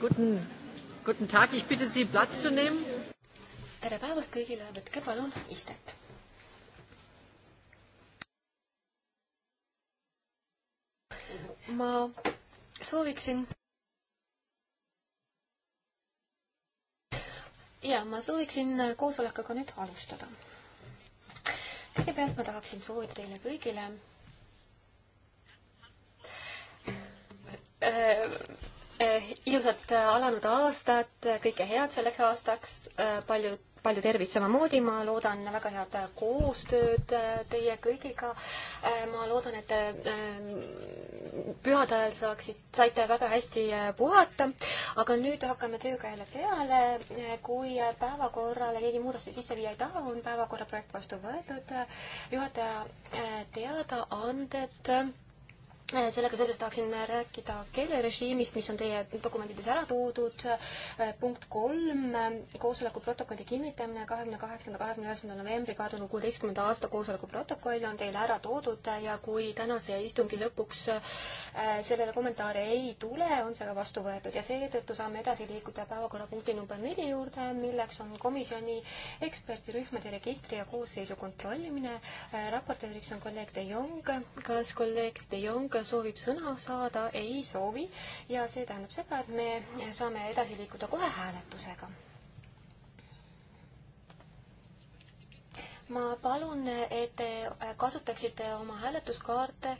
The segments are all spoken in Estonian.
Guten, guten Tag, ich bitte Sie Platz zu nehmen. tere päevast kõigile, võtke palun istet. ma sooviksin. ja ma sooviksin koosolekuga nüüd alustada. kõigepealt ma tahaksin soovida teile kõigile äh, ilusat äh, alanud aastat, kõike head selleks aastaks, äh, palju, palju tervist samamoodi, ma loodan väga head äh, koostööd teie kõigiga. ma loodan, et pühade ajal saaksid, saite väga hästi puhata, aga nüüd hakkame tööga jälle peale. kui päevakorrale keegi muudatusi sisse viia ei taha, on päevakorra projekt vastu võetud. juhataja teadaanded Äh, sellega seoses tahaksin rääkida keelerežiimist, mis on teie dokumentides ära toodud. Äh, punkt kolm, koosoleku protokolli kinnitamine kahekümne kaheksanda, kahekümne üheksanda novembri kahe tuhande kuueteistkümnenda aasta koosoleku protokoll on teile ära toodud ja kui tänase istungi lõpuks äh, sellele kommentaare ei tule, on see ka vastu võetud ja seetõttu saame edasi liikuda päevakorrapunkti number neli juurde, milleks on komisjoni eksperdirühmade registri ja koosseisu kontrollimine. raportööriks on kolleeg De Jong. kas kolleeg De Jong soovib sõna saada? ei soovi ja see tähendab seda, et me saame edasi liikuda kohe hääletusega. ma palun, et te kasutaksite oma hääletuskaarte.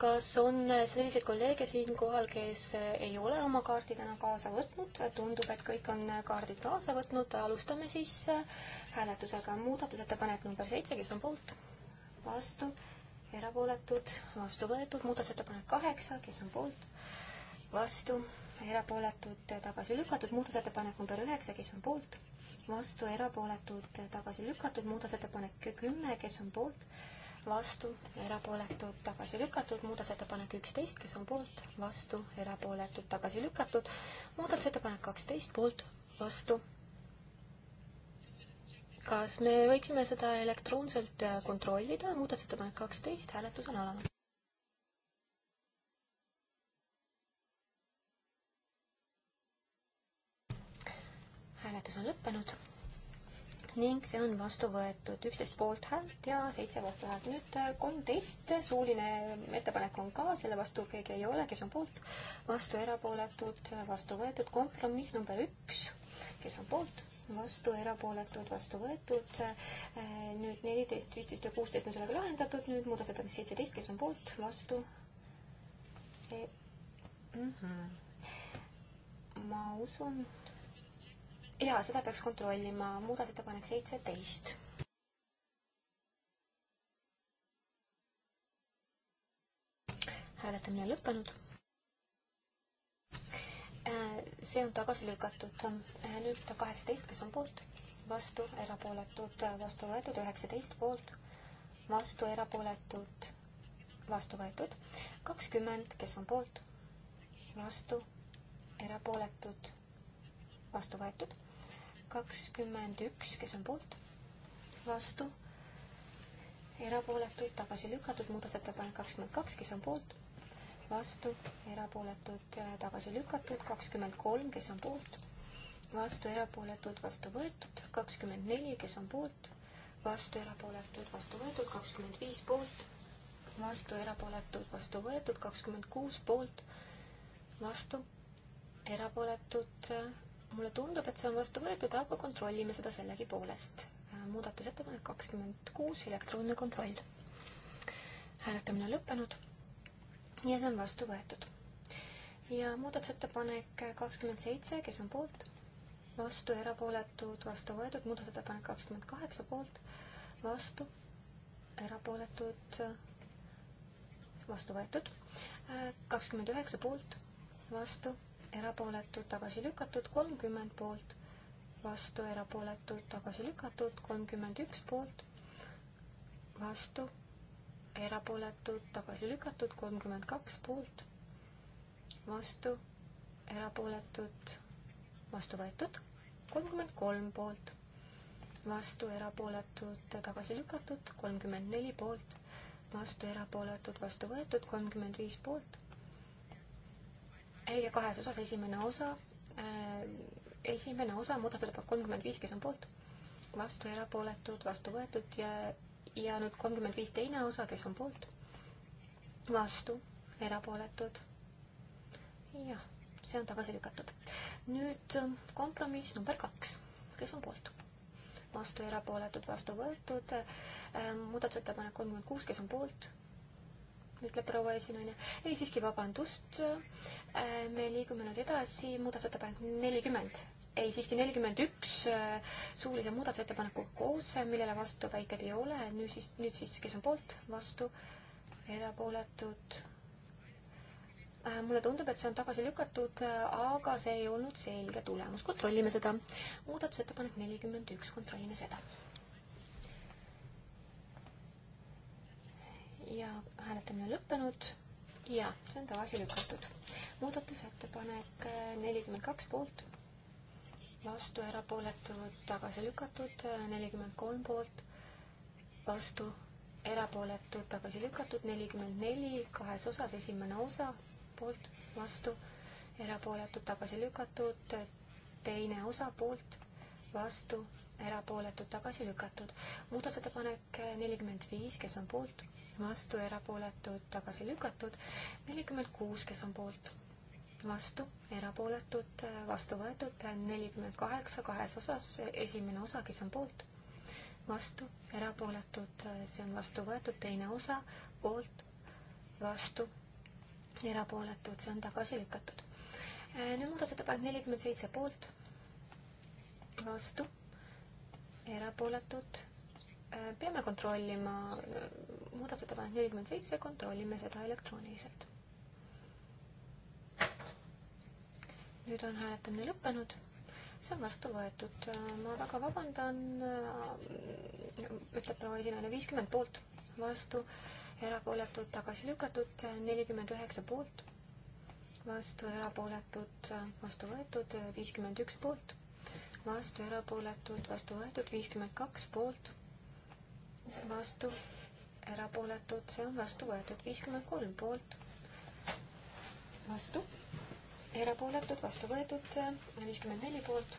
kas on selliseid kolleege siinkohal, kes ei ole oma kaardi täna kaasa võtnud? tundub, et kõik on kaardid kaasa võtnud. alustame siis hääletusega. muudatusettepanek number seitse, kes on poolt? vastu erapooletud, vastu võetud, muudatusettepanek kaheksa, kes on poolt, vastu, erapooletud, tagasi lükatud, muudatusettepanek number üheksa, kes on poolt, vastu, erapooletud, tagasi lükatud, muudatusettepanek kümme, kes on poolt, vastu, erapooletud, tagasi lükatud, muudatusettepanek üksteist, kes on poolt, vastu, erapooletud, tagasi lükatud, muudatusettepanek kaksteist, poolt, vastu, kas me võiksime seda elektroonselt äh, kontrollida, muudatusettepanek kaksteist, hääletus on alanud. hääletus on lõppenud ning see on vastu võetud üksteist poolthäält ja seitse vastuhäält. nüüd äh, kolmteist, suuline ettepanek on ka, selle vastu keegi ei ole, kes on poolt, vastu erapooletud, vastu võetud, kompromiss number üks, kes on poolt vastu, erapooletud, vastu võetud. Äh, nüüd neliteist, viisteist ja kuusteist on sellega lahendatud, nüüd muudatusettepanek seitseteist, kes on poolt, vastu e. Mm -hmm. ma usun, jaa, seda peaks kontrollima, muudatusettepanek seitseteist hääletamine lõppenud. Äh, see on tagasi lükatud. Äh, nüüd kaheksateist, kes on poolt, vastu, erapooletud, äh, vastu võetud, üheksateist poolt, vastu, erapooletud, vastu võetud, kakskümmend, kes on poolt, vastu, erapooletud, vastu võetud, kakskümmend üks, kes on poolt, vastu, erapooletud, tagasi lükatud, muudatusettepanek kakskümmend kaks, kes on poolt vastu, erapooletud, tagasi lükatud, kakskümmend kolm, kes on poolt, vastu, erapooletud, vastu võetud, kakskümmend neli, kes on poolt, vastu, erapooletud, vastu võetud, kakskümmend viis poolt, vastu, erapooletud, vastu võetud, kakskümmend kuus poolt, vastu, erapooletud. mulle tundub, et see on vastu võetud, aga kontrollime seda sellegipoolest. muudatusettepanek kakskümmend kuus, elektrooniline kontroll. hääletamine on lõppenud ja see on vastu võetud. ja muudatusettepanek kakskümmend seitse, kes on poolt, vastu, erapooletud, vastu võetud, muudatusettepanek kakskümmend kaheksa poolt, vastu, erapooletud, vastu võetud, kakskümmend üheksa poolt, vastu, erapooletud, tagasi lükatud, kolmkümmend poolt, vastu, erapooletud, tagasi lükatud, kolmkümmend üks poolt, vastu erapooletud, tagasi lükatud, kolmkümmend kaks poolt, vastu, erapooletud, vastu võetud, kolmkümmend kolm poolt, vastu, erapooletud, tagasi lükatud, kolmkümmend neli poolt, vastu, erapooletud, vastu võetud, kolmkümmend viis poolt. ja kahes osas esimene osa äh,, esimene osa muudatusettepanek kolmkümmend viis, kes on poolt, vastu, erapooletud, vastu võetud ja ja nüüd kolmkümmend viis teine osa, kes on poolt, vastu, erapooletud. jah, see on tagasi lükatud. nüüd ähm, kompromiss number kaks, kes on poolt, vastu, erapooletud, vastu võetud. Ähm, muudatusettepanek kolmkümmend kuus, kes on poolt, ütleb proua esinaine. ei, siiski vabandust. Äh, me liigume nüüd edasi, muudatusettepanek nelikümmend ei, siiski nelikümmend üks äh, suulise muudatusettepaneku koos, äh, millele vastuväikeid ei ole, nüüd siis, nüüd siis, kes on poolt, vastu, erapooletud äh, mulle tundub, et see on tagasi lükatud, aga see ei olnud selge tulemus. kontrollime seda. muudatusettepanek nelikümmend üks, kontrollime seda. ja hääletamine on lõppenud. ja see on tagasi lükatud. muudatusettepanek nelikümmend kaks poolt, vastu, erapooletud, tagasi lükatud, nelikümmend kolm poolt, vastu, erapooletud, tagasi lükatud, nelikümmend neli, kahes osas, esimene osa, poolt, vastu, erapooletud, tagasi lükatud, teine osa poolt, vastu, erapooletud, tagasi lükatud. muudatusettepanek nelikümmend viis, kes on poolt, vastu, erapooletud, tagasi lükatud, nelikümmend kuus, kes on poolt vastu, erapooletud, vastu võetud nelikümmend kaheksa kahes osas, esimene osa, kes on poolt, vastu, erapooletud, see on vastu võetud, teine osa, poolt, vastu, erapooletud, see on tagasi lükatud. nüüd muudatusettepanek nelikümmend seitse poolt, vastu, erapooletud, peame kontrollima, muudatusettepanek nelikümmend seitse, kontrollime seda elektrooniliselt nüüd on hääletamine lõppenud see on vastu võetud. ma väga vabandan, ütleb proua esinaine, viiskümmend poolt vastu, erapooletud tagasi lükatud, nelikümmend üheksa poolt vastu, erapooletud vastu võetud, viiskümmend üks poolt vastu, erapooletud vastu võetud, viiskümmend kaks poolt vastu, erapooletud, see on vastu võetud, viiskümmend kolm poolt vastu erapooletud, vastu võetud, viiskümmend neli poolt.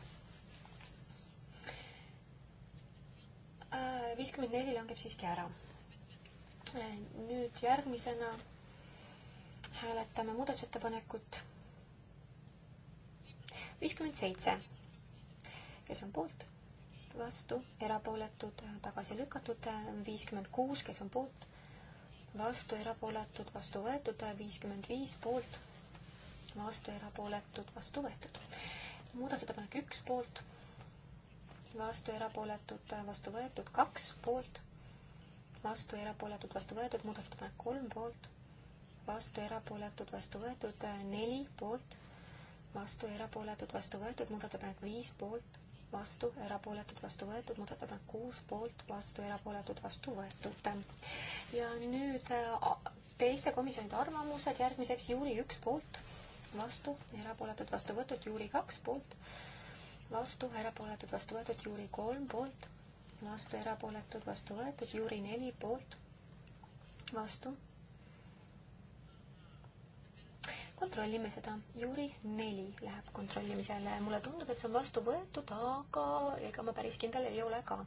Äh, viiskümmend neli langeb siiski ära. Äh, nüüd järgmisena hääletame muudatusettepanekut viiskümmend seitse. kes on poolt? vastu, erapooletud, tagasi lükatud, viiskümmend kuus, kes on poolt? vastu, erapooletud, vastu võetud, viiskümmend viis poolt vastu, erapooletud, vastu võetud. muudatusettepanek üks poolt, vastu, erapooletud, vastu võetud, kaks poolt, vastu, erapooletud, vastu võetud, muudatusettepanek kolm poolt, vastu, erapooletud, vastu võetud, neli poolt, vastu, erapooletud, vastu võetud, muudatusettepanek viis poolt vastu, erapooletud, vastu võetud, muudatusettepanek kuus poolt, vastu, erapooletud, vastu võetud. ja nüüd äh, teiste komisjonide arvamused, järgmiseks juuli üks poolt, vastu, erapooletud, vastu võetud, juuli kaks poolt, vastu, erapooletud, vastu võetud, juuli kolm poolt, vastu, erapooletud, vastu võetud, juuli neli poolt, vastu. kontrollime seda, juuri neli läheb kontrollimisele, mulle tundub, et see on vastu võetud, aga ega ma päris kindel ei ole ka.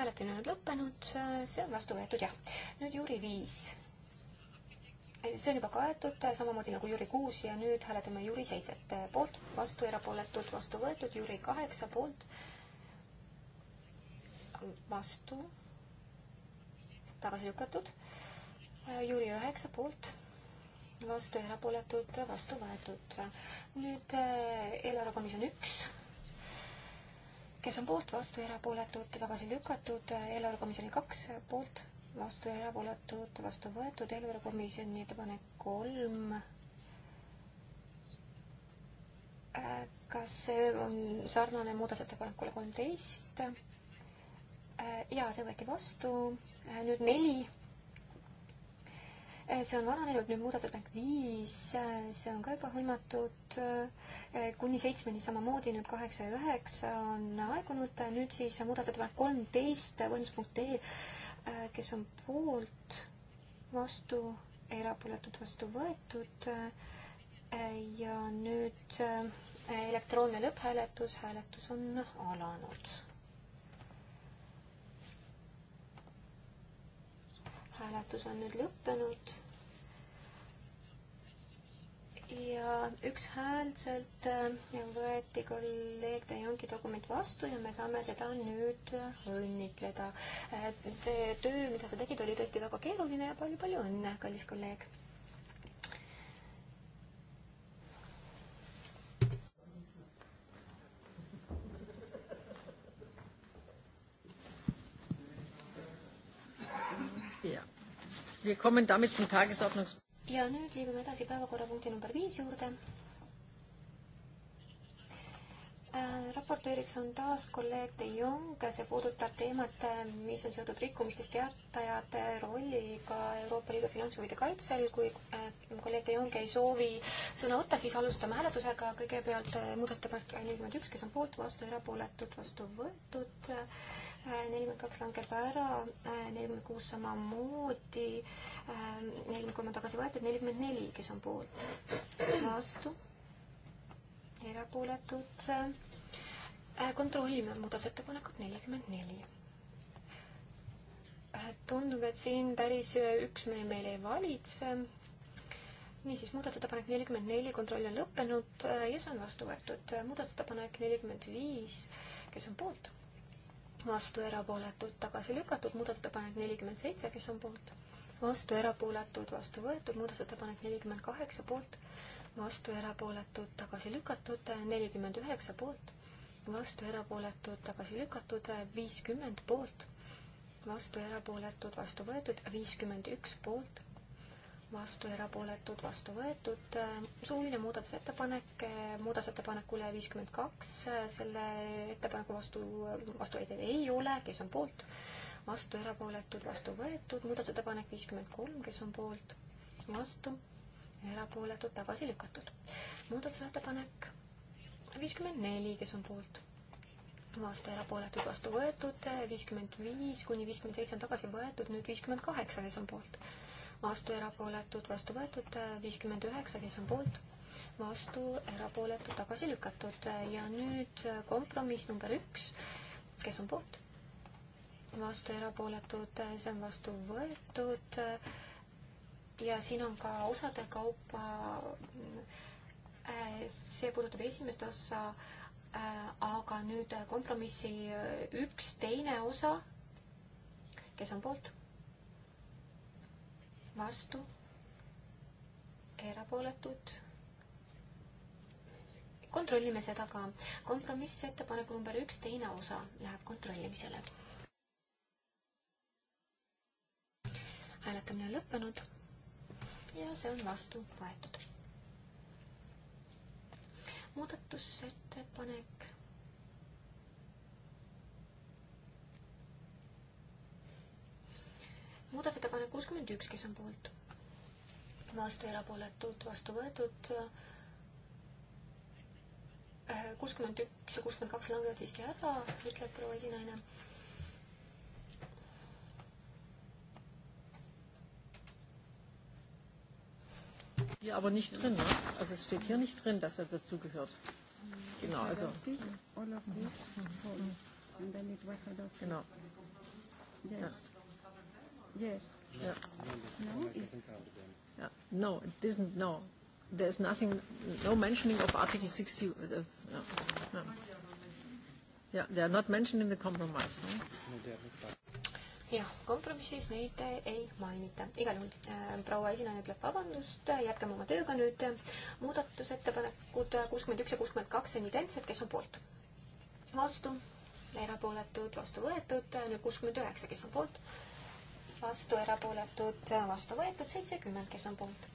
hääletamine on lõppenud, see on vastu võetud, jah. nüüd juuri viis see on juba kaetud, samamoodi nagu Jüri kuus ja nüüd hääletame Jüri seitset poolt, vastu erapooletud, vastu võetud, Jüri kaheksa poolt, vastu, tagasi lükatud, Jüri üheksa poolt, vastu erapooletud, vastu võetud. nüüd eh, eelarvekomisjon üks, kes on poolt, vastu erapooletud, tagasi lükatud, eelarvekomisjoni kaks poolt vastu ja erapooletud, vastu võetud, eelarvekomisjoni ettepanek kolm. Äh, kas see on sarnane muudatusettepanekule kolmteist? Äh, ja see võeti vastu, äh, nüüd neli. see on vananenud, nüüd muudatusettepanek viis, see on ka juba hõlmatud kuni seitsmeni samamoodi, nüüd kaheksa ja üheksa on aegunud, nüüd siis muudatusettepanek kolmteist, põhjenduspunkt E Äh, kes on poolt, vastu, erapooletud, vastu võetud. Äh, ja nüüd äh, elektroonne lõpphääletus, hääletus on alanud. hääletus on nüüd lõppenud ja ükshäälselt äh, võeti kolleeg De Jongi dokument vastu ja me saame teda nüüd õnnitleda. see töö, mida sa tegid, oli tõesti väga keeruline ja palju-palju õnne, kallis kolleeg. ja, wir kommen damit zum Tagesordnungspunkt ja nüüd liigume edasi päevakorrapunkti number viis juurde Äh, raportööriks on taas kolleeg De Jong, see puudutab teemat, äh, mis on seotud rikkumistest teatajate rolliga Euroopa Liidu finantshuvide kaitsel. kui äh, kolleeg De Jong ei soovi sõna võtta, siis alustame hääletusega. kõigepealt muudatusettepanek nelikümmend üks, kes on poolt, vastu, erapooletud, vastu võetud. nelikümmend kaks langeb ära, nelikümmend kuus samamoodi, nelikümmend kolm on tagasi võetud, nelikümmend neli, kes on poolt, vastu erapooletud. Äh, kontrollime muudatusettepanekut nelikümmend neli. Äh, tundub, et siin päris äh, üksmeel meil ei valitse. niisiis, muudatusettepanek nelikümmend neli, kontroll on lõppenud ja see on vastu võetud. muudatusettepanek nelikümmend viis, kes on poolt? vastu, erapooletud, tagasi lükatud, muudatusettepanek nelikümmend seitse, kes on poolt? vastu, erapooletud, vastu võetud, muudatusettepanek nelikümmend kaheksa poolt, vastu erapooletud, tagasi lükatud, nelikümmend üheksa poolt, vastu erapooletud, tagasi lükatud, viiskümmend poolt, vastu erapooletud, vastu võetud, viiskümmend üks poolt, vastu erapooletud, vastu võetud, suuline muudatusettepanek muudatusettepanekule viiskümmend kaks, selle ettepaneku vastu, vastuväiteid ei ole, kes on poolt, vastu erapooletud, vastu võetud, muudatusettepanek viiskümmend kolm, kes on poolt, vastu erapooletud, tagasi lükatud. muudatusettepanek viiskümmend neli, kes on poolt, vastu erapooletud, vastu võetud, viiskümmend viis kuni viiskümmend seitse on tagasi võetud, nüüd viiskümmend kaheksa, kes on poolt, vastu erapooletud, vastu võetud, viiskümmend üheksa, kes on poolt, vastu erapooletud, tagasi lükatud ja nüüd kompromiss number üks, kes on poolt, vastu erapooletud, see on vastu võetud ja siin on ka osade kaupa, äh, see puudutab esimest osa, äh, aga nüüd äh, kompromissi üks teine osa, kes on poolt? vastu? erapooletud? kontrollime seda ka. kompromissettepaneku number üks teine osa läheb kontrollimisele. hääletamine on lõppenud ja see on vastu võetud. muudatusettepanek. muudatusettepanek kuuskümmend üks, kes on poolt? vastu erapooletult, vastu võetud kuuskümmend üks ja kuuskümmend kaks langevad siiski ära, ütleb proua esinaine. hier aber nicht drin. Ne? Also es steht hier nicht drin, dass er dazugehört. Genau, also. All of this fallen. And then it was adopted. Genau. Yes. Ja. Yes. Yeah. No, it, yeah. no, it didn't. No, there's nothing, no mentioning of Article 60. Uh, no. no. Yeah, they are not mentioned in the compromise. No? jah, kompromissis neid ei mainita. igal juhul äh, proua esinaine ütleb vabandust, jätkame oma tööga nüüd. muudatusettepanekud kuuskümmend üks ja kuuskümmend kaks on identsed, kes on poolt? vastu, erapooletud, vastu võetud, nüüd kuuskümmend üheksa, kes on poolt? vastu, erapooletud, vastu võetud, seitsekümmend, kes on poolt?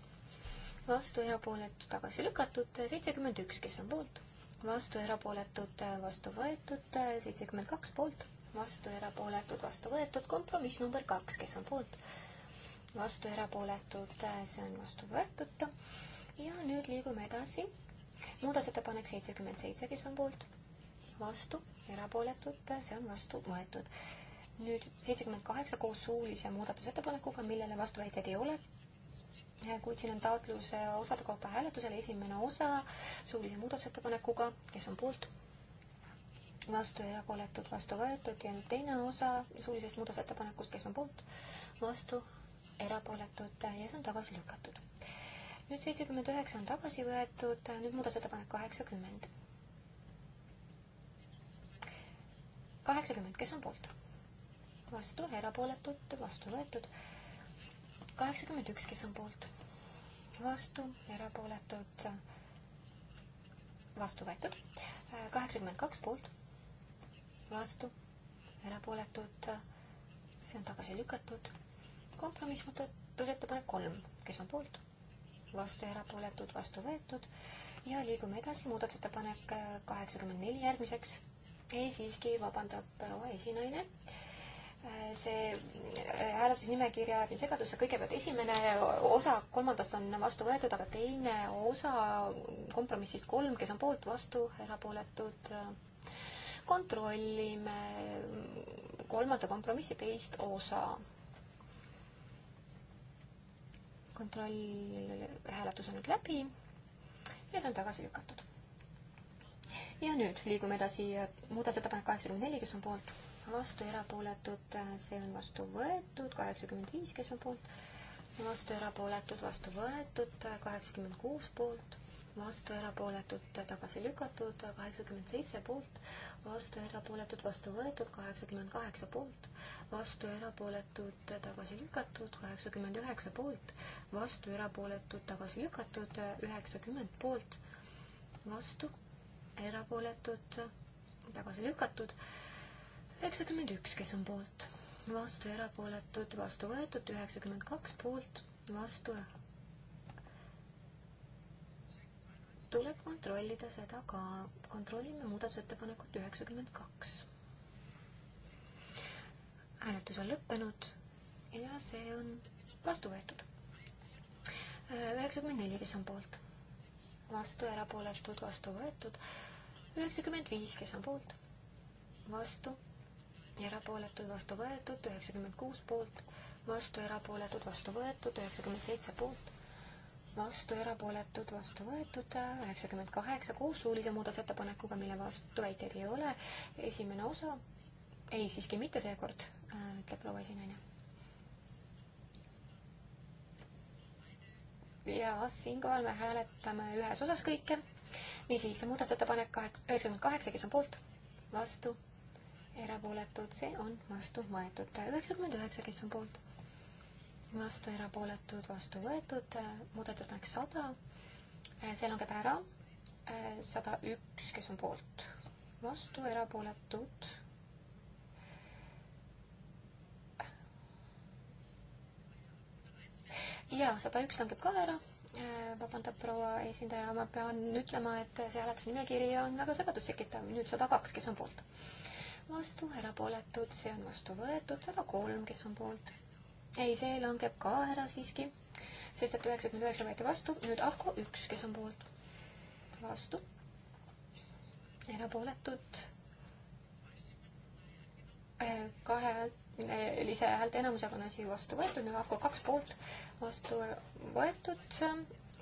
vastu, erapooletud, tagasi lükatud, seitsekümmend üks, kes on poolt? vastu, erapooletud, vastu võetud, seitsekümmend kaks poolt vastu, erapooletud, vastu võetud, kompromiss number kaks, kes on poolt, vastu, erapooletud, äh, see on vastu võetud. ja nüüd liigume edasi. muudatusettepanek seitsekümmend seitse, kes on poolt, vastu, erapooletud, äh, see on vastu võetud. nüüd seitsekümmend kaheksa koos suulise muudatusettepanekuga, millele vastuväiteid ei ole äh, kuid siin on taotlus osade kaupa hääletusele, esimene osa suulise muudatusettepanekuga, kes on poolt vastu erapooletud, vastu võetud ja nüüd teine osa suulisest muudatusettepanekust, kes on poolt, vastu erapooletud ja see on tagasi lükatud. nüüd seitsekümmend üheksa on tagasi võetud, nüüd muudatusettepanek kaheksakümmend. kaheksakümmend, kes on poolt? vastu, erapooletud, vastu võetud. kaheksakümmend üks, kes on poolt? vastu, erapooletud vastu võetud, kaheksakümmend kaks poolt, vastu, erapooletud, see on tagasi lükatud. kompromissmuudatusettepanek kolm, kes on poolt, vastu, erapooletud, vastu võetud ja liigume edasi, muudatusettepanek äh, kaheksakümmend neli järgmiseks. ei, siiski vabandab proua esinaine. Äh, see äh, hääletusnimekirja jääb segadusse, kõigepealt esimene osa kolmandast on vastu võetud, aga teine osa kompromissist kolm, kes on poolt, vastu, erapooletud kontrollime kolmanda kompromissi teist osa. kontrollhääletus on nüüd läbi ja see on tagasi lükatud. ja nüüd liigume edasi muudatusettepanek kaheksakümmend neli, kes on poolt, vastu erapooletud, see on vastu võetud, kaheksakümmend viis, kes on poolt, vastu erapooletud, vastu võetud, kaheksakümmend kuus poolt, vastu erapooletud tagasi lükatud, kaheksakümmend seitse poolt, vastu erapooletud vastu võetud, kaheksakümmend kaheksa poolt, vastu erapooletud tagasi lükatud, kaheksakümmend üheksa poolt, vastu erapooletud tagasi lükatud, üheksakümmend poolt, vastu erapooletud tagasi lükatud, üheksakümmend üks, kes on poolt, vastu erapooletud vastu võetud, üheksakümmend kaks poolt, vastu tuleb kontrollida seda ka. kontrollime muudatusettepanekut üheksakümmend kaks. hääletus on lõppenud ja see on vastu võetud. üheksakümmend neli, kes on poolt, vastu, erapooletud, vastu võetud. üheksakümmend viis, kes on poolt, vastu, erapooletud, vastu võetud, üheksakümmend kuus poolt, vastu, erapooletud, vastu võetud, üheksakümmend seitse poolt vastu erapooletud, vastu võetud üheksakümmend kaheksa koos suulise muudatusettepanekuga, mille vastuväiteid ei ole. esimene osa, ei siiski mitte seekord, äh, ütleb proua esinaine. ja siinkohal me hääletame ühes osas kõike. niisiis, muudatusettepanek kaheksa, üheksakümmend kaheksa, kes on poolt, vastu, erapooletud, see on vastu võetud. üheksakümmend üheksa, kes on poolt vastu erapooletud, vastu võetud, muudatusettepanek sada, äh, see langeb ära, äh, sada üks, kes on poolt, vastu erapooletud. ja sada üks langeb ka ära äh, vabandab proua esindaja, ma pean ütlema, et see hääletuse nimekiri on väga segadust tekitav, nüüd sada kaks, kes on poolt. vastu, erapooletud, see on vastu võetud, sada kolm, kes on poolt, ei, see langeb ka ära siiski, sest et üheksakümmend üheksa võeti vastu, nüüd Ahko üks, kes on poolt, vastu, erapooletud, äh, kahe äh, lise häälte enamusega on asi vastu võetud, nüüd Ahko kaks poolt vastu võetud,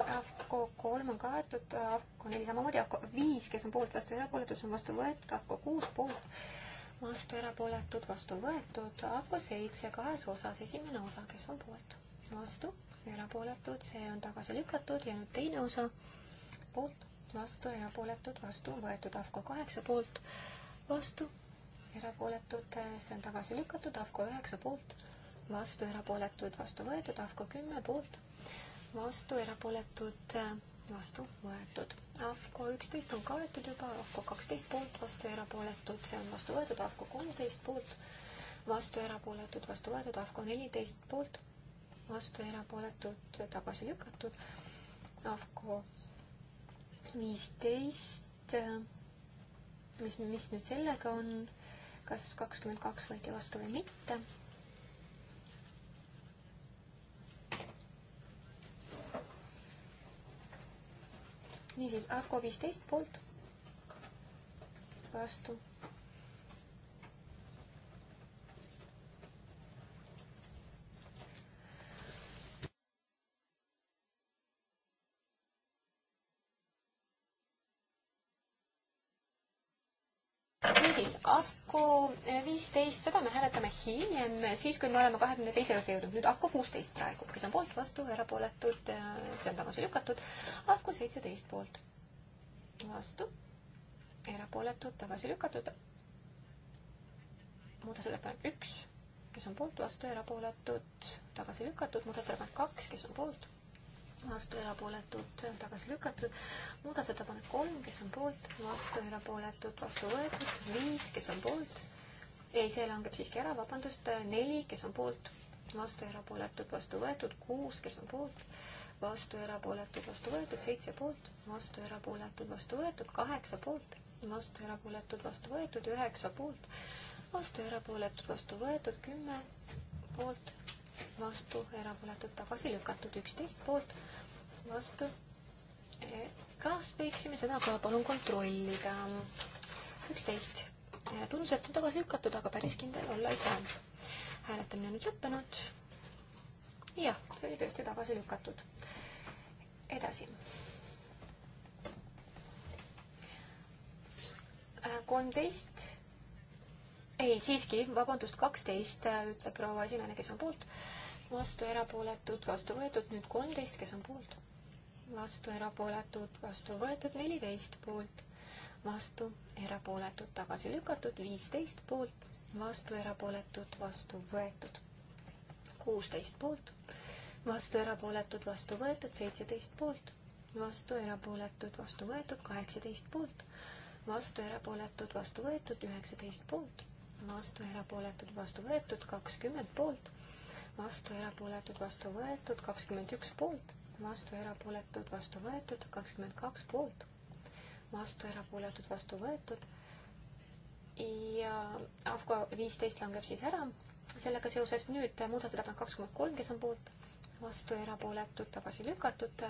Ahko kolm on kaetud, Ahko neli samamoodi, Ahko viis, kes on poolt vastu erapooletud, see on vastu võetud, Ahko kuus poolt vastu erapooletud, vastu võetud, Avo seitse kahes osas, esimene osa, kes on poolt, vastu, erapooletud, see on tagasi lükatud ja nüüd teine osa, poolt, vastu, erapooletud, vastu võetud, Avko kaheksa poolt, vastu, erapooletud, see on tagasi lükatud, Avko üheksa poolt, vastu, erapooletud, vastu võetud, Avko kümme poolt, vastu, erapooletud vastu võetud. AFCO üksteist on kaetud juba, AFCO kaksteist poolt, vastu erapooletud, see on vastu võetud, AFCO kolmteist poolt, vastu erapooletud, vastu võetud, AFCO neliteist poolt, vastu erapooletud, tagasi lükatud, AFCO viisteist, mis, mis nüüd sellega on, kas kakskümmend kaks võeti vastu või mitte niisiis, AFCO viisteist poolt, vastu, viisteist, seda me hääletame hiljem, siis kui me oleme kahekümne teise juurde jõudnud. nüüd AFCO kuusteist praegu, kes on poolt, vastu, erapooletud, see on tagasi lükatud. AFCO seitseteist poolt, vastu, erapooletud, tagasi lükatud. muudatusettepanek üks, kes on poolt, vastu, erapooletud, tagasi lükatud. muudatusettepanek kaks, kes on poolt, vastu, erapooletud, tagasi lükatud. muudatusettepanek kolm, kes on poolt, vastu, erapooletud, vastu võetud. viis, kes on poolt ei, see langeb siiski ära, vabandust, äh, neli, kes on poolt, vastu, erapooletud, vastu võetud, kuus, kes on poolt, vastu, erapooletud, vastu võetud, seitse poolt, vastu, erapooletud, vastu võetud, kaheksa poolt, vastu, erapooletud, vastu võetud, üheksa poolt, vastu, erapooletud, vastu võetud, kümme poolt, vastu, erapooletud, tagasi lükatud, üksteist poolt, vastu. E, kas võiksime seda ka palun kontrollida? üksteist tundus, et on tagasi lükatud, aga päris kindel olla ei saa. hääletamine on nüüd lõppenud. jah, see oli tõesti tagasi lükatud. edasi. Äh, kolmteist, ei siiski, vabandust, kaksteist äh, ütleb proua Sinane, kes on poolt, vastu erapooletud, vastu võetud, nüüd kolmteist, kes on poolt, vastu erapooletud, vastu võetud, neliteist poolt, vastu erapooletud, tagasi lükatud, viisteist poolt, vastu erapooletud, vastu võetud. kuusteist poolt, vastu erapooletud, vastu võetud, seitseteist poolt, vastu erapooletud, vastu võetud, kaheksateist poolt, vastu erapooletud, vastu võetud, üheksateist poolt, vastu erapooletud, vastu võetud, kakskümmend poolt, vastu erapooletud, vastu võetud, kakskümmend üks poolt, vastu erapooletud, vastu võetud, kakskümmend kaks poolt vastu erapooletud, vastu võetud. ja AFCO viisteist langeb siis ära. sellega seoses nüüd muudatusettepanek kakskümmend kolm, kes on poolt, vastu erapooletud, tagasi lükatud.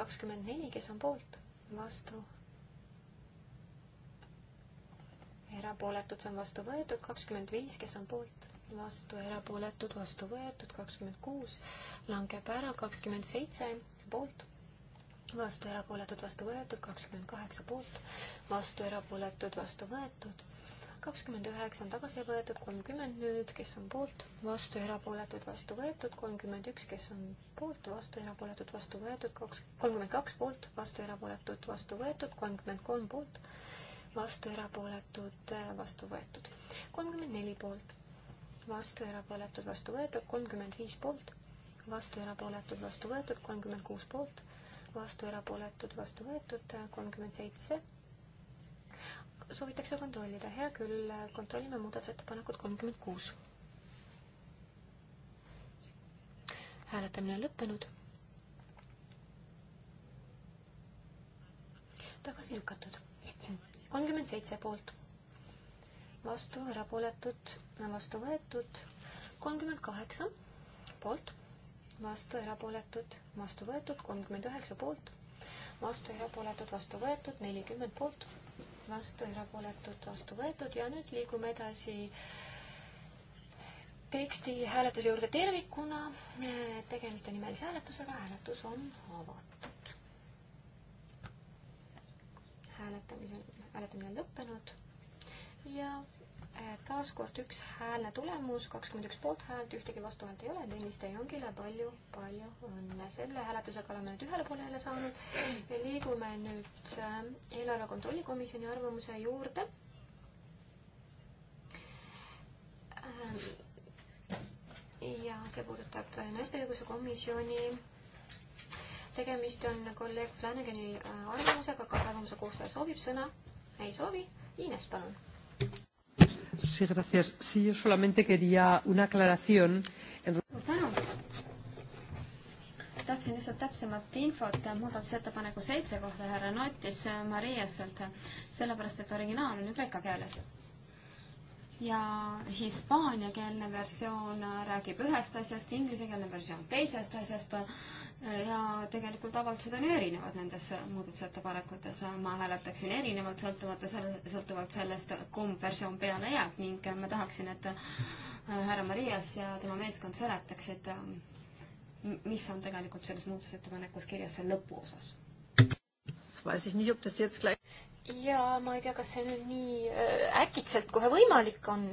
kakskümmend neli, kes on poolt, vastu erapooletud, see on vastu võetud. kakskümmend viis, kes on poolt, vastu erapooletud, vastu võetud. kakskümmend kuus langeb ära, kakskümmend seitse poolt vastu erapooletud, vastu võetud, kakskümmend kaheksa poolt, vastu erapooletud, vastu võetud, kakskümmend üheksa on tagasi võetud, kolmkümmend nüüd, kes on poolt, vastu erapooletud, vastu võetud, kolmkümmend üks, kes on poolt, vastu erapooletud, vastu võetud, kaks, kolmkümmend kaks poolt, vastu erapooletud, vastu võetud, kolmkümmend kolm poolt, vastu erapooletud, vastu võetud, kolmkümmend neli poolt, vastu erapooletud, vastu võetud, kolmkümmend viis poolt, vastu erapooletud, vastu võetud, kolmkümmend kuus poolt vastu erapooletud, vastu võetud kolmkümmend seitse. soovitakse kontrollida, hea küll, kontrollime muudatusettepanekut kolmkümmend kuus. hääletamine on lõppenud. tagasi lükatud. kolmkümmend seitse poolt, vastu erapooletud, vastu võetud kolmkümmend kaheksa poolt vastu erapooletud, vastu võetud, kolmkümmend üheksa poolt, vastu erapooletud, vastu võetud, nelikümmend poolt, vastu erapooletud, vastu võetud ja nüüd liigume edasi teksti hääletuse juurde tervikuna. tegemist on nimelise hääletusega, hääletus on avatud. hääletamine, hääletamine on lõppenud ja Äh, taaskord üks hääle tulemus, kakskümmend üks poolthäält, ühtegi vastuhäält ei ole. Tõnis Tejongile palju-palju õnne. selle hääletusega oleme nüüd ühele poole jälle saanud. liigume nüüd äh, eelarve kontrolli komisjoni arvamuse juurde. Ähm, ja see puudutab naiste õiguse komisjoni tegemist on kolleeg Flanagani äh, arvamusega, kas arvamuse koostaja soovib sõna? ei soovi. Ines, palun. Sí, gracias. Sí, yo solamente quería una aclaración. tänu. tahtsin lihtsalt täpsemat infot muudatusettepaneku seitse kohta härra Notis Mariaselt, sellepärast et originaal on ju kreeka keeles. ja hispaaniakeelne versioon räägib ühest asjast, inglisekeelne versioon teisest asjast ja tegelikult avaldused on ju erinevad nendes muudatusettepanekutes. ma hääletaksin erinevalt, sõltumata selle, sõltuvalt sellest, kumb versioon peale jääb ning ma tahaksin, et äh, härra Marias ja tema meeskond seletaksid, mis on tegelikult selles muudatusettepanekus kirjas seal lõpuosas. ja ma ei tea, kas see nüüd nii äh, äkitselt kohe võimalik on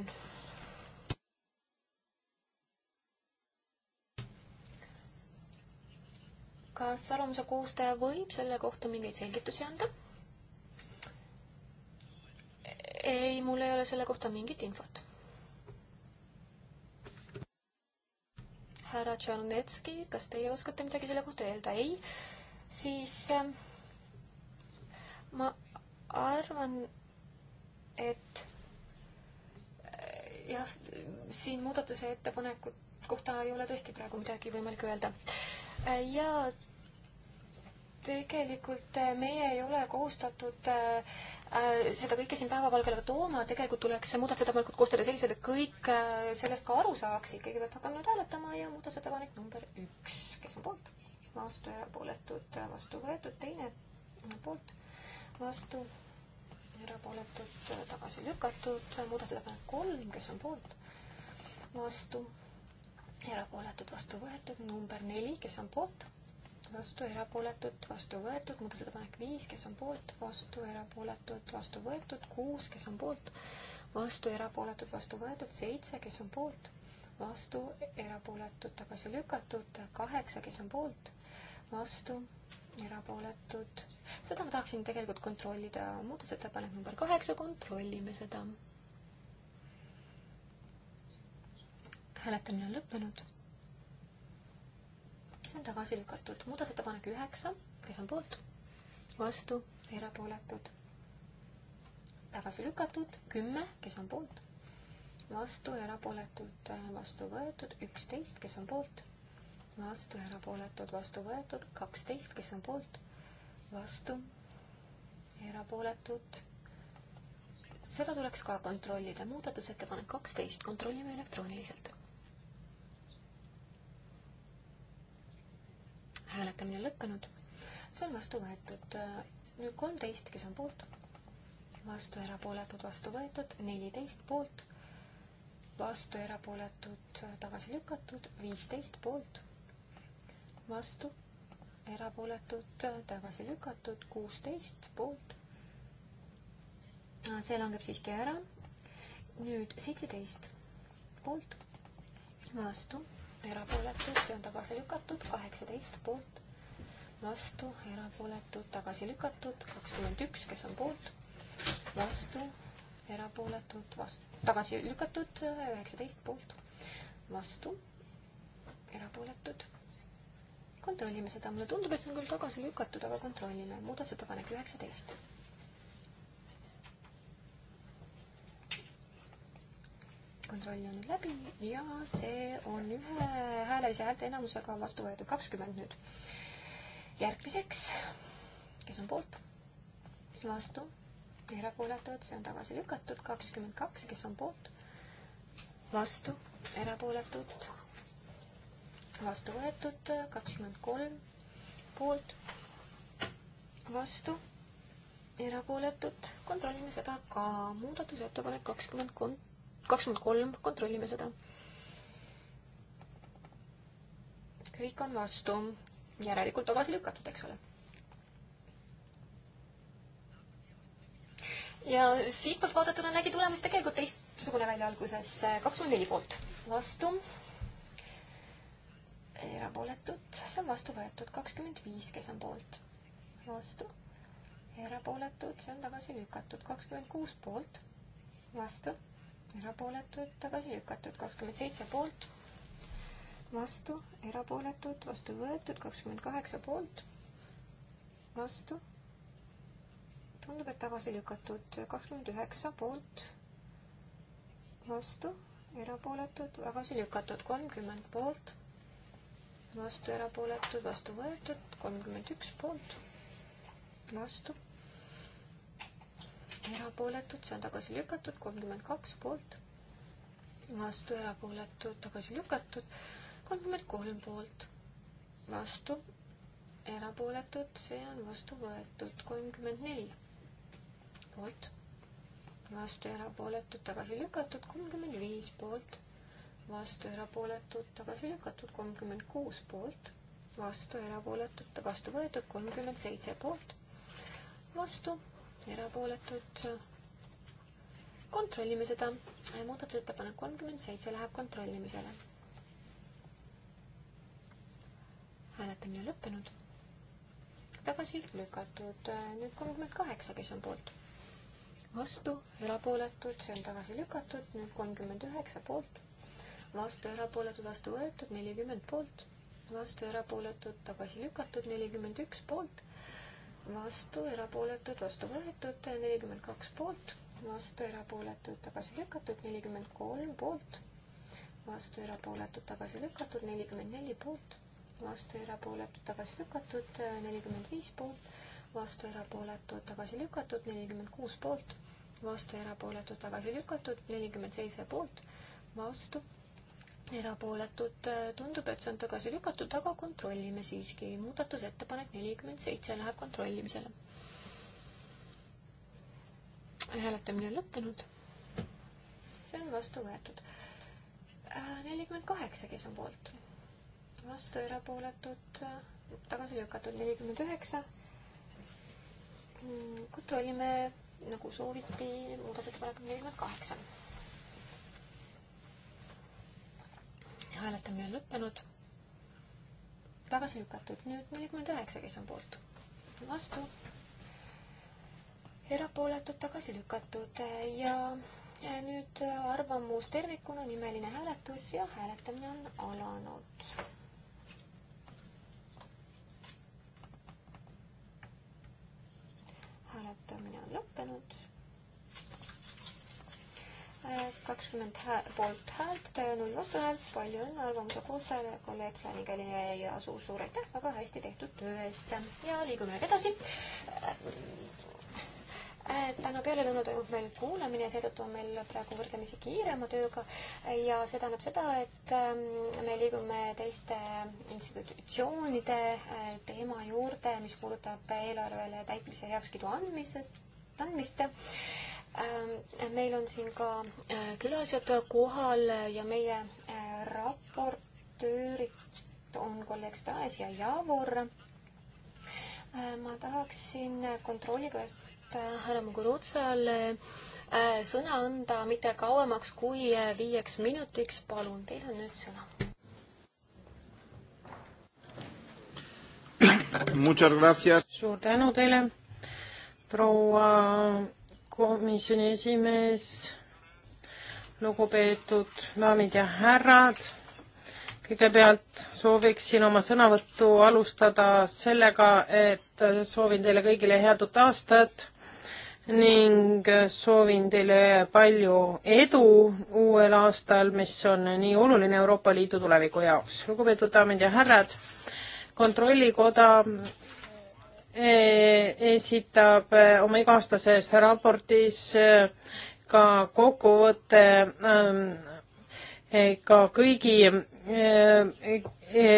kas arvamuse koostaja võib selle kohta mingeid selgitusi anda? ei, mul ei ole selle kohta mingit infot. härra Tšernetski, kas teie oskate midagi selle kohta öelda? ei, siis äh, ma arvan, et äh, jah, siin muudatusettepaneku kohta ei ole tõesti praegu midagi võimalik öelda äh, ja tegelikult äh, meie ei ole kohustatud äh, äh, seda kõike siin päevavalgele tooma, tegelikult tuleks muudatusettepanekud koostada sellised, et kõik sellest ka aru saaksid. kõigepealt hakkame nüüd hääletama ja muudatusettepanek number üks, kes on poolt, vastu, erapooletud, vastu võetud, teine poolt, vastu, erapooletud, tagasi lükatud, muudatusettepanek kolm, kes on poolt, vastu erapooletud, vastu võetud, number neli, kes on poolt, vastu, erapooletud, vastu võetud, muudatusettepanek viis, kes on poolt, vastu, erapooletud, vastu võetud, kuus, kes on poolt, vastu, erapooletud, vastu võetud, seitse, kes on poolt, vastu, erapooletud, tagasi lükatud, kaheksa, kes on poolt, vastu, erapooletud. seda ma tahaksin tegelikult kontrollida, muudatusettepanek number kaheksa, kontrollime seda hääletamine on lõppenud. see on tagasi lükatud. muudatusettepanek üheksa, kes on poolt? vastu, erapooletud. tagasi lükatud, kümme, kes on poolt? vastu, erapooletud, vastu võetud, üksteist, kes on poolt? vastu, erapooletud, vastu võetud, kaksteist, kes on poolt? vastu, erapooletud. seda tuleks ka kontrollida. muudatusettepanek kaksteist, kontrollime elektrooniliselt hääletamine lõppenud, see on vastu võetud. nüüd kolmteist, kes on poolt, vastu erapooletud, vastu võetud, neliteist poolt, vastu erapooletud, tagasi lükatud, viisteist poolt, vastu erapooletud, tagasi lükatud, kuusteist poolt. Ah, see langeb siiski ära. nüüd seitseteist poolt, vastu erapooletud, see on tagasi lükatud, kaheksateist poolt, vastu, erapooletud, tagasi lükatud, kakskümmend üks, kes on poolt, vastu, erapooletud, vastu, tagasi lükatud, üheksateist poolt, vastu, erapooletud. kontrollime seda, mulle tundub, et see on küll tagasi lükatud, aga kontrollime, muudatusettepanek üheksateist kontroll on läbi ja see on ühehäälelise häälteenamusega vastu võetud kakskümmend nüüd. järgmiseks, kes on poolt, vastu, erapooletud, see on tagasi lükatud, kakskümmend kaks, kes on poolt, vastu, erapooletud, vastu võetud, kakskümmend kolm, poolt, vastu erapooletut, kontrollime seda ka. muudatusettepanek kakskümmend kolm kakskümmend kolm, kontrollime seda. kõik on vastu, järelikult tagasi lükatud, eks ole. ja siitpoolt vaadatuna nägi tulemus tegelikult teistsugune välja alguses, kakskümmend neli poolt, vastu, erapooletud, see on vastu võetud, kakskümmend viis, kes on poolt, vastu, erapooletud, see on tagasi lükatud, kakskümmend kuus poolt, vastu erapooletud, tagasi lükatud, kakskümmend seitse poolt, vastu, erapooletud, vastu võetud, kakskümmend kaheksa poolt, vastu, tundub, et tagasi lükatud, kakskümmend üheksa poolt, vastu, erapooletud, tagasi lükatud, kolmkümmend poolt, vastu, erapooletud, vastu võetud, kolmkümmend üks poolt, vastu erapooletud, see on tagasi lükatud, kolmkümmend kaks poolt, vastu erapooletud, tagasi lükatud, kolmkümmend kolm poolt, vastu erapooletud, see on vastu võetud, kolmkümmend neli poolt, vastu erapooletud, tagasi lükatud, kolmkümmend viis poolt, vastu erapooletud, tagasi lükatud, kolmkümmend kuus poolt, vastu erapooletud, vastu võetud, kolmkümmend seitse poolt, vastu erapooletud. kontrollime seda. muudatusettepanek kolmkümmend seitse läheb kontrollimisele. hääletamine lõppenud. tagasi lükatud. nüüd kolmkümmend kaheksa, kes on poolt? vastu, erapooletud, see on tagasi lükatud. nüüd kolmkümmend üheksa poolt, vastu, erapooletud, vastu võetud, nelikümmend poolt, vastu, erapooletud, tagasi lükatud, nelikümmend üks poolt vastu, erapooletud, vastu võetud, nelikümmend kaks poolt, vastu, erapooletud, tagasi lükatud, nelikümmend kolm poolt, vastu, erapooletud, tagasi lükatud, nelikümmend neli poolt, vastu, erapooletud, tagasi lükatud, nelikümmend viis poolt, vastu, erapooletud, tagasi lükatud, nelikümmend kuus poolt, vastu, erapooletud, tagasi lükatud, nelikümmend seitse poolt, vastu erapooletud. tundub, et see on tagasi lükatud, aga kontrollime siiski. muudatusettepanek nelikümmend seitse läheb kontrollimisele. hääletamine on lõppenud. see on vastu võetud. Äh, nelikümmend kaheksa, kes on poolt? vastu erapooletud, tagasi lükatud nelikümmend üheksa. Mm, kontrollime, nagu sooviti, muudatusettepanek nelikümmend kaheksa hääletamine on lõppenud. tagasi lükatud, nüüd nelikümmend üheksa, kes on poolt, vastu, erapooletud, tagasi lükatud ja Ja nüüd arvamus tervikuna, nimeline hääletus ja hääletamine on alanud. hääletamine on lõppenud kakskümmend häält, poolt häält, null vastuhäält, palju õnne arvamuse koostajale, kolleeg Flannigalile ja suur, suur aitäh väga hästi tehtud töö eest. ja liigume nüüd edasi. täna pealelõunal toimub meil kuulamine ja seetõttu on meil praegu võrdlemisi kiirema tööga ja see tähendab seda, et ähm, me liigume teiste institutsioonide äh, teema juurde, mis puudutab eelarvele täitmise heakskiidu andmisest, andmist Äh, meil on siin ka äh, külalised kohal ja meie äh, raportöörid on kolleeg Stas ja Javor. ma tahaksin kontrolli käest härra Mugurutsale sõna anda mitte kauemaks kui viieks minutiks. palun, teil on nüüd sõna. suur tänu teile, proua komisjoni esimees, lugupeetud daamid ja härrad, kõigepealt sooviksin oma sõnavõttu alustada sellega, et soovin teile kõigile head uut aastat ning soovin teile palju edu uuel aastal, mis on nii oluline Euroopa Liidu tuleviku jaoks. lugupeetud daamid ja härrad, kontrollikoda E, esitab e, oma iga-aastases raportis e, ka kokkuvõte ka kõigi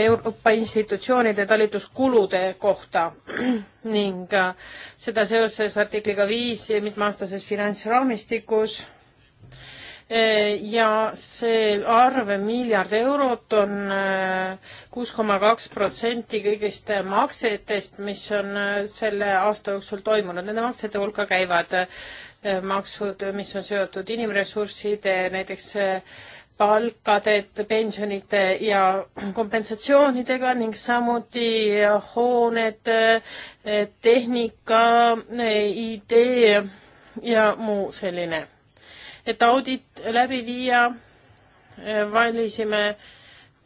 Euroopa institutsioonide talituskulude kohta ning seda seoses artikliga viis mitmeaastases finantsraamistikus Eh, ja see arv miljard eurot on eh, kuus koma kaks protsenti kõigist maksetest, mis on eh, selle aasta jooksul toimunud. Nende maksete hulka käivad maksud, mis on seotud inimressursside, näiteks palkade, pensionide ja kompensatsioonidega ning samuti hooned, tehnika, idee ja muu selline et audit läbi viia, äh, valisime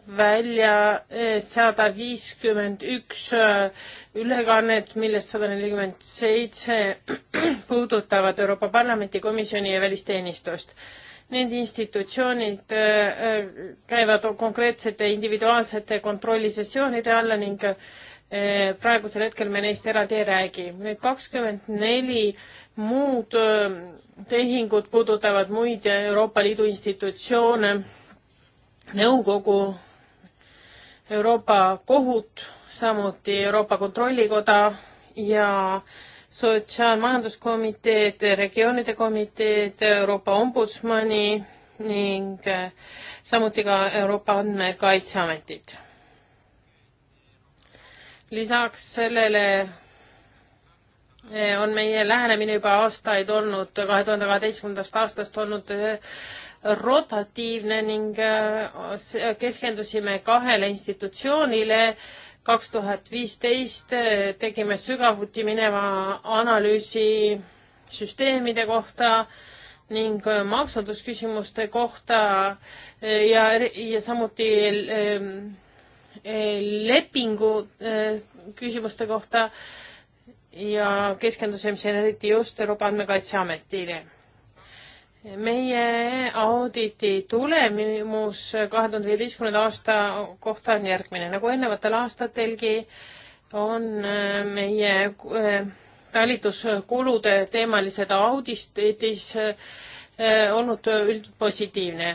välja äh, sada viiskümmend üks äh, ülekannet, millest sada nelikümmend seitse puudutavad Euroopa Parlamenti, komisjoni ja välisteenistust. Need institutsioonid käivad konkreetsete individuaalsete kontrollisessioonide alla ning praegusel hetkel me neist eraldi ei räägi. Need kakskümmend neli muud äh, tehingud puudutavad muid Euroopa Liidu institutsioone, nõukogu, Euroopa Kohut, samuti Euroopa Kontrollikoda ja sotsiaalmajanduskomiteed, regioonide komiteed, Euroopa Ombudsmani ning äh, samuti ka Euroopa Andmekaitseametit. lisaks sellele Eh, on meie lähenemine juba aastaid olnud, kahe tuhande kaheteistkümnendast aastast olnud eh, rotatiivne ning eh, keskendusime kahele institutsioonile. kaks tuhat viisteist tegime sügavuti mineva analüüsi süsteemide kohta ning maksundusküsimuste kohta ja, ja samuti lepingu küsimuste kohta ja keskendusime siin eriti just Euroopa Andmekaitseametile. meie auditi tulemus kahe tuhande viieteistkümnenda aasta kohta on järgmine, nagu eelnevatel aastatelgi on äh, meie äh, talituskulude teemalised auditis äh, olnud üldpositiivne.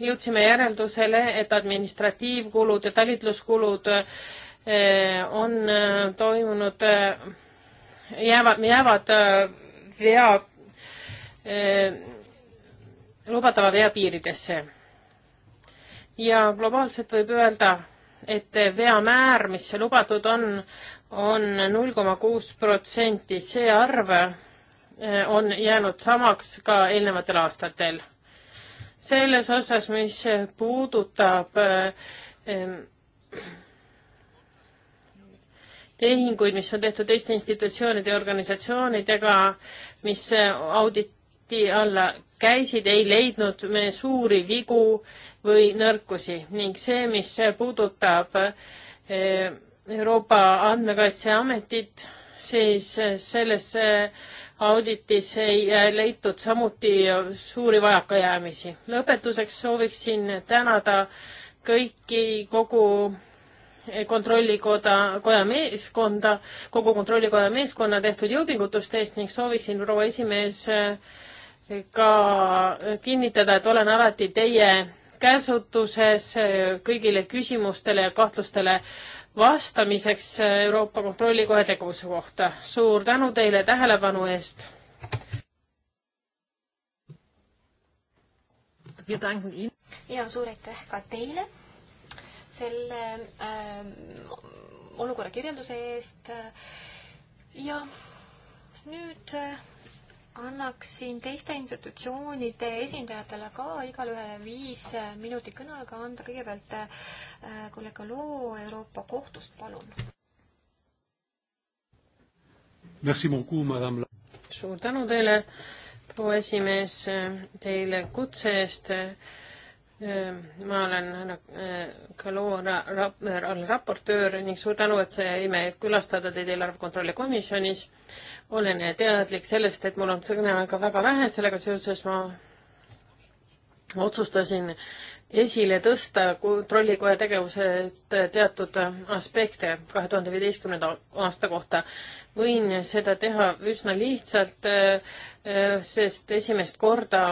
jõudsime järeldusele, et administratiivkulud ja talitluskulud on toimunud jäävad, jäävad äh, vea, äh, lubatava vea piiridesse. ja globaalselt võib öelda, et veamäär, mis lubatud on, on null koma kuus protsenti, see arv äh, on jäänud samaks ka eelnevatel aastatel. selles osas, mis puudutab äh, äh, tehinguid, mis on tehtud teiste institutsioonide ja organisatsioonidega, mis äh, auditi alla käisid, ei leidnud me suuri vigu või nõrkusi ning see, mis puudutab äh, Euroopa Andmekaitseametit, siis äh, selles auditis ei leitud samuti suuri vajakajäämisi. lõpetuseks sooviksin tänada kõiki kogu kontrollikoda, koja meeskonda, kogu kontrollikoja meeskonna tehtud jõupingutuste eest ning sooviksin, proua esimees, ka kinnitada, et olen alati teie käsutuses kõigile küsimustele ja kahtlustele vastamiseks Euroopa Kontrollikoja tegevuse kohta. suur tänu teile tähelepanu eest. ja suur aitäh ka teile selle äh, olukorra kirjelduse eest. ja nüüd äh, annaksin teiste institutsioonide esindajatele ka igalühele viis äh, minutit kõneaega anda. kõigepealt äh, kolleeg Loo Euroopa Kohtust, palun. suur tänu teile, proua esimees, teile kutse eest Ehm, ma olen härra äh, Kalora rap, äh, raportöör ning suur tänu, et saime külastada teid eelarvekontrolli komisjonis. olen teadlik sellest, et mul on kõneaega väga vähe, sellega seoses ma otsustasin esile tõsta kontrollikoja tegevused teatud aspekte kahe tuhande viieteistkümnenda aasta kohta. võin seda teha üsna lihtsalt, äh, sest esimest korda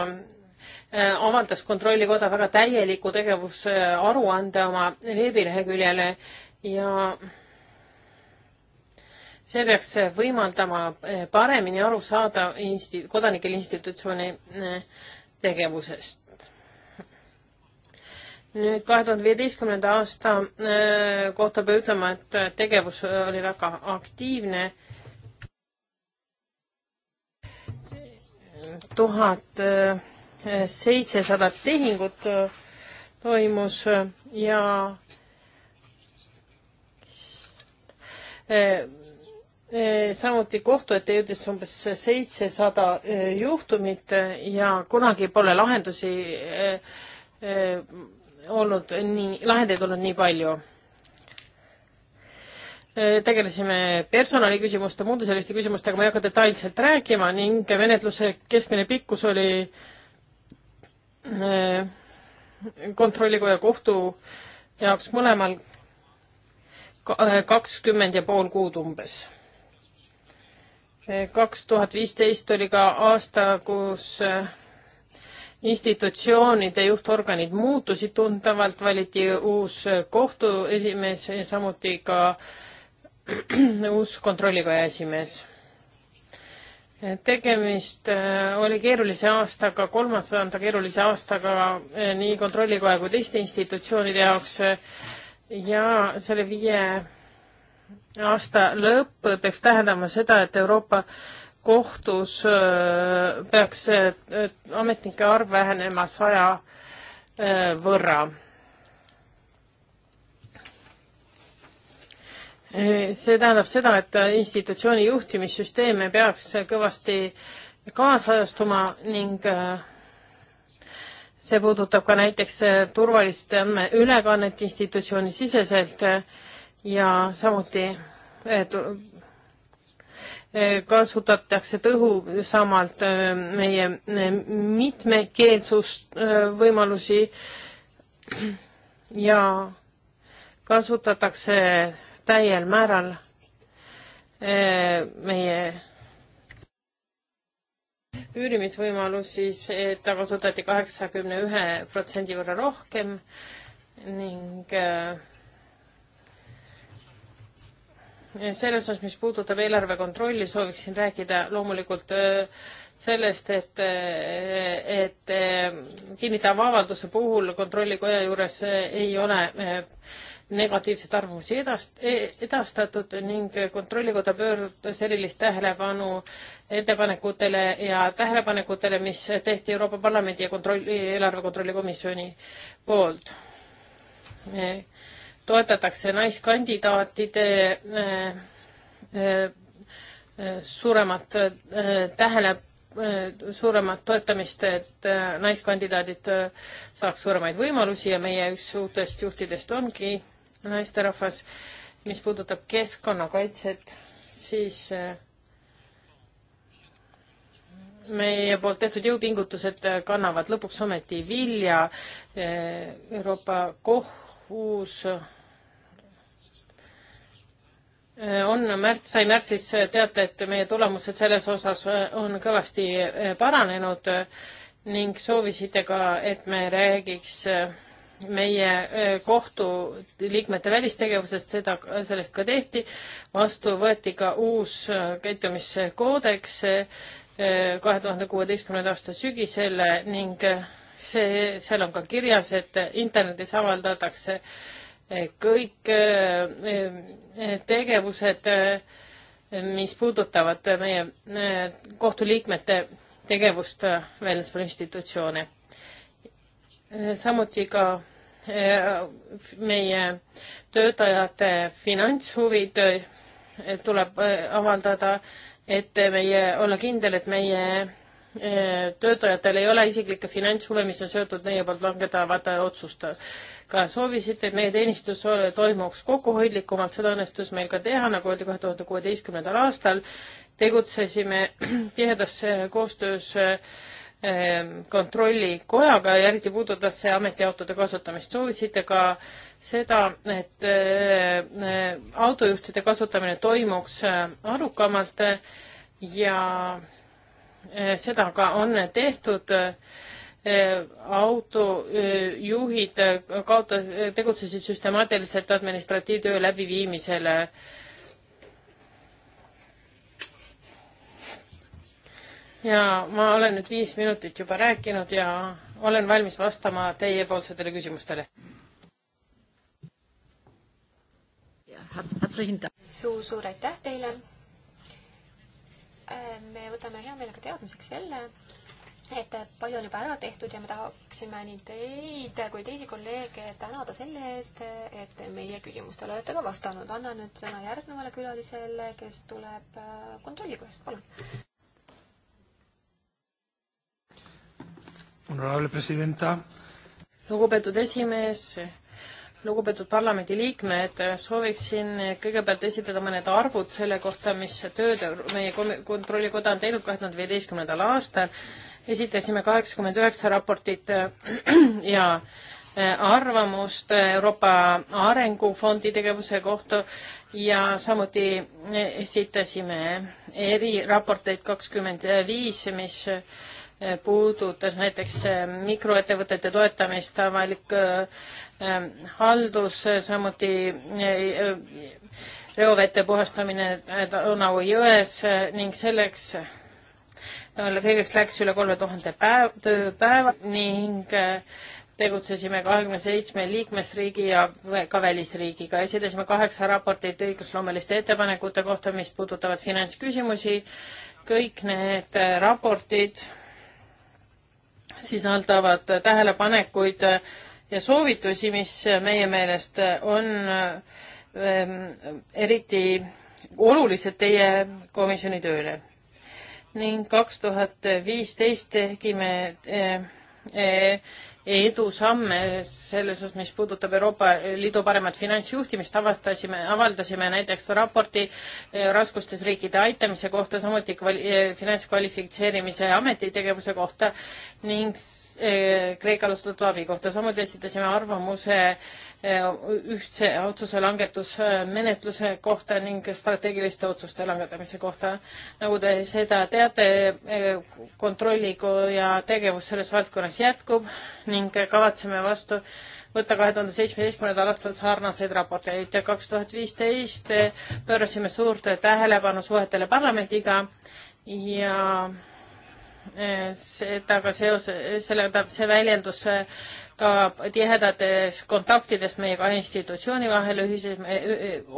Äh, avaldas Kontrollikoda väga täieliku tegevusaruande oma veebileheküljele ja see peaks võimaldama äh, paremini aru saada insti-, kodanikel institutsiooni äh, tegevusest. nüüd kahe tuhande viieteistkümnenda aasta kohta peab ütlema, et tegevus oli väga aktiivne. tuhat seitsesadat tehingut äh, toimus äh, ja äh, samuti kohtu ette jõudis umbes seitsesada juhtumit ja kunagi pole lahendusi olnud nii, lahendeid olnud nii palju. tegelesime personaliküsimuste, muude selliste küsimustega, ma ei hakka detailselt rääkima ning menetluse keskmine pikkus oli Äh, kontrollikoja kohtu jaoks mõlemal äh, kakskümmend ja pool kuud umbes. Äh, kaks tuhat viisteist oli ka aasta, kus institutsioonide juhtorganid muutusid tuntavalt, valiti uus kohtu esimees, samuti ka uus kontrollikoja esimees tegemist äh, oli keerulise aastaga, kolmanda keerulise aastaga äh, nii Kontrollikoja kui teiste institutsioonide jaoks ja selle viie aasta lõpp peaks tähendama seda, et Euroopa kohtus äh, peaks ametnike arv vähenema saja võrra see tähendab seda, et institutsiooni juhtimissüsteeme peaks kõvasti kaasajastuma ning äh, see puudutab ka näiteks äh, turvalist äh, ülekannet institutsiooni siseselt ja samuti kasutatakse tõhusamalt meie mitmekeelsust võimalusi ja kasutatakse täiel määral eh, meie üürimisvõimalus siis, et ta kasutati kaheksakümne ühe protsendi võrra rohkem ning eh, selles osas, mis puudutab eelarve kontrolli, sooviksin rääkida loomulikult eh, sellest, et, et kinnitava avalduse puhul Kontrollikoja juures ei ole negatiivseid arvamusi edast-, e-, edastatud ning Kontrollikoda pöördus erilist tähelepanu ettepanekutele ja tähelepanekutele, mis tehti Euroopa Parlamendi ja kontrolli, eelarve kontrolli komisjoni poolt. E, toetatakse naiskandidaatide e, suuremat tähele, suuremat toetamist, et naiskandidaadid saaks suuremaid võimalusi ja meie üks uutest juhtidest ongi naisterahvas, mis puudutab keskkonnakaitset, siis äh, meie poolt tehtud jõupingutused äh, kannavad lõpuks ometi vilja. Äh, Euroopa kohus on märts, sai märtsis teate, et meie tulemused selles osas on kõvasti paranenud ning soovisite ka, et me räägiks meie kohtu liikmete välistegevusest, seda, sellest ka tehti, vastu võeti ka uus käitumiskoodeks kahe tuhande kuueteistkümnenda aasta sügisel ning see, seal on ka kirjas, et internetis avaldatakse kõik tegevused, mis puudutavad meie kohtuliikmete tegevust väljaspool institutsioone Äh, samuti ka äh, meie töötajate finantshuvid äh, tuleb avaldada, et meie, olla kindel, et meie töötajatel ei ole isiklikke finantshuve, mis on seotud meie poolt langetavate otsustega. soovisite, et meie teenistus toimuks kokkuhoidlikumalt, seda õnnestus meil ka teha, nagu öeldi kahe tuhande kuueteistkümnendal aastal, tegutsesime tihedas koostöös äh, Ehm, kontrollikojaga ja eriti puudutas see ametiautode kasutamist. soovisite ka seda, et ehm, ehm, autojuhtide kasutamine toimuks arukamalt ja seda ka on tehtud. autojuhid kaotasid, tegutsesid süstemaatiliselt administratiivtöö läbiviimisele ja ma olen nüüd viis minutit juba rääkinud ja olen valmis vastama teiepoolsetele küsimustele. suur, suur aitäh teile. Äh, me võtame hea meelega teadmiseks selle, et palju on juba ära tehtud ja me tahaksime nii teid kui teisi kolleege tänada selle eest, et meie küsimustele olete ka vastanud. annan nüüd sõna järgnevale külalisele, kes tuleb äh, kontrollikojast, palun. lugupeetud esimees, lugupeetud parlamendiliikmed, sooviksin kõigepealt esitada mõned arvud selle kohta, mis tööd meie kontrollikoda on teinud kahe tuhande viieteistkümnendal aastal. esitasime kaheksakümmend üheksa raportit ja äh, arvamust Euroopa Arengufondi tegevuse kohta ja samuti esitasime eriraporteid kakskümmend viis, mis puudutas näiteks eh, mikroettevõtete toetamist, avalik eh, eh, haldus, samuti reovete puhastamine Donau jões ning selleks kõigeks läks üle kolme tuhande päev, tööpäeva ning tegutsesime kahekümne seitsme liikmesriigi ja ka välisriigiga. esitasime kaheksa raportit õigusloomeliste ettepanekute kohta, mis puudutavad finantsküsimusi. kõik need raportid sisaldavad tähelepanekuid ja soovitusi, mis meie meelest on ähm, eriti olulised teie komisjoni tööle. ning kaks tuhat viisteist tegime äh, äh, edusamme selles osas, mis puudutab Euroopa Liidu paremat finantsjuhtimist, avastasime, avaldasime näiteks raporti eh, raskustes riikide aitamise kohta, samuti kvali-, eh, finantskvalifitseerimise ametitegevuse kohta ning eh, Kreeka alustatud abi kohta, samuti esitasime arvamuse äh, Eh, ühtse otsuse langetusmenetluse kohta ning strateegiliste otsuste langetamise kohta. nagu te seda teate, eh, kontrollikoja tegevus selles valdkonnas jätkub ning kavatseme vastu võtta kahe tuhande seitsmeteistkümnendal aastal sarnaseid raporteid ja kaks tuhat viisteist eh, pöörasime suurt tähelepanu suhetele parlamendiga ja seda ka seoses, sellega see väljendus ka tihedates kontaktides meie kahe institutsiooni vahel ühise,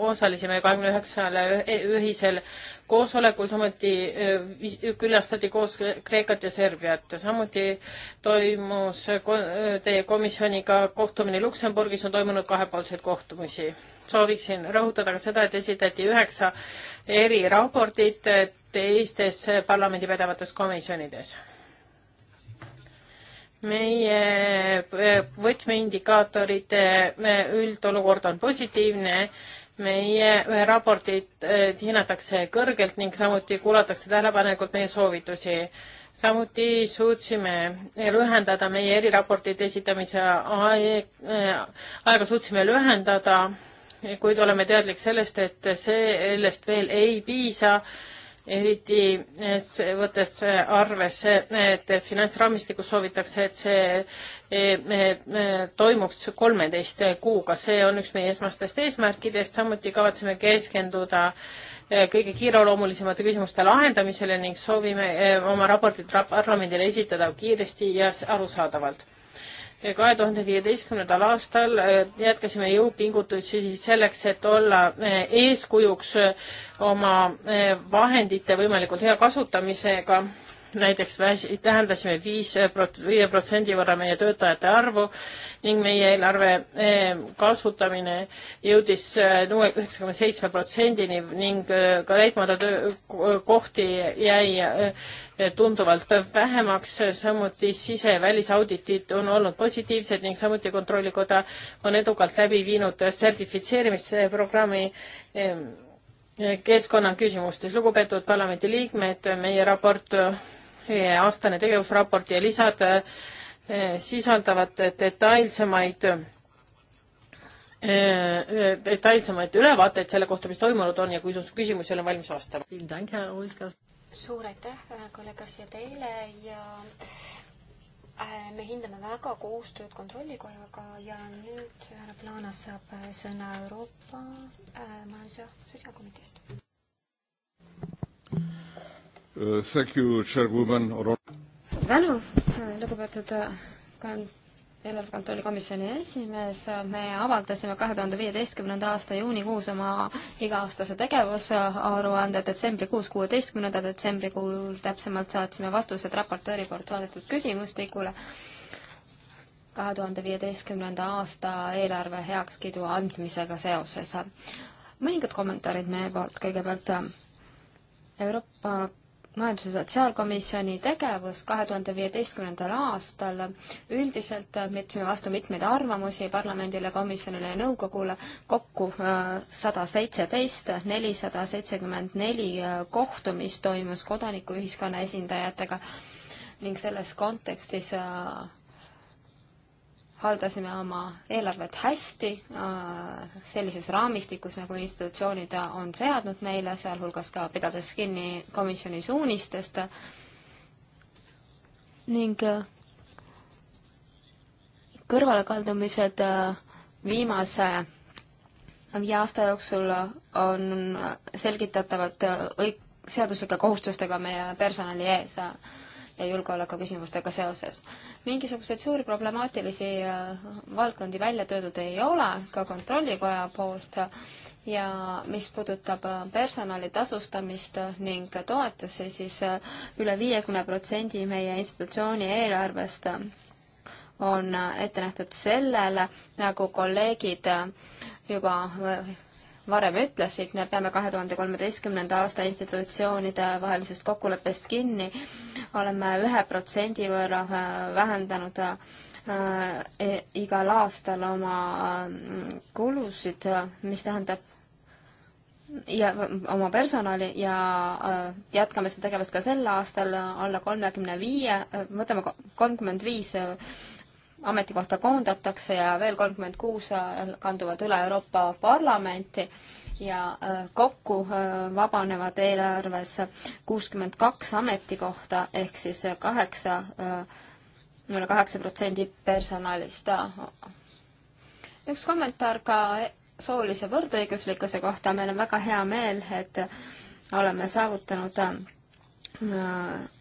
osalesime kahekümne üheksal ühisel koosolekul, samuti külastati koos Kreekat ja Serbiat. samuti toimus teie komisjoniga kohtumine Luksemburgis, on toimunud kahepoolseid kohtumisi. sooviksin rõhutada ka seda, et esitati üheksa eriraportit teistes parlamendi pädevates komisjonides meie äh, võtmeindikaatorite äh, üldolukord on positiivne, meie äh, raportit hinnatakse kõrgelt ning samuti kuulatakse tähelepanelikult meie soovitusi. samuti suutsime lühendada meie eriraportite esitamise aeg, aega suutsime lühendada, kuid oleme teadlik sellest, et sellest veel ei piisa eriti eh, võttes arvesse, et finantsraamistikus soovitakse, et see eh, toimuks kolmeteist kuuga, see on üks meie esmastest eesmärkidest, samuti kavatseme keskenduda eh, kõige kiireloomulisemate küsimuste lahendamisele ning soovime oma raportit parlamendile esitada kiiresti ja arusaadavalt kahe tuhande viieteistkümnendal aastal äh, jätkasime jõupingutusi selleks, et olla äh, eeskujuks äh, oma vahendite võimalikult hea kasutamisega näiteks tähendasime viis eh, prot-, viie protsendi võrra meie töötajate arvu ning meie eelarve eh, kasutamine jõudis eh, üheksa koma seitsme protsendini ning ka täitmata töökohti jäi tunduvalt vähemaks, samuti sise- ja välisauditid on olnud positiivsed ning samuti Kontrollikoda on edukalt läbi viinud sertifitseerimisprogrammi keskkonnaküsimustes. lugupeetud parlamendiliikmed, meie raport aastane tegevusraport ja lisad eh, sisaldavad detailsemaid eh, detailsemaid ülevaateid selle kohta, mis toimunud on ja kui sul küsimusi, olen valmis vastama. suur aitäh, kolleeg Asja teile ja äh, me hindame väga koostööd Kontrollikojaga ja nüüd härra Planas saab äh, sõna Euroopa äh, Majandus- ja Sotsiaalkomiteest. Uh, thank you, chairwoman. suur tänu, äh, lugupeetud äh, eelarvekontrolli komisjoni esimees, me avaldasime kahe tuhande viieteistkümnenda aasta juunikuus oma iga-aastase tegevusaruande detsembrikuus, kuueteistkümnenda detsembrikuul täpsemalt saatsime vastused raportööri poolt saadetud küsimustikule kahe tuhande viieteistkümnenda aasta eelarve heakskiidu andmisega seoses. mõningad kommentaarid meie poolt kõigepealt. Äh, Euroopa majandus- ja sotsiaalkomisjoni tegevus kahe tuhande viieteistkümnendal aastal. üldiselt võtsime vastu mitmeid arvamusi parlamendile, komisjonile ja nõukogule, kokku äh, sada seitseteist, nelisada seitsekümmend neli äh, kohtumist toimus kodanikuühiskonna esindajatega ning selles kontekstis äh, haldasime oma eelarvet hästi äh, sellises raamistikus, nagu institutsioonid on seadnud meile, sealhulgas ka pidades kinni komisjoni suunistest ning äh, kõrvalekaldumised äh, viimase viie aasta jooksul on selgitatavad õig-, seaduslike kohustustega meie personali ees ja julgeolekuküsimustega seoses. mingisuguseid suuri problemaatilisi äh, valdkondi välja töötud ei ole, ka Kontrollikoja poolt, ja mis puudutab äh, personali tasustamist äh, ning toetusi, siis üle viiekümne protsendi meie institutsiooni eelarvest on ette nähtud sellele, nagu kolleegid juba varem ütlesid, me peame kahe tuhande kolmeteistkümnenda aasta institutsioonide vahelisest kokkuleppest kinni oleme, oleme ühe protsendi võrra äh, vähendanud äh, e, igal aastal oma äh, kulusid, mis tähendab ja oma personali ja jätkame seda tegevust ka sel aastal alla kolmekümne viie, võtame kolmkümmend viis ametikohta koondatakse ja veel kolmkümmend kuus kanduvad üle Euroopa Parlamenti ja äh, kokku äh, vabanevad eelarves kuuskümmend kaks ametikohta ehk siis kaheksa, äh, üle kaheksa protsendi personalist. üks kommentaar ka soolise võrdõiguslikkuse kohta, meil on väga hea meel, et oleme saavutanud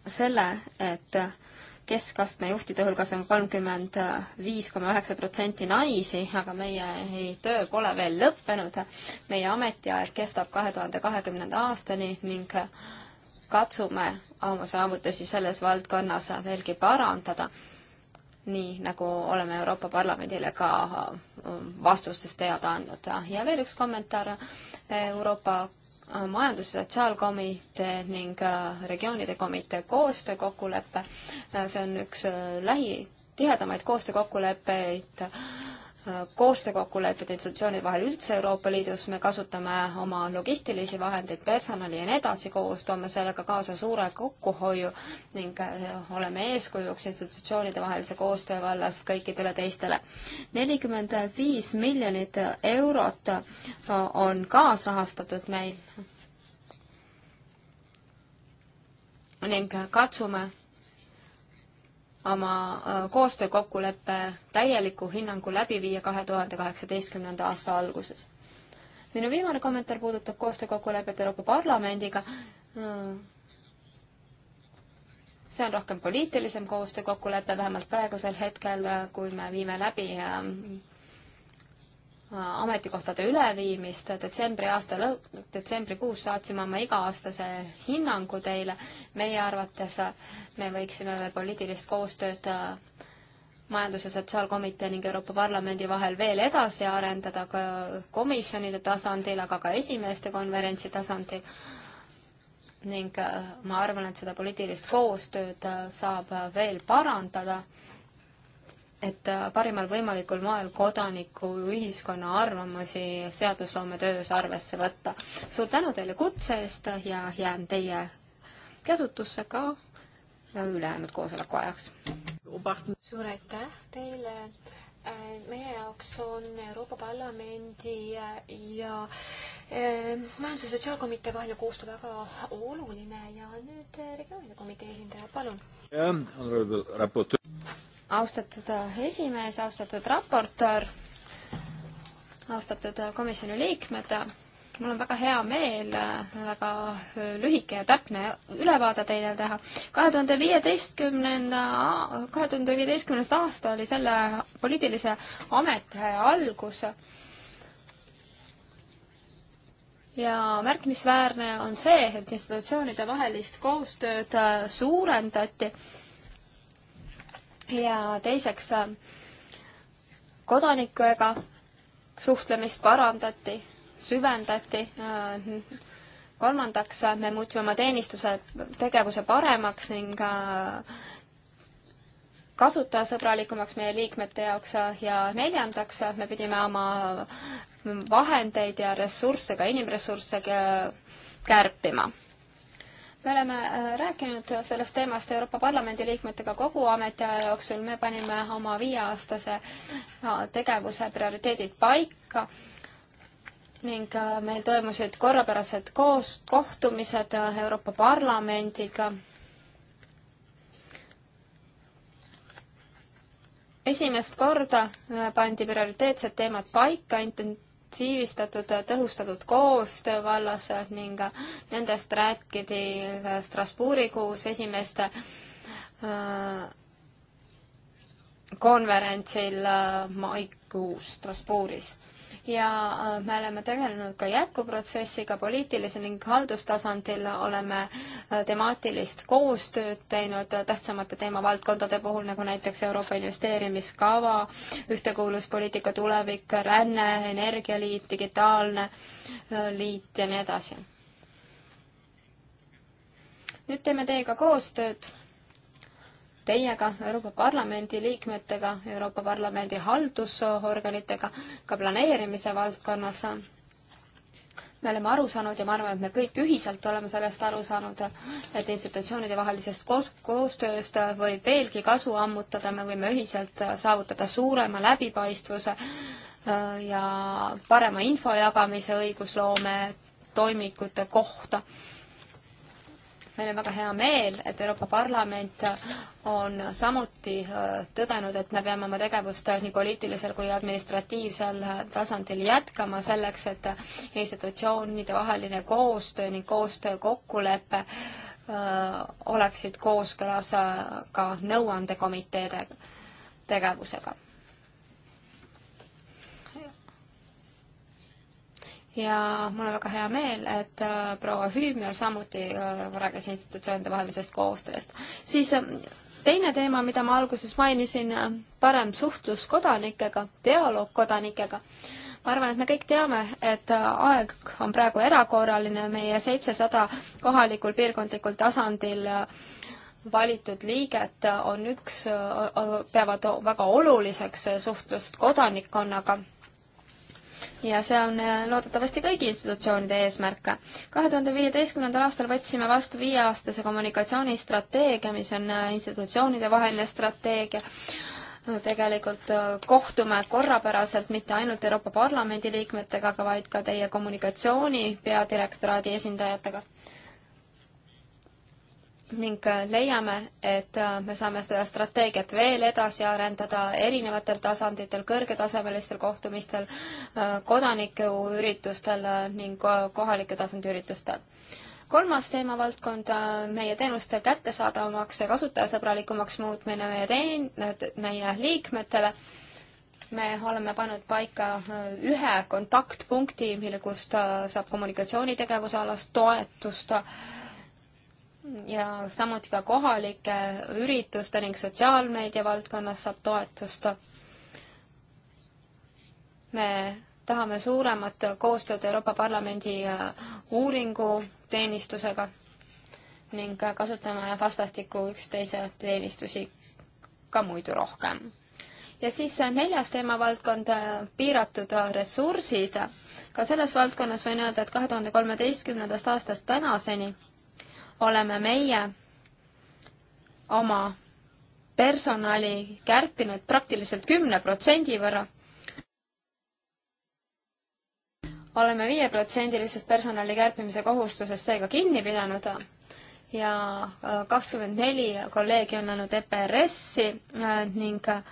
selle, et keskastme juhtide hulgas on kolmkümmend viis koma üheksa protsenti naisi, aga meie ei, töö pole veel lõppenud. meie ametiaeg kestab kahe tuhande kahekümnenda aastani ning katsume oma saavutusi selles valdkonnas veelgi parandada, nii nagu oleme Euroopa Parlamendile ka vastustes teada andnud. ja veel üks kommentaar Euroopa Äh, majandus- ja sotsiaalkomitee ning äh, regioonide komitee koostöökokkulepe. Äh, see on üks lähi tihedamaid koostöökokkuleppeid koostöökokkulepped institutsioonide vahel üldse Euroopa Liidus, me kasutame oma logistilisi vahendeid, personali ja nii edasi koos, toome sellega kaasa suure kokkuhoiu ning eh, oleme eeskujuks institutsioonide vahelise koostöö vallas kõikidele teistele. nelikümmend viis miljonit eurot eh, on kaasrahastatud meil ning katsume oma äh, koostöökokkuleppe täieliku hinnangu läbi viia kahe tuhande kaheksateistkümnenda aasta alguses. minu viimane kommentaar puudutab koostöökokkulepet Euroopa Parlamendiga. Äh, see on rohkem poliitilisem koostöökokkulepe, vähemalt praegusel hetkel, äh, kui me viime läbi ametikohtade üleviimist detsembri aasta lõ-, detsembrikuus saatsime oma iga-aastase hinnangu teile. meie arvates me võiksime veel poliitilist koostööd äh, majandus- ja sotsiaalkomitee ning Euroopa Parlamendi vahel veel edasi arendada ka komisjonide tasandil, aga ka esimeeste konverentsi tasandil. ning äh, ma arvan, et seda poliitilist koostööd äh, saab veel parandada et äh, parimal võimalikul moel kodanikuühiskonna arvamusi seadusloome töös arvesse võtta. suur tänu teile kutse eest ja jään teie käsutusse ka äh, ülejäänud koosoleku ajaks. suur aitäh teile äh, meie jaoks on Euroopa Parlamendi ja Majandus- ja Sotsiaalkomitee vaheline koostöö väga oluline ja nüüd Regionaalide Komitee esindaja, palun austatud äh, esimees, austatud raportöör, austatud äh, komisjoni liikmed, mul on väga hea meel äh, väga lühike ja täpne ülevaade teile teha. kahe tuhande viieteistkümnenda, kahe tuhande viieteistkümnes aasta oli selle poliitilise ameti algus. ja märkimisväärne on see, et institutsioonide vahelist koostööd suurendati ja teiseks kodanikega suhtlemist parandati, süvendati, kolmandaks me muutsime oma teenistuse tegevuse paremaks ning kasutajasõbralikumaks meie liikmete jaoks ja neljandaks me pidime oma vahendeid ja ressursse, ka inimressursse kärpima me oleme äh, rääkinud sellest teemast Euroopa Parlamendi liikmetega kogu ametiaja jooksul, me panime oma viieaastase äh, tegevuse prioriteedid paika ning äh, meil toimusid korrapärased koos, kohtumised Euroopa Parlamendiga esimest korda pandi prioriteetsed teemad paika, intensiivistatud tõhustatud koostöö vallas ning nendest rääkidi Strasbourgi kuus esimest äh, konverentsil äh, maikuus Strasbourgis ja äh, me oleme tegelenud ka jätkuprotsessiga poliitilisel ning haldustasandil, oleme äh, temaatilist koostööd teinud tähtsamate teemavaldkondade puhul, nagu näiteks Euroopa investeerimiskava, ühtekuuluvuspoliitika tulevik, ränne, energialiit, digitaalne äh, liit ja nii edasi nüüd teeme teiega koostööd teiega, Euroopa Parlamendi liikmetega, Euroopa Parlamendi haldusorganitega, ka planeerimise valdkonnas. me oleme aru saanud ja ma arvan, et me kõik ühiselt oleme sellest aru saanud, et institutsioonide vahelisest koos, koostööst võib veelgi kasu ammutada, me võime ühiselt saavutada suurema läbipaistvuse äh, ja parema info jagamise õigusloome toimikute kohta meil on väga hea meel, et Euroopa Parlament on samuti äh, tõdenud, et me peame oma tegevust nii poliitilisel kui administratiivsel äh, tasandil jätkama selleks, et institutsioonide vaheline koostöö ning koostöökokkulepe äh, oleksid kooskõlas ka nõuandekomiteede tegevusega ja mul on väga hea meel, et äh, proua Hüümiol samuti äh, rääkis institutsioonide vahelisest koostööst. siis äh, teine teema, mida ma alguses mainisin, parem suhtlus kodanikega, dialoog kodanikega ma arvan, et me kõik teame, et aeg on praegu erakorraline, meie seitsesada kohalikul piirkondlikul tasandil valitud liiget on üks, peavad väga oluliseks suhtlust kodanikkonnaga ja see on äh, loodetavasti kõigi institutsioonide eesmärk. kahe tuhande viieteistkümnendal aastal võtsime vastu viieaastase kommunikatsioonistrateegia, mis on äh, institutsioonide vaheline strateegia. tegelikult äh, kohtume korrapäraselt mitte ainult Euroopa Parlamendi liikmetega, aga vaid ka teie kommunikatsiooni peadirektoraadi esindajatega ning äh, leiame, et äh, me saame seda strateegiat veel edasi arendada erinevatel tasanditel, kõrgetasemelistel kohtumistel, äh, kodanikuüritustel ning kohalike tasandi üritustel. kolmas teemavaldkond, meie teenuste kättesaadavamaks ja kasutajasõbralikumaks muutmine meie teen-, meie liikmetele me oleme pannud paika ühe kontaktpunkti, mille, kust saab kommunikatsioonitegevuse alast toetust ja samuti ka kohalike ürituste ning sotsiaalmeedia valdkonnas saab toetust. me tahame suuremat koostööd Euroopa Parlamendi äh, uuringuteenistusega ning äh, kasutame vastastikku üksteise teenistusi ka muidu rohkem. ja siis äh, neljas teemavaldkond, piiratud ressursid. ka selles valdkonnas võin öelda, et kahe tuhande kolmeteistkümnendast aastast tänaseni oleme meie oma personali kärpinud praktiliselt kümne protsendi võrra oleme viieprotsendilisest personali kärpimise kohustusest seega kinni pidanud ja äh, kakskümmend neli kolleegi on olnud EPRS-i äh, ning äh,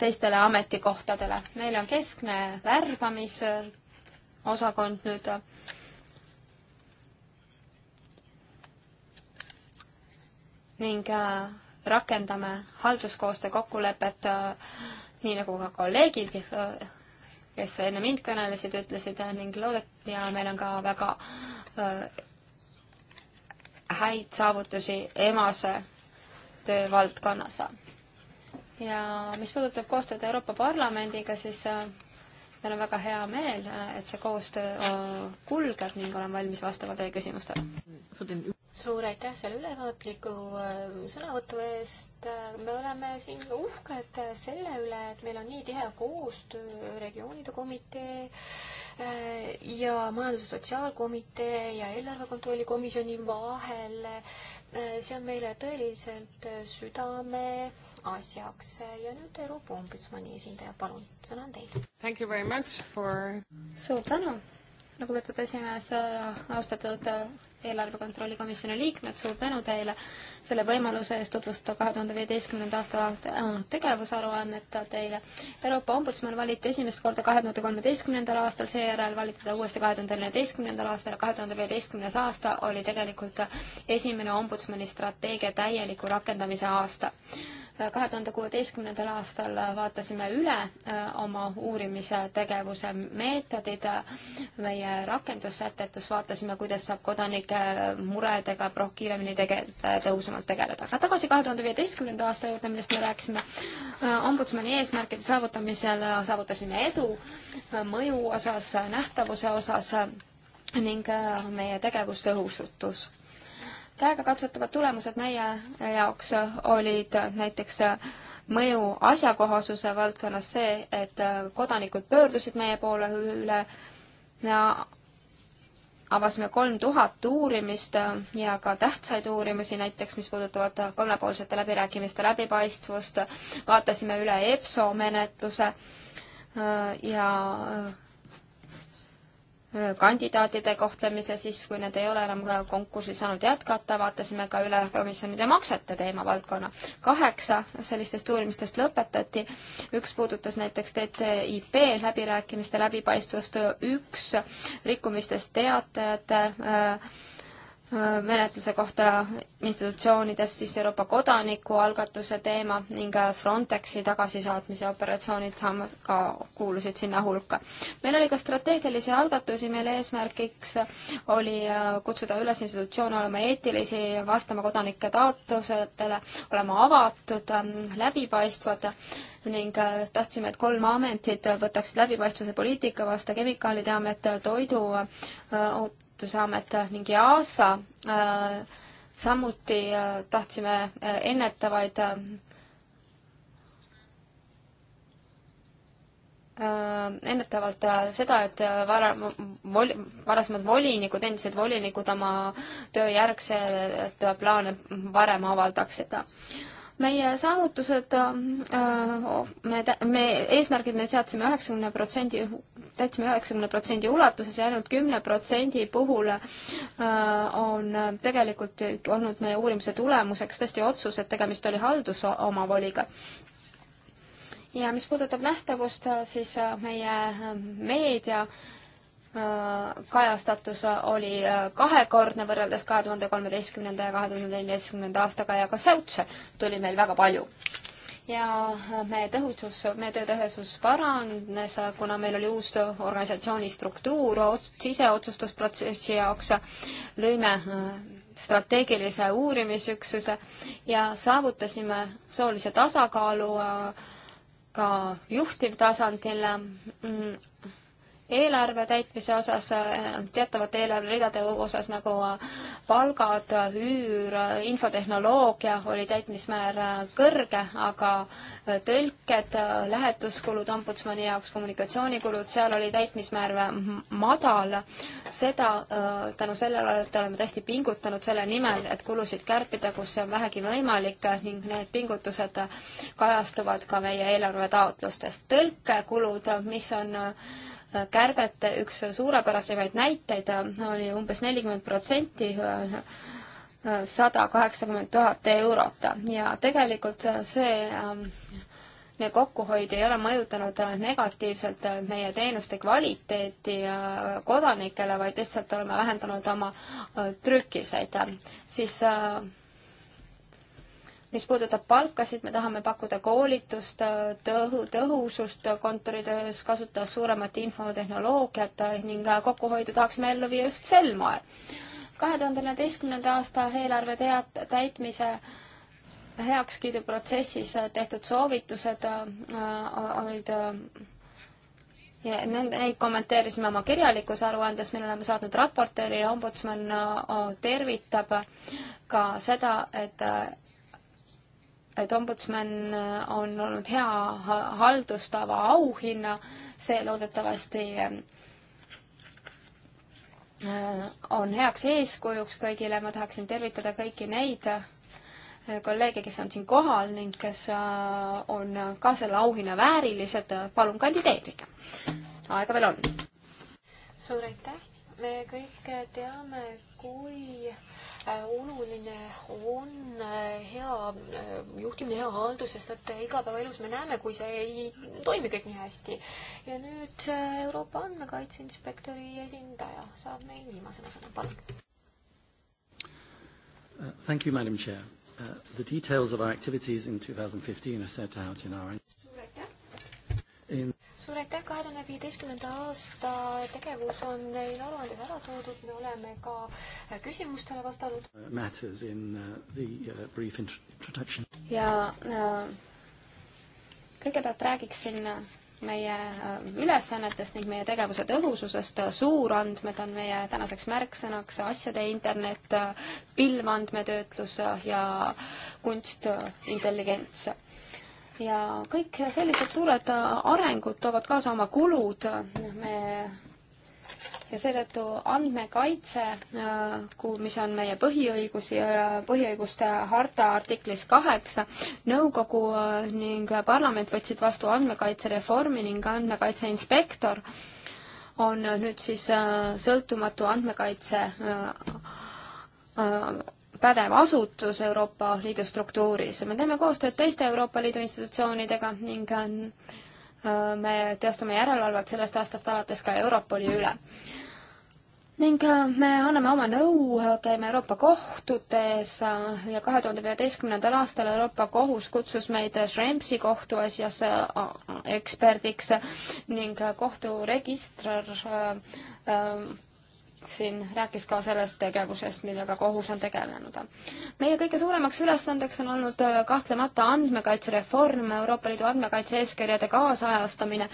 teistele ametikohtadele. meil on keskne värbamisosakond nüüd ning äh, rakendame halduskoostöö kokkulepet äh, nii nagu ka kolleegid, kes äh, enne mind kõnelesid, ütlesid ning loodet- ja meil on ka väga häid saavutusi EMAS-e töövaldkonnas. ja mis puudutab koostööd Euroopa Parlamendiga, siis meil on väga hea meel, et see koostöö äh, kulgeb ning olen valmis vastama teie küsimustele. suur aitäh selle ülevaatliku äh, sõnavõtu eest. me oleme siin uhked selle üle, et meil on nii tihe koostöö regioonide komitee äh, ja majandus- ja sotsiaalkomitee ja eelarve kontrolli komisjoni vahel. see on meile tõeliselt südame asjaks ja nüüd Euroopa Ombudsmani esindaja, palun, sõna on teil. Thank you very much for suur tänu, lugupeetud esimees, austatud eelarve kontrolli komisjoni liikmed, suur tänu teile selle võimaluse eest tutvustada kahe tuhande viieteistkümnenda aasta tegevusaruannet teile. Euroopa ombudsman valiti esimest korda kahe tuhande kolmeteistkümnendal aastal, seejärel valiti ta uuesti kahe tuhande neljateistkümnendal aastal ja kahe tuhande viieteistkümnes aasta oli tegelikult esimene ombudsmani strateegia täieliku rakendamise aasta kahe tuhande kuueteistkümnendal aastal vaatasime üle äh, oma uurimise tegevuse meetodid, meie rakendussätetus, vaatasime, kuidas saab kodanike äh, muredega kiiremini tege-, äh, tõhusamalt tegeleda. aga tagasi kahe tuhande viieteistkümnenda aasta juurde, millest me rääkisime, ombudsmani eesmärkide saavutamisel saavutasime edu mõju osas, nähtavuse osas ning meie tegevus tõhusutus käegakatsutavad tulemused meie jaoks olid näiteks mõju asjakohasuse valdkonnas see, et kodanikud pöördusid meie poole üle ja avasime kolm tuhat uurimist ja ka tähtsaid uurimusi, näiteks mis puudutavad kolmepoolsete läbirääkimiste läbipaistvust, vaatasime üle EPSO menetluse äh, ja kandidaatide kohtlemise siis, kui need ei ole enam konkursi saanud jätkata, vaatasime ka üle komisjonide maksete teemavaldkonna. kaheksa sellistest uurimistest lõpetati, üks puudutas näiteks TTIP läbirääkimiste läbipaistvust, üks rikkumistest teatajate äh, menetluse kohta institutsioonides siis Euroopa kodanikualgatuse teema ning Frontexi tagasisaatmise operatsioonid ka kuulusid sinna hulka. meil oli ka strateegilisi algatusi, mille eesmärgiks oli äh, kutsuda üles institutsioone olema eetilisi, vastama kodanike taotlusetele, olema avatud, ähm, läbipaistvad ning äh, tahtsime, et kolm ametit võtaksid läbipaistvuse poliitika vastu, Kemikaalide Amet, Toidu äh, Ohutusamet ning EASA. Äh, samuti äh, tahtsime äh, ennetavaid ennetavalt seda, et vara, vol-, varasemad volinikud, endised volinikud oma töö järgset plaane varem avaldaksid meie saavutused, äh, oh, me, me eesmärgid me seadsime üheksakümne protsendi, täitsime üheksakümne protsendi ulatuses ja ainult kümne protsendi puhul äh, on tegelikult olnud meie uurimuse tulemuseks tõesti otsus, et tegemist oli haldusomavoliga ja mis puudutab nähtavust, siis meie meedia Äh, kajastatus oli äh, kahekordne võrreldes kahe tuhande kolmeteistkümnenda ja kahe tuhande neljateistkümnenda aastaga ja ka säutse tuli meil väga palju. ja äh, meie tõhusus, meie töö tõhusus paranes, kuna meil oli uus organisatsiooni struktuur siseotsustusprotsessi jaoks, lõime strateegilise uurimisüksuse ja saavutasime soolise tasakaalu ka juhtivtasandil mm, eelarve täitmise osas, teatavate eelarveridade osas nagu palgad, üür, infotehnoloogia oli täitmismäär kõrge, aga tõlked, lähetuskulud ombudsmani jaoks, kommunikatsioonikulud, seal oli täitmismäär madal. seda äh, tänu sellele, et oleme tõesti pingutanud selle nimel, et kulusid kärpida, kus see on vähegi võimalik ning need pingutused kajastuvad ka meie eelarvetaotlustest. tõlkekulud, mis on kärbete üks suurepärasemaid näiteid oli umbes nelikümmend protsenti sada kaheksakümmend tuhat eurot ja tegelikult see ja ähm, kokkuhoid ei ole mõjutanud negatiivselt meie teenuste kvaliteeti kodanikele, vaid lihtsalt oleme vähendanud oma trükiseid, siis äh, mis puudutab palkasid, me tahame pakkuda koolitust, tõhu, tõhusust kontoritöös, kasutada suuremat infotehnoloogiat ning kokkuhoidu tahaksime ellu viia just sel moel. kahe tuhande neljateistkümnenda aasta eelarve teat-, täitmise heakskiiduprotsessis tehtud soovitused äh, olid äh, ja nende, neid kommenteerisime oma kirjalikus aruandes, mille oleme saatnud raportöörile, ombudsman äh, tervitab ka seda, et et ombudsman äh, on olnud hea haldustava auhinna, see loodetavasti äh, on heaks eeskujuks kõigile, ma tahaksin tervitada kõiki neid äh, kolleege, kes on siin kohal ning kes on ka selle auhinna väärilised, palun kandideerige. aega veel on. suur aitäh, me kõik teame, kui oluline on äh, hea äh, juhtimine, hea haldus, sest et igapäevaelus me näeme, kui see ei toimi kõik nii hästi. ja nüüd äh, Euroopa Andmekaitse Inspektori esindaja saab meil viimasena sõna, palun. Uh, thank you, Madam Chair. Uh, the details of our activities in 2015 are set out in our suur aitäh, kahe tuhande viieteistkümnenda aasta tegevus on meil aruandes ära toodud, me oleme ka äh, küsimustele vastanud. Uh, uh, uh, ja äh, kõigepealt räägiksin äh, meie ülesannetest ning meie tegevuse tõhususest, suurandmed on meie tänaseks märksõnaks, asjade internet, pilvandmetöötlus ja kunst, intelligents ja kõik sellised suured arengud toovad kaasa oma kulud, me ja seetõttu andmekaitse, mis on meie põhiõigusi, põhiõiguste harta artiklis kaheksa, nõukogu ning parlament võtsid vastu andmekaitsereformi ning andmekaitse inspektor on nüüd siis sõltumatu andmekaitse pädev asutus Euroopa Liidu struktuuris. me teeme koostööd teiste Euroopa Liidu institutsioonidega ning äh, me teostame järelevalvet sellest aastast alates ka Europoli üle. ning äh, me anname oma nõu, äh, käime Euroopa kohtutes ja kahe tuhande viieteistkümnendal aastal Euroopa Kohus kutsus meid Schrems'i kohtuasjas eksperdiks ning kohturegistrar siin rääkis ka sellest tegevusest, millega kohus on tegelenud. meie kõige suuremaks ülesandeks on olnud äh, kahtlemata andmekaitsereform, Euroopa Liidu andmekaitse-eeskirjade kaasajastamine.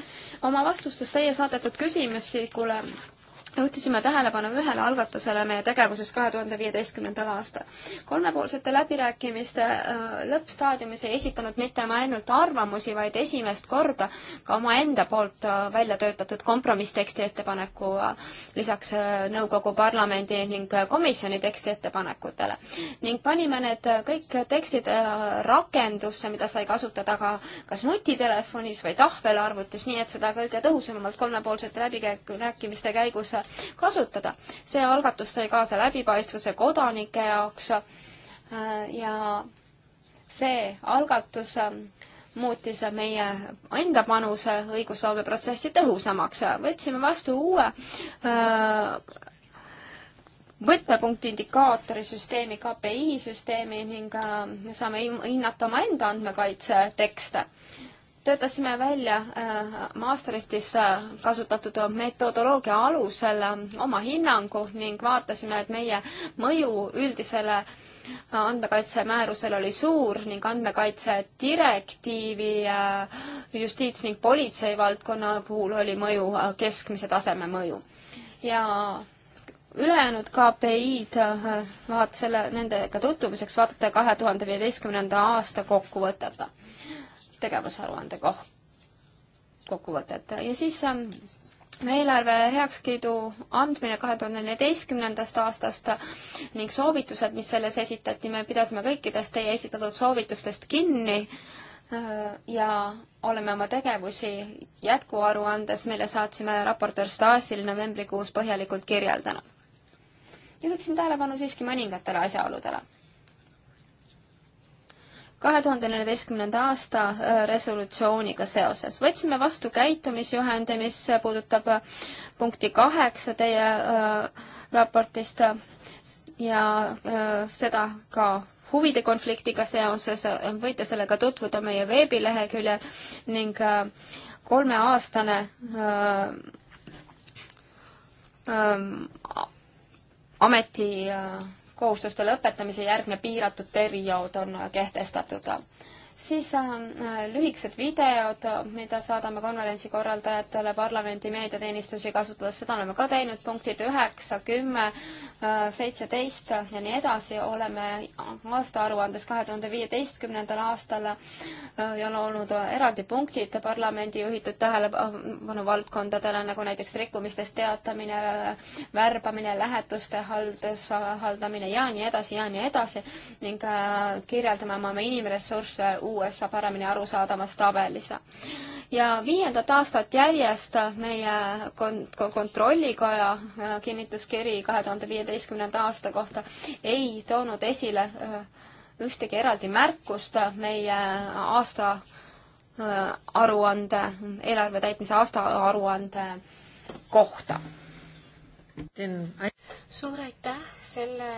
oma vastustes teie saadetud küsimustikule juhtisime tähelepanu ühele algatusele meie tegevuses kahe tuhande viieteistkümnendal aastal. kolmepoolsete läbirääkimiste äh, lõppstaadiumis ei esitanud mitte ainult arvamusi, vaid esimest korda ka omaenda poolt äh, välja töötatud kompromissteksti ettepaneku äh, lisaks nõukogu, parlamendi ning komisjoni teksti ettepanekutele. ning panime need kõik tekstid rakendusse, mida sai kasutada ka kas nutitelefonis või tahvelarvutis, nii et seda kõige tõhusamalt kolmepoolsete läbirääkimiste käigus kasutada. see algatus tõi kaasa läbipaistvuse kodanike jaoks äh, ja see algatus äh, muutis meie enda panuse õigusloomeprotsessi tõhusamaks. võtsime vastu uue äh, võtmepunkti indikaatori süsteemi, KPI süsteemi ning saame hinnata omaenda andmekaitse tekste töötasime välja äh, Maastrichtis äh, kasutatud metodoloogia alusel äh, oma hinnangu ning vaatasime, et meie mõju üldisele andmekaitsemäärusel oli suur ning andmekaitse direktiivi justiits- ning politseivaldkonna puhul oli mõju keskmise taseme mõju. ja ülejäänud KPI-d, vaat selle, nendega tutvumiseks vaadata kahe tuhande viieteistkümnenda aasta kokkuvõtet tegevusaruande koht, kokkuvõtet ja siis ähm, eelarve heakskiidu andmine kahe tuhande neljateistkümnendast aastast ning soovitused, mis selles esitati, me pidasime kõikidest teie esitatud soovitustest kinni äh, ja oleme oma tegevusi jätkuaruandes, mille saatsime raportöör Stasil novembrikuus põhjalikult kirjeldanud. juhiksin tähelepanu siiski mõningatele asjaoludele kahe tuhande neljateistkümnenda aasta äh, resolutsiooniga seoses. võtsime vastu käitumisjuhendi, mis puudutab äh, punkti kaheksa teie äh, raportist ja seda ka huvide konfliktiga seoses, võite sellega tutvuda meie veebileheküljel ning kolmeaastane ameti kohustuste lõpetamise järgne piiratud periood on kehtestatud siis ähm, äh, lühikesed videod, äh, mida saadame konverentsi korraldajatele, parlamendi meediateenistusi kasutades, seda oleme ka teinud, punktid üheksa, kümme, äh, seitseteist ja nii edasi, oleme aastaaruandes kahe tuhande viieteistkümnendal aastal ja loonud eraldi punktid parlamendi juhitud tähelepanu valdkondadele, nagu näiteks rikkumistest teatamine, värbamine, lähetuste haldus, haldamine ja nii edasi ja nii edasi ning kirjeldame oma inimressursse kuues paremini arusaadavas tabelis. ja viiendat aastat järjest meie kon-, kontrollikoja äh, kinnituskiri kahe tuhande viieteistkümnenda aasta kohta ei toonud esile äh, ühtegi eraldi märkust meie aasta äh, aruande, eelarve täitmise aastaaruande kohta. suur aitäh selle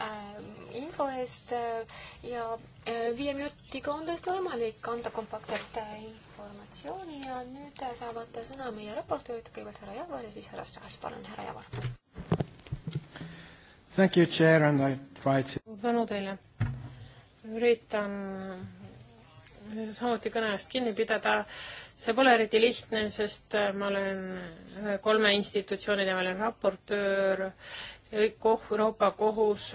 äh, info eest äh, ja äh, viie minutiga on tõesti võimalik anda kompaktset äh, informatsiooni ja nüüd saavad sõna meie raportöörid, kõigepealt härra Javar ja siis härra Strahas, palun, härra Javar. Thank you, chair, and I try to. tänu teile. üritan samuti kõne eest kinni pidada. see pole eriti lihtne, sest ma olen kolme institutsiooni nimel raportöör koh-, Euroopa Kohus,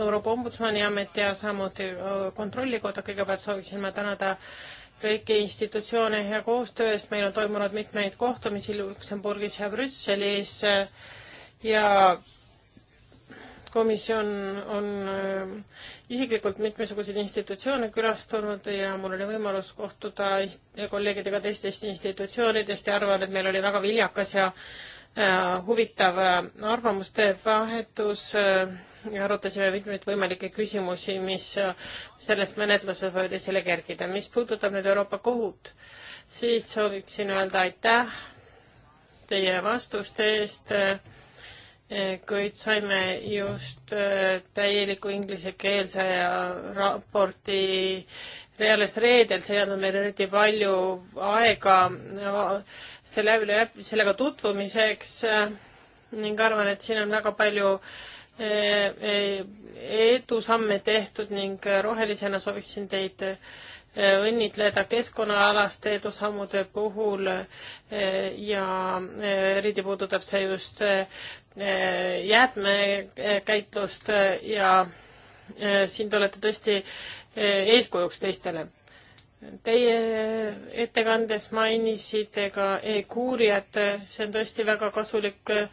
Euroopa Ombudsmani amet ja samuti äh, Kontrollikoda, kõigepealt sooviksin ma tänada kõiki institutsioone hea koostöö eest, meil on toimunud mitmeid kohtumisi Luksemburgis ja Brüsselis äh, ja komisjon on äh, isiklikult mitmesuguseid institutsioone külastanud ja mul oli võimalus kohtuda kolleegidega teistest institutsioonidest ja arvan, et meil oli väga viljakas ja Äh, huvitav äh, arvamuste vahetus, äh, arutasime mitmeid võimalikke küsimusi, mis selles menetluses võivad esile kerkida. mis puudutab nüüd Euroopa Kohut, siis sooviksin öelda aitäh teie vastuste eest, kuid saime just täieliku inglisekeelse raporti äh, alles reedel, see ei andnud meile eriti palju aega selle üle, sellega tutvumiseks ning arvan, et siin on väga palju eh, eh, edusamme tehtud ning rohelisena sooviksin teid eh, õnnitleda keskkonnaalaste edusammude puhul ja eriti puudutab see just jäätmekäitlust ja siin te olete tõesti Eh, eeskujuks teistele. Teie ettekandes mainisite ka e-kuurijat, see on tõesti väga kasulik eh,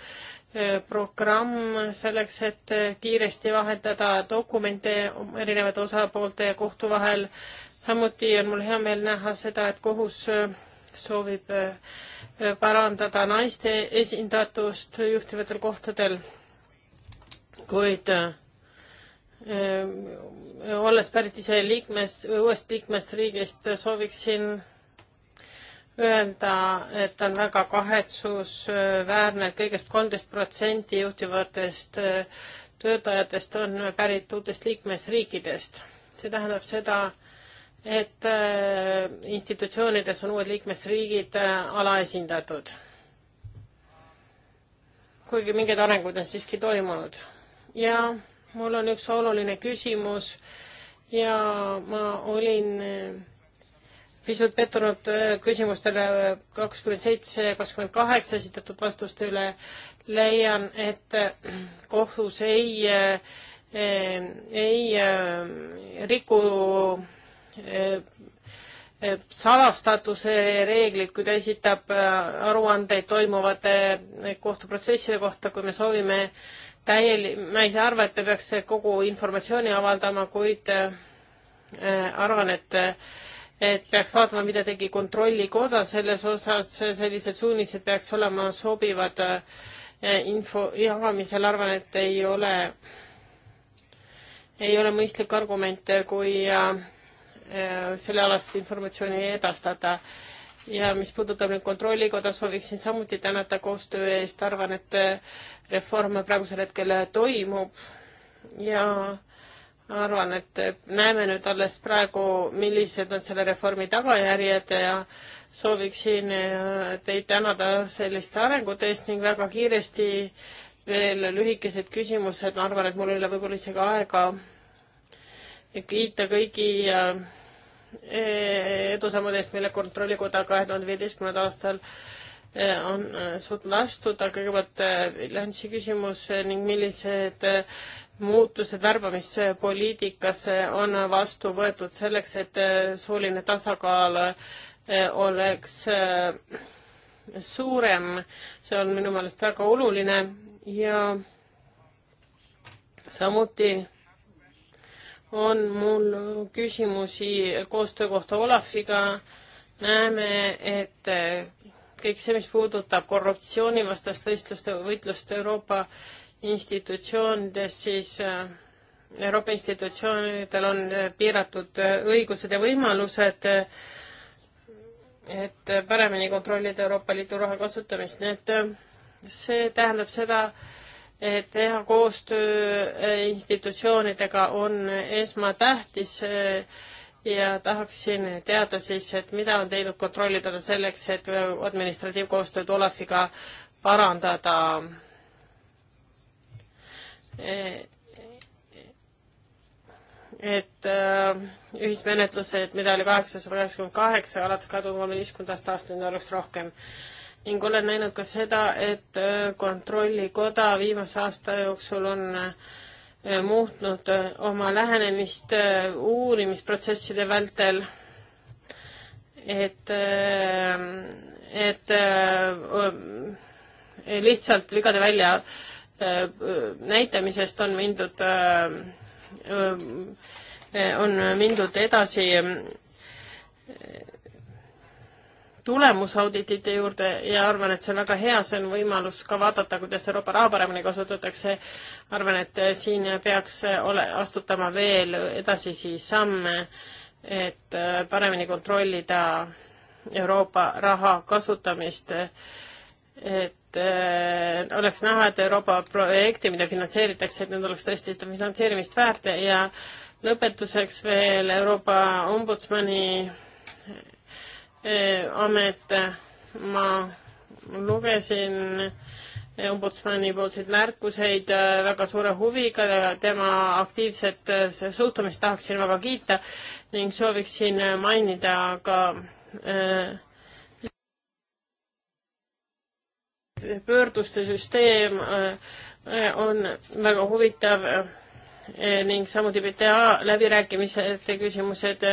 programm selleks, et kiiresti vahetada dokumente erinevate osapoolte ja kohtu vahel. samuti on mul hea meel näha seda, et kohus eh, soovib parandada naiste esindatust juhtivatel kohtadel, kuid äh, Ehm, olles pärit ise liikmes, uuest liikmesriigist, sooviksin öelda, et on väga kahetsusväärne, et kõigest kolmteist protsenti juhtivatest eh, töötajatest on pärit uutest liikmesriikidest. see tähendab seda, et eh, institutsioonides on uued liikmesriigid eh, alaesindatud. kuigi mingeid arenguid on siiski toimunud ja mul on üks oluline küsimus ja ma olin äh, pisut pettunud äh, küsimustele kakskümmend seitse ja kakskümmend kaheksa esitatud vastuste üle. leian, et äh, kohus ei, ei riku salastatuse reeglid, kui ta esitab aruandeid toimuvate kohtuprotsesside kohta, kui me soovime täiel-, ma ei saa arva, et me peaks kogu informatsiooni avaldama, kuid äh, arvan, et et peaks vaatama, mida tegi Kontrollikoda selles osas, sellised suunised peaks olema sobivad äh, info jagamisel, arvan, et ei ole, ei ole mõistlik argument, kui äh, sellealast informatsiooni ei edastata. ja mis puudutab nüüd Kontrollikoda, sooviksin samuti tänada koostöö eest, arvan, et reform praegusel hetkel toimub ja arvan, et näeme nüüd alles praegu, millised on selle reformi tagajärjed ja sooviksin äh, teid tänada selliste arengute eest ning väga kiiresti veel lühikesed küsimused, ma arvan, et mul ei ole võib-olla isegi aega kiita kõigi äh, e-, edusammude eest, mille Kontrollikoda kahe tuhande viieteistkümnendal aastal Eh, on eh, suutnud astuda, kõigepealt bilansi eh, küsimus ning millised muutused värbamispoliitikas on vastu võetud selleks, et sooline tasakaal oleks suurem, see on minu meelest väga oluline ja samuti on mul küsimusi koostöö kohta Olafiga. näeme, et kõik see, mis puudutab korruptsioonivastast võistlust, võitlust Euroopa institutsioonides, siis äh, Euroopa institutsioonidel on äh, piiratud äh, õigused ja võimalused, et paremini kontrollida Euroopa Liidu raha kasutamist, nii et see tähendab seda, et teha koostöö institutsioonidega on esmatähtis äh, ja tahaksin teada siis, et mida on teinud kontrollida selleks, et administratiivkoostööd Olafiga parandada e, et äh, ühismenetlused, mida oli kaheksasada üheksakümmend kaheksa alates kahe tuhande kolmeteistkümnendast aastani oleks rohkem. ning olen näinud ka seda, et äh, Kontrollikoda viimase aasta jooksul on äh, Eh, muutnud eh, oma lähenemist eh, uurimisprotsesside vältel, et, et lihtsalt vigade välja näitamisest on mindud, on mindud edasi tulemusauditite juurde ja arvan, et see on väga hea, see on võimalus ka vaadata, kuidas Euroopa raha paremini kasutatakse. arvan, et äh, siin peaks äh, ole, astutama veel edasisi samme, et äh, paremini kontrollida Euroopa raha kasutamist, et äh, oleks näha, et Euroopa projekte, mida finantseeritakse, et need oleks tõesti seda finantseerimist väärt ja lõpetuseks veel Euroopa ombudsmani Äh, amet, äh, ma lugesin äh, ombudsmani poolseid märkuseid väga suure huviga, tema aktiivset suhtumist tahaksin väga kiita ning sooviksin mainida ka pöörduste süsteem on väga huvitav ning samuti BTA läbirääkimised, küsimused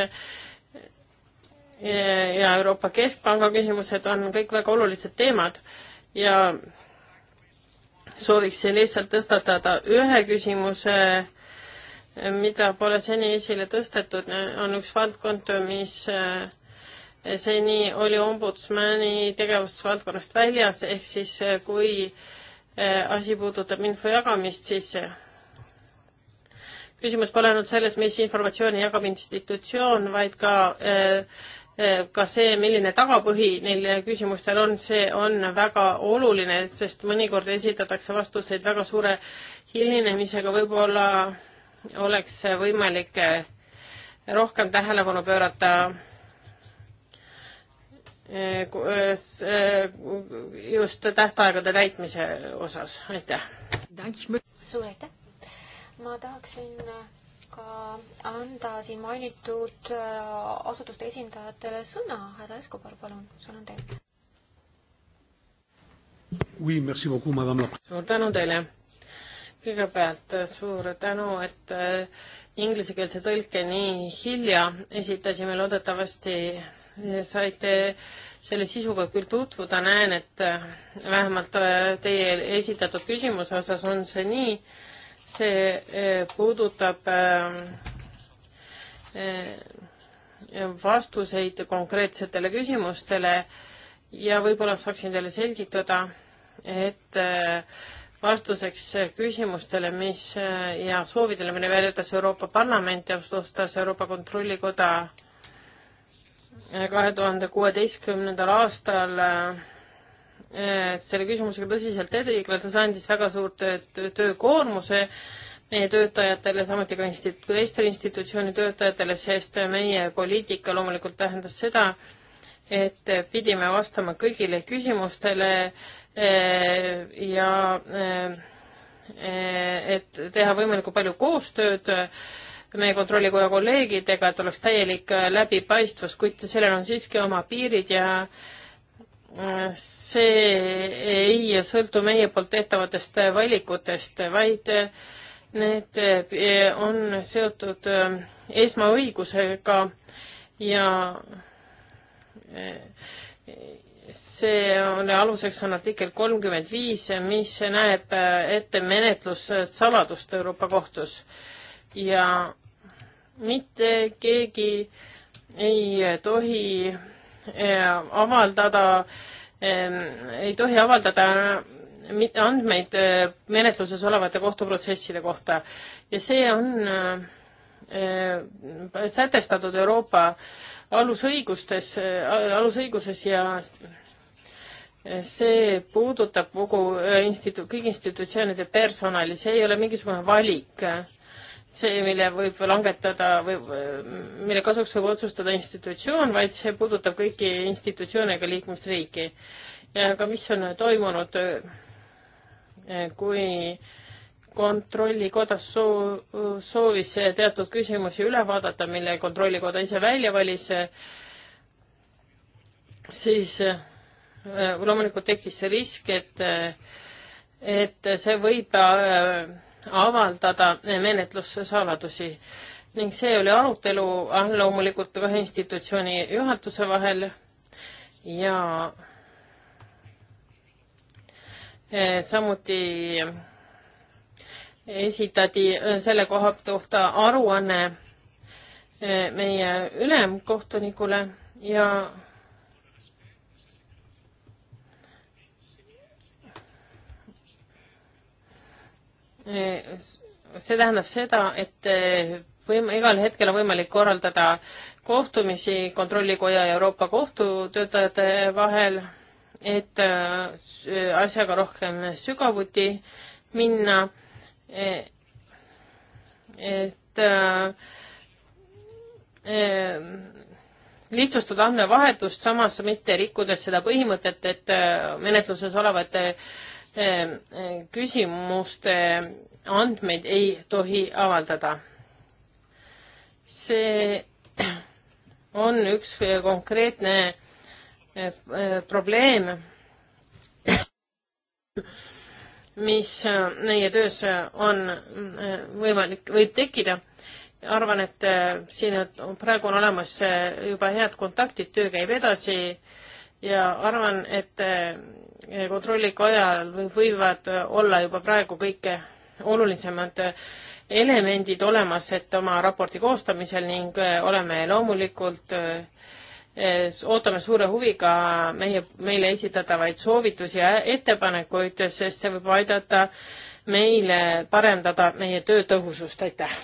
ja Euroopa Keskpanga küsimused on kõik väga olulised teemad ja sooviksin lihtsalt tõstatada ühe küsimuse, mida pole seni esile tõstetud, on üks valdkond, mis äh, seni oli ombudsmani tegevusvaldkonnast väljas, ehk siis äh, kui äh, asi puudutab info jagamist, siis küsimus pole ainult selles, mis informatsiooni jagab institutsioon, vaid ka äh, Eh, ka see, milline tagapõhi neil eh, küsimustel on, see on väga oluline, sest mõnikord esitatakse vastuseid väga suure hilinemisega, võib-olla oleks võimalik eh, rohkem tähelepanu pöörata just tähtaegade täitmise osas, aitäh. suur aitäh. ma tahaksin ka anda siin mainitud äh, asutuste esindajatele sõna. härra Escobar, palun, sõna on teil. Oui, merci beaucoup, madame la. suur tänu teile. kõigepealt äh, suur tänu, et äh, inglisekeelse tõlke nii hilja esitasime, loodetavasti saite selle sisuga küll tutvuda, näen, et vähemalt teie esitatud küsimuse osas on see nii see eh, puudutab ehm, eh, vastuseid konkreetsetele küsimustele ja võib-olla saaksin teile selgitada, et eh, vastuseks küsimustele, mis ja soovidele, mille väljendas Euroopa Parlament ja otsustas Euroopa Kontrollikoda kahe tuhande kuueteistkümnendal aastal Äh, selle küsimusega tõsiselt tegeleda, see andis väga suurt töökoormuse meie töötajatele, samuti ka institu-, teiste institutsiooni töötajatele, sest meie poliitika loomulikult tähendas seda, et pidime vastama kõigile küsimustele äh, ja äh, et teha võimalikult palju koostööd meie kontrollikoja kolleegidega, et oleks täielik läbipaistvus, kuid sellel on siiski oma piirid ja äh, see ei sõltu meie poolt tehtavatest valikutest, vaid need on seotud ähm, esmaõigusega ja äh, see on, aluseks on artikkel kolmkümmend viis, mis näeb äh, ette menetlussaladust Euroopa Kohtus ja mitte keegi ei tohi Eh, avaldada, eh, ei tohi avaldada andmeid eh, menetluses olevate kohtuprotsesside kohta ja see on sätestatud Euroopa alusõigustes, alusõiguses ja see puudutab kogu institu-, kõigi institutsioonide personali, see ei ole mingisugune valik see, mille võib langetada või mille kasuks võib otsustada institutsioon, vaid see puudutab kõiki institutsioone ka liikmesriiki. ja ka mis on toimunud, kui kontrollikoda soo-, soovis teatud küsimusi üle vaadata, mille kontrollikoda ise välja valis, siis loomulikult tekkis see risk, et, et see võib avaldada menetlussaladusi ning see oli arutelu all loomulikult kahe institutsiooni juhatuse vahel ja eh, samuti eh, esitati eh, selle koha kohta aruanne meie ülemkohtunikule ja Eh, see tähendab seda, et eh, võim-, igal hetkel on võimalik korraldada kohtumisi Kontrollikoja ja Euroopa Kohtu töötajate vahel, et eh, asjaga rohkem sügavuti minna, et lihtsustada andmevahetust, samas mitte rikkudes seda põhimõtet, et menetluses olevate Ehm, ehm, küsimuste andmeid ei tohi avaldada. see on üks konkreetne eh, eh, probleem, mis eh, meie töös on võimalik, võib tekkida. arvan, et siin praegu on olemas juba head kontaktid, töö käib edasi ja arvan, et eh, kontrollikojal võivad olla juba praegu kõike olulisemad elemendid olemas, et oma raporti koostamisel ning eh, oleme loomulikult eh, ootame suure huviga meie, meile esitatavaid soovitusi ja ettepanekuid, sest see võib aidata meile parendada meie töö tõhusust, aitäh.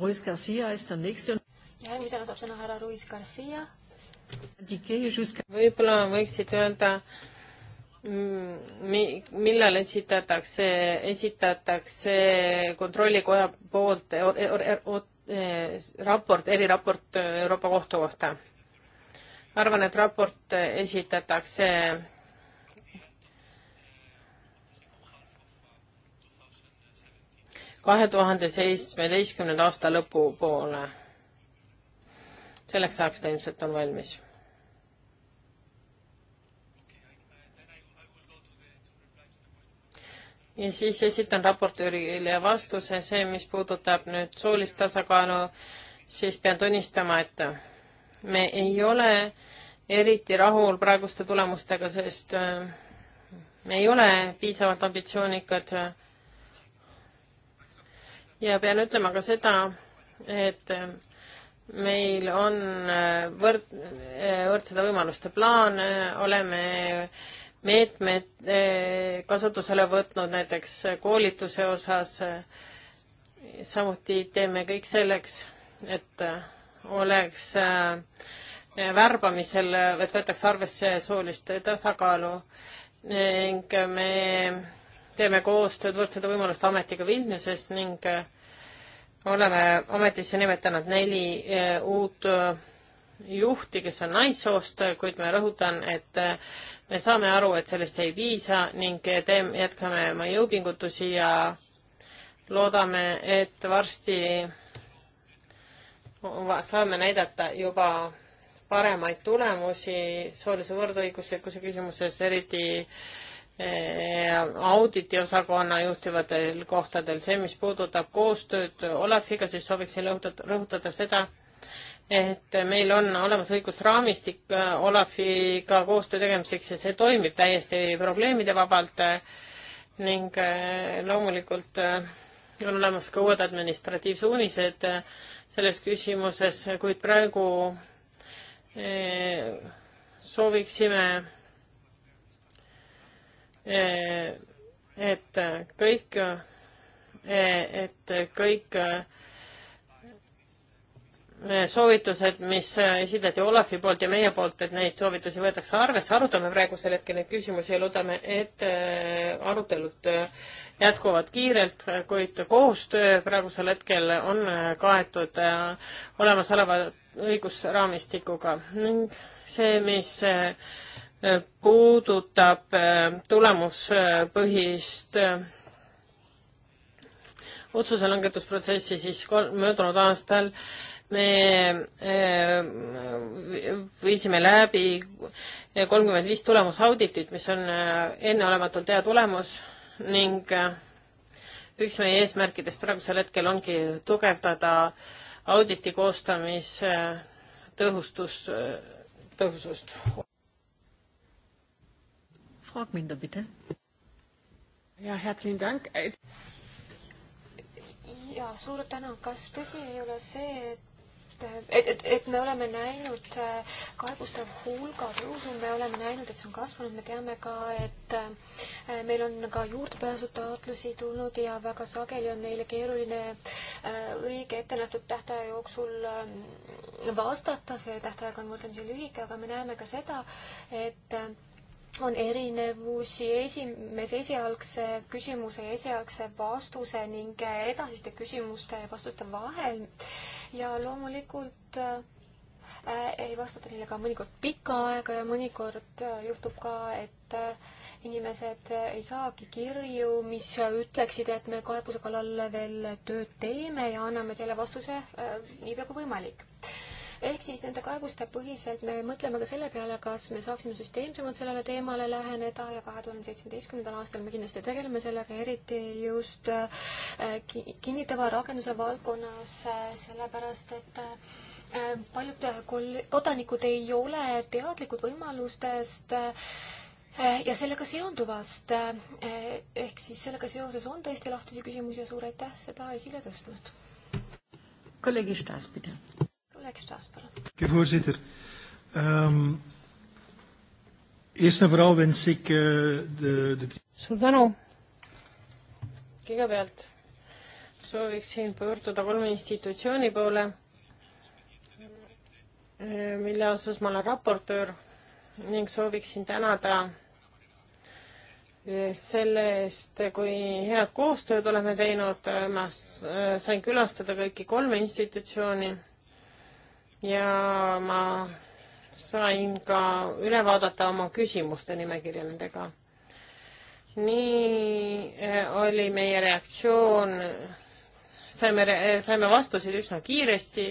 Ruiz Garcia ist der nächste järgmisena saab sõna härra Ruiz Garcia. võib-olla võiksid öelda, mi-, millal esitatakse, esitatakse Kontrollikoja poolt er, er, er, raport, eriraport Euroopa Kohtu kohta? arvan, et raport esitatakse kahe tuhande seitsmeteistkümnenda aasta lõpupoole selleks ajaks ta ilmselt on valmis. ja siis esitan raportöörile vastuse, see, mis puudutab nüüd soolist tasakaalu, siis pean tunnistama, et me ei ole eriti rahul praeguste tulemustega, sest äh, me ei ole piisavalt ambitsioonikad. ja pean ütlema ka seda, et äh, meil on äh, võrd-, äh, võrdsete võimaluste plaan, äh, oleme meetmed kasutusele võtnud näiteks koolituse osas, samuti teeme kõik selleks, et oleks värbamisel, et võetakse arvesse soolist tasakaalu ning me teeme koostööd Võrdsete Võimaluste Ametiga Vilniuses ning oleme ametisse nimetanud neli eh, uut eh, juhti, kes on naissoost, kuid ma rõhutan, et eh, me saame aru, et sellest ei piisa ning teem-, jätkame oma jõupingutusi ja loodame, et varsti saame näidata juba paremaid tulemusi soolise võrdõiguslikkuse küsimuses, eriti äh, Eh, auditiosakonna juhtivatel kohtadel. see, mis puudutab koostööd Olafiga, siis sooviksin rõhutada, rõhutada seda, et meil on olemas õigusraamistik eh, Olafiga koostöö tegemiseks ja see toimib täiesti probleemide vabalt eh, ning loomulikult on olemas ka uued administratiivsuunised selles küsimuses, kuid praegu sooviksime Eh, et kõik, eh, et kõik eh, soovitused, mis esitati Olavi poolt ja meie poolt, et neid soovitusi võetakse arvesse, arutame praegusel hetkel neid küsimusi ja loodame, et arutelud jätkuvad kiirelt, kuid koostöö praegusel hetkel on kaetud olemasoleva õigusraamistikuga ning see, mis puudutab äh, tulemuspõhist äh, otsuse langetusprotsessi, siis kolm, möödunud aastal me äh, viisime läbi kolmkümmend viis tulemusauditit, mis on enneolematult hea tulemus ning üks meie eesmärkidest praegusel hetkel ongi tugevdada auditi koostamise tõhustus, tõhusust. Frau Gminder, bitte. ja herzlichen Dank. ja suur tänu, kas tõsi ei ole see, et et, et, et me oleme näinud äh, kaebuste hulga tõusu, me oleme näinud, et see on kasvanud, me teame ka, et äh, meil on ka juurdepääsutaotlusi tulnud ja väga sageli on neile keeruline äh, õige ettenähtud tähtaja jooksul ähm, vastata, see tähtaeg on võrdlemisi lühike, aga me näeme ka seda, et on erinevusi esimese esialgse küsimuse ja esialgse vastuse ning edasiste küsimuste ja vastuste vahel ja loomulikult äh, ei vastata neile ka mõnikord pikka aega ja mõnikord äh, juhtub ka, et äh, inimesed äh, ei saagi kirju, mis ütleksid, et me kaebuse kallal veel tööd teeme ja anname teile vastuse äh, niipea kui võimalik äh, ehk siis nende kaebuste põhiselt me mõtleme ka selle peale, kas me saaksime süsteemsemalt sellele teemale läheneda ja kahe tuhande seitsmeteistkümnendal aastal me kindlasti tegeleme sellega, eriti just äh, kinnitava rakenduse valdkonnas, äh, sellepärast et äh, paljud kol-, kodanikud ei ole teadlikud võimalustest ja sellega seonduvast, ehk siis sellega seoses on tõesti lahtisi küsimusi ja suur aitäh seda esile tõstmast. kolleeg Istas, pidi kolleeg Stas, palun. Ehm, eh, suur tänu. kõigepealt sooviksin pöörduda kolme institutsiooni poole, eh, mille osas ma olen raportöör ning sooviksin tänada eh, selle eest, kui head koostööd oleme teinud, ma sain külastada kõiki kolme institutsiooni ja ma sain ka üle vaadata oma küsimuste nimekirja nendega. nii eh, oli meie reaktsioon, saime, eh, saime vastuseid üsna kiiresti,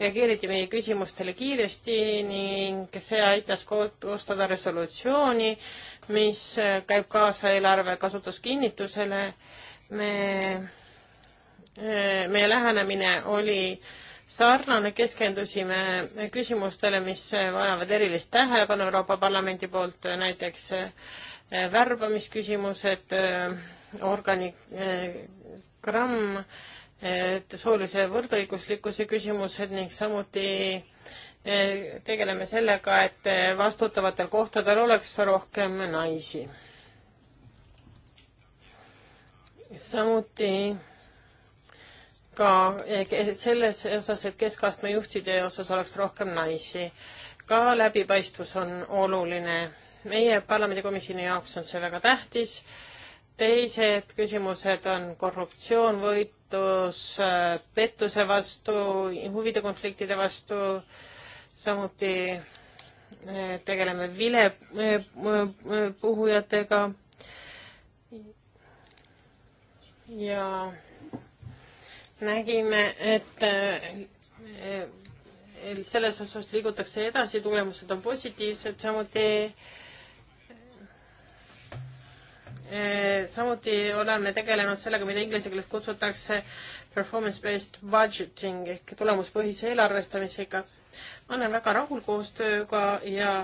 reageeriti meie küsimustele kiiresti ning see aitas koostada resolutsiooni, mis eh, käib kaasa eelarve kasutuskinnitusele. me, meie lähenemine oli äh, sarnane, keskendusime küsimustele, mis vajavad erilist tähelepanu Euroopa Parlamendi poolt, näiteks eh, värbamisküsimused, eh, organigramm, eh, soolise võrdõiguslikkuse küsimused ning samuti tegeleme sellega, et vastutavatel kohtadel oleks rohkem naisi. samuti ka selles osas, et keskastme juhtide osas oleks rohkem naisi. ka läbipaistvus on oluline. meie parlamendikomisjoni jaoks on see väga tähtis. teised küsimused on korruptsioon, võitlus pettuse vastu, huvide konfliktide vastu, samuti eh, tegeleme vilepuhujatega eh, ja nägime, et äh, äh, selles osas liigutakse edasi, tulemused on positiivsed, samuti äh, samuti oleme tegelenud sellega, mida inglise keeles kutsutakse performance-based budgeting ehk tulemuspõhise eelarvestamisega. ma olen väga rahul koostööga ja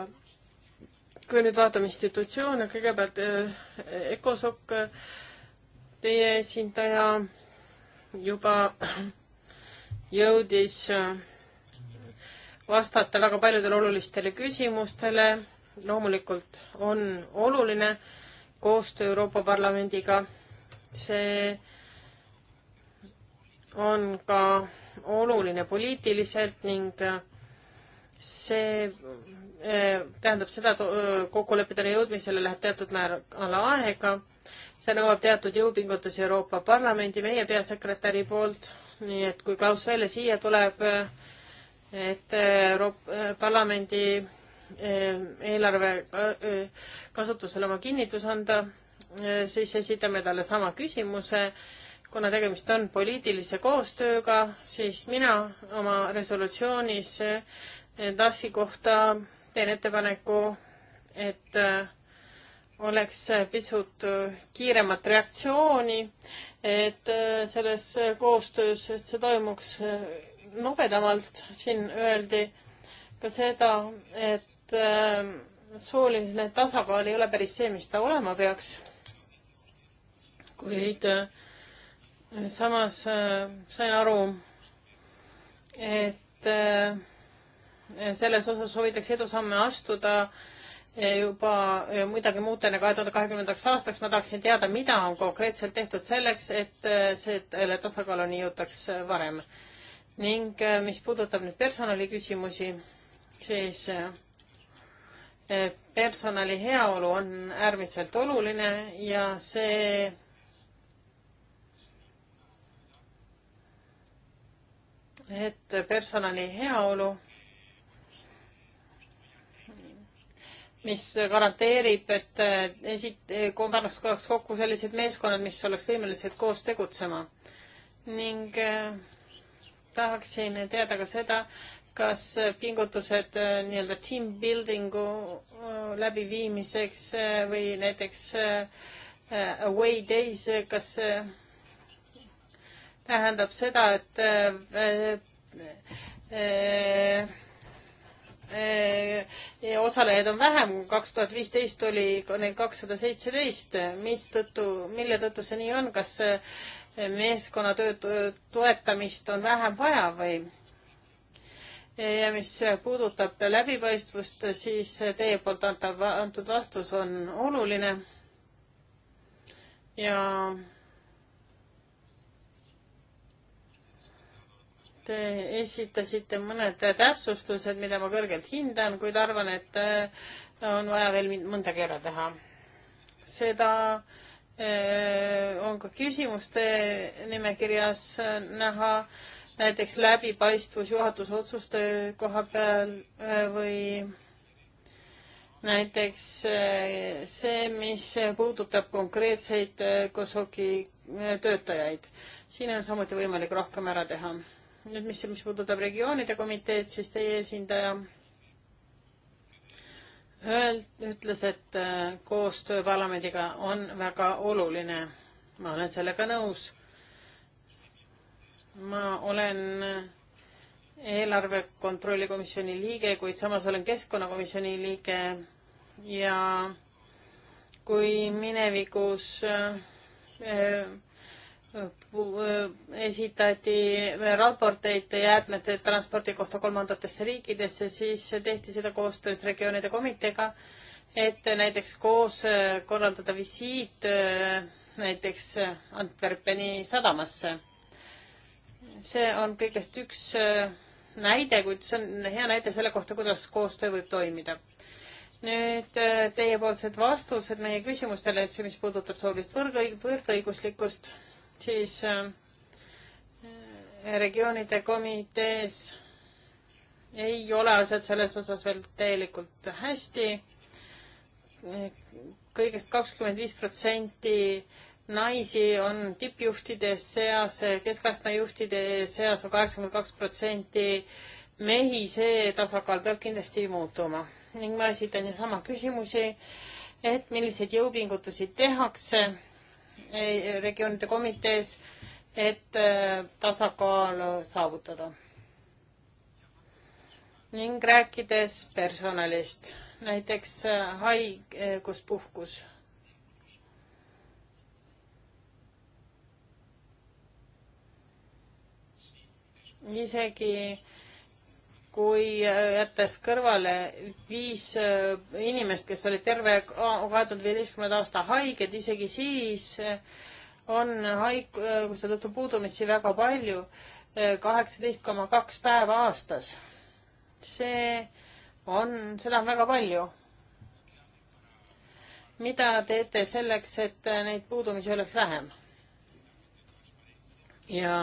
kui nüüd vaatame institutsioone, kõigepealt ECOSOC, teie esindaja juba jõudis äh, vastata väga paljudele olulistele küsimustele. loomulikult on oluline koostöö Euroopa Parlamendiga. see on ka oluline poliitiliselt ning äh, see äh, tähendab seda, kokkulepetele jõudmisele läheb teatud määral aega see nõuab teatud jõupingutusi Euroopa Parlamendi, meie peasekretäri poolt, nii et kui Klaus välja siia tuleb, et eh, Euroopa eh, Parlamendi eh, eelarve kasutusele oma kinnitus anda, siis esitame talle sama küsimuse. kuna tegemist on poliitilise koostööga, siis mina oma resolutsioonis TASi kohta teen ettepaneku, et äh, oleks pisut kiiremat reaktsiooni, et äh, selles koostöös, et see toimuks äh, nobedamalt, siin öeldi ka seda, et äh, sooline tasakaal ei ole päris see, mis ta olema peaks. kuid samas sain aru, et selles osas soovitakse edusamme astuda äh, juba midagi muud enne kahe tuhande kahekümnendaks aastaks, ma tahaksin teada, mida on konkreetselt tehtud selleks, et äh, selle tasakaaluni jõutaks äh, varem. ning äh, mis puudutab nüüd personaliküsimusi, siis personali heaolu on äärmiselt oluline ja see et personali heaolu mis garanteerib, et eh, esit-, pannakse eh, korraks kokku sellised meeskonnad, mis oleks võimelised koos tegutsema. ning eh, tahaksin teada ka seda, kas pingutused nii-öelda team building'u läbiviimiseks või näiteks away days, kas see tähendab seda, et Äh, osalejaid on vähem, kui kaks tuhat viisteist oli neil kakssada seitseteist, mistõttu, mille tõttu see nii on, kas äh, meeskonnatöö toetamist on vähem vaja või? ja mis puudutab läbipaistvust, siis teie poolt antav, antud vastus on oluline ja Te esitasite mõned täpsustused, mida ma kõrgelt hindan, kuid arvan, et äh, on vaja veel mõndagi ära teha. seda äh, on ka küsimuste nimekirjas näha, näiteks läbipaistvus juhatusotsuste koha peal äh, või näiteks see, mis puudutab konkreetseid Kosoki töötajaid. siin on samuti võimalik rohkem ära teha nüüd, mis, mis puudutab regioonide komiteed, siis teie esindaja Öeld, ütles, et äh, koostöö parlamendiga on väga oluline. ma olen sellega nõus. ma olen äh, eelarve kontrolli komisjoni liige, kuid samas olen keskkonnakomisjoni liige ja kui minevikus äh, Äh, esitati raporteid jäätmete transpordi kohta kolmandatesse riikidesse, siis tehti seda koostöös regioonide komiteega, et näiteks koos äh, korraldada visiit äh, näiteks Antwerpeni sadamasse. see on kõigest üks näide, kuid see on hea näide selle kohta, kuidas koostöö võib toimida. nüüd teiepoolsed vastused meie küsimustele, et see, mis puudutab soolist võrdõiguslikkust siis äh, regioonide komitees ei ole asjad selles osas veel täielikult hästi. kõigest kakskümmend viis protsenti naisi on tippjuhtide seas, keskastme juhtide seas on kaheksakümmend kaks protsenti mehi, see tasakaal peab kindlasti muutuma ning ma esitan sama küsimusi, et milliseid jõupingutusi tehakse regioonide komitees, et äh, tasakaalu saavutada. ning rääkides personalist, näiteks äh, haiguspuhkus äh, isegi kui äh, jättes kõrvale viis äh, inimest, kes olid terve kahe tuhande viieteistkümnenda aasta haiged, isegi siis äh, on haiguse tõttu puudumisi väga palju, kaheksateist koma kaks päeva aastas. see on, seda on väga palju. mida teete selleks, et neid puudumisi oleks vähem? ja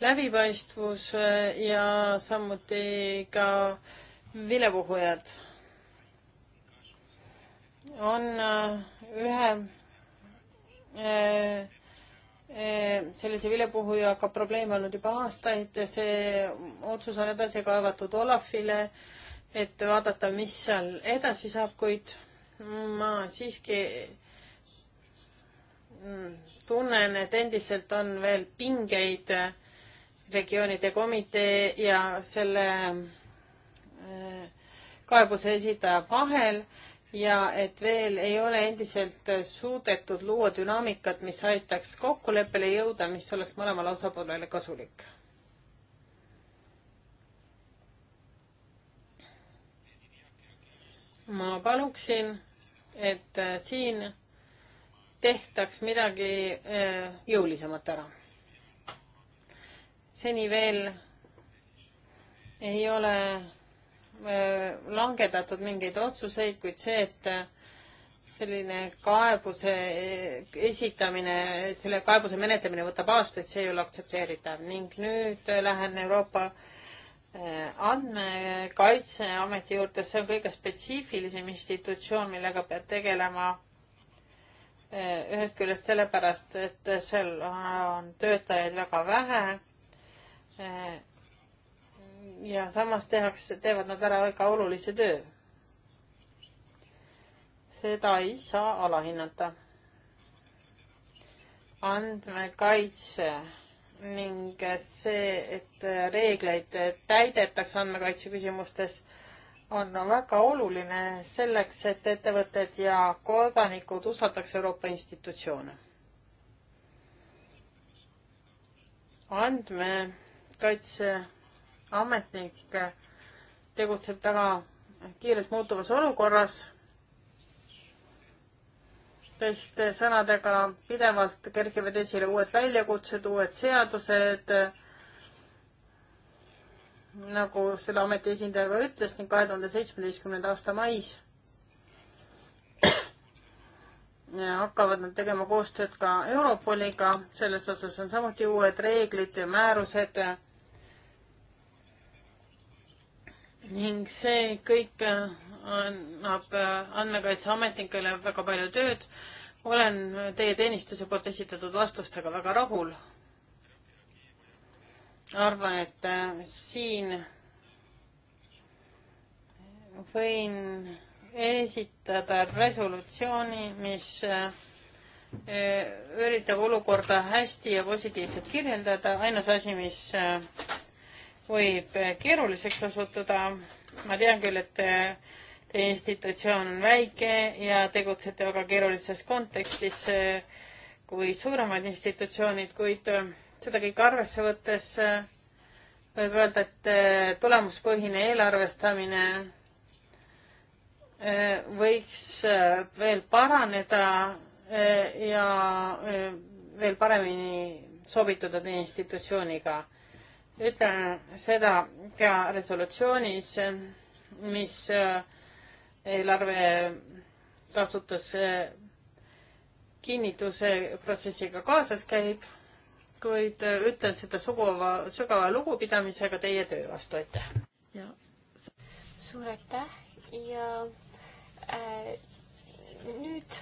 läbipaistvus äh, ja samuti ka vilepuhujad on äh, ühe äh, sellise vilepuhujaga probleem olnud juba aastaid, see otsus on edasi kaevatud Olafile, et vaadata, mis seal edasi saab, kuid ma siiski tunnen, et endiselt on veel pingeid äh, regioonide komitee ja selle äh, kaebuse esitaja vahel ja et veel ei ole endiselt suudetud luua dünaamikat, mis aitaks kokkuleppele jõuda, mis oleks mõlemale osapoolele kasulik. ma paluksin, et äh, siin tehtaks midagi äh, jõulisemat ära seni veel ei ole äh, langetatud mingeid otsuseid, kuid see, et äh, selline kaebuse äh, esitamine, selle kaebuse menetlemine võtab aastaid, see ei ole aktsepteeritav ning nüüd lähen Euroopa andmekaitseameti juurde, see on kõige spetsiifilisem institutsioon, millega peab tegelema ühest küljest sellepärast, et seal on töötajaid väga vähe Äh, ja samas tehakse, teevad nad ära väga olulise töö. seda ei saa alahinnata. andmekaitse ning see, et reegleid täidetakse andmekaitse küsimustes, on väga oluline selleks, et ettevõtted ja kodanikud usaldaks Euroopa institutsioone. andme kaitseametnik tegutseb väga kiirelt muutuvas olukorras. teiste sõnadega pidevalt kerkivad esile uued väljakutsed, uued seadused, nagu selle ameti esindaja ka ütles ning kahe tuhande seitsmeteistkümnenda aasta mais Ja hakkavad nad tegema koostööd ka Europoliga, selles osas on samuti uued reeglid ja määrused ning see kõik äh, annab äh, andmekaitseametnikele väga palju tööd. olen äh, teie teenistuse poolt esitatud vastustega väga rahul. arvan, et siin võin esitada resolutsiooni, mis üritab olukorda hästi ja positiivselt kirjeldada. ainus asi, mis võib keeruliseks osutuda. ma tean küll, et teie institutsioon on väike ja tegutsete väga keerulises kontekstis kui suuremad institutsioonid, kuid seda kõike arvesse võttes võib öelda, et tulemuspõhine eelarvestamine võiks veel paraneda ja veel paremini sobituda teie institutsiooniga ütleme seda ka resolutsioonis, mis äh, eelarve kasutas äh, kinnituse protsessiga kaasas käib, kuid äh, ütlen seda sugava, sügava lugupidamisega teie töö vastu, aitäh! suur aitäh ja äh, nüüd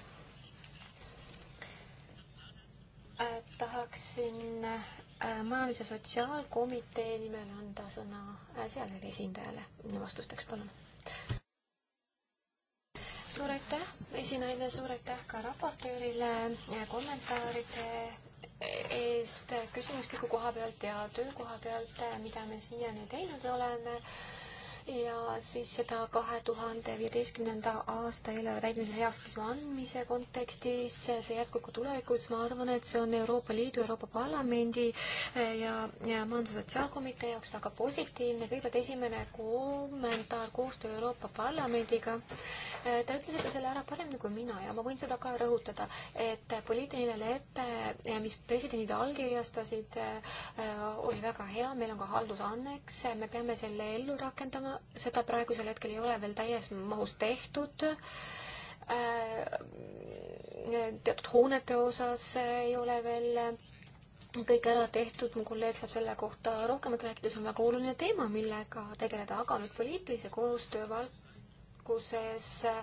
tahaksin äh, majandus- ja sotsiaalkomitee nimel anda sõna äh, sealsele esindajale ja vastusteks palun. suur aitäh, esinaine, suur aitäh ka raportöörile äh, kommentaaride eest küsimustiku koha pealt ja töökoha pealt, mida me siiani teinud oleme ja siis seda kahe tuhande viieteistkümnenda aasta eelarve täitmise heakskiidu andmise kontekstis, see jätkub ka tulevikus, ma arvan, et see on Euroopa Liidu, Euroopa Parlamendi eh, ja, ja Majandus- ja Sotsiaalkomitee jaoks väga positiivne, kõigepealt esimene kommentaar koostöö Euroopa Parlamendiga. Eh, te ütlesite selle ära paremini kui mina ja ma võin seda ka rõhutada, et poliitiline lepe, eh, mis presidendid allkirjastasid, oli väga hea, meil on ka haldusanneks, me peame selle ellu rakendama, seda praegusel hetkel ei ole veel täies mahus tehtud äh, teatud hoonete osas ei ole veel kõik ära tehtud, mu kolleeg saab selle kohta rohkemat rääkida, see on väga oluline teema, millega tegeleda, aga nüüd poliitilise koostöö valguses äh,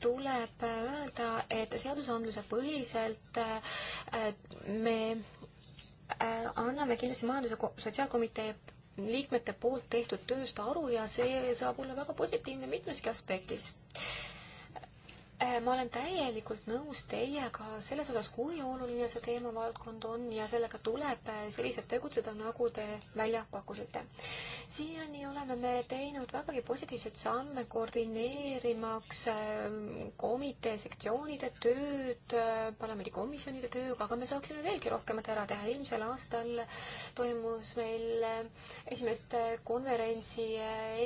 tuleb öelda, et seadusandluse põhiselt äh, me anname kindlasti majandus- ja sotsiaalkomitee liikmete poolt tehtud tööst aru ja see saab olla väga positiivne mitmeski aspektis. Äh, ma olen täielikult nõus teiega selles osas, kui oluline see teemavaldkond on ja sellega tuleb äh, selliselt tegutseda, nagu te välja pakkusite. siiani oleme me teinud vägagi positiivseid samme koordineerimaks ähm, komitee sektsioonide tööd, äh, parlamendikomisjonide tööga, aga me saaksime veelgi rohkemat ära teha. eelmisel aastal toimus meil esimest konverentsi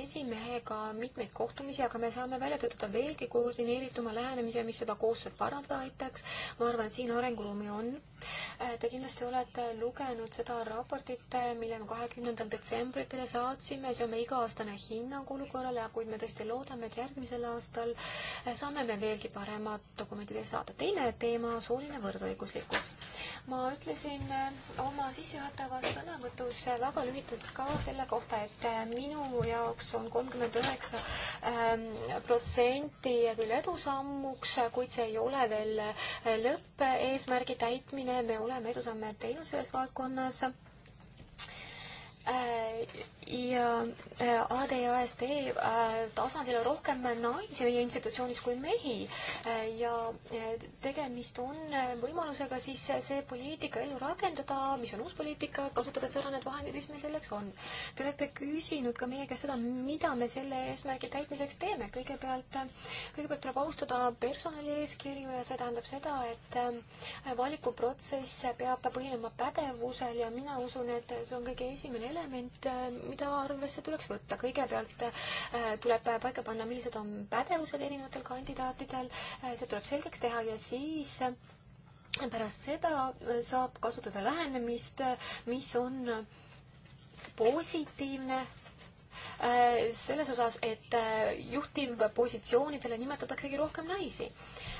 esimehega mitmeid kohtumisi, aga me saame välja töötada veelgi koordineerituma lähenemist lähenemise, mis seda koostööd parandada aitaks. ma arvan, et siin arenguruumi on. Äh, te kindlasti olete lugenud seda raportit, äh, mille me kahekümnendal detsembril teile saatsime, see on meie iga-aastane hinnang olukorrale, kuid me tõesti loodame, et järgmisel aastal äh, saame me veelgi paremad dokumendid saada. teine teema, sooline võrdõiguslikkus ma ütlesin äh, oma sissejuhatavas sõnavõtus äh, väga lühidalt ka selle kohta, et äh, minu jaoks on kolmkümmend üheksa ähm, protsenti küll edusammuks, kuid see ei ole veel lõppeesmärgi täitmine, me oleme edusamme teinud selles valdkonnas ja äh, AD ja ASD äh, tasandil on rohkem naisi meie institutsioonis kui mehi äh, ja tegemist on võimalusega siis see poliitika ellu rakendada, mis on uus poliitika, kasutades ära need vahendid, mis meil selleks on. Te olete küsinud ka meie käest seda, mida me selle eesmärgi täitmiseks teeme. kõigepealt, kõigepealt tuleb austada personali eeskirju ja see tähendab seda, et valikuprotsess peab põhinema pädevusel ja mina usun, et see on kõige esimene element, mida arvesse tuleks võtta. kõigepealt äh, tuleb paika panna, millised on pädevused erinevatel kandidaatidel, äh, see tuleb selgeks teha ja siis äh, pärast seda saab kasutada lähenemist, mis on positiivne selles osas, et juhtivpositsioonidele nimetataksegi rohkem naisi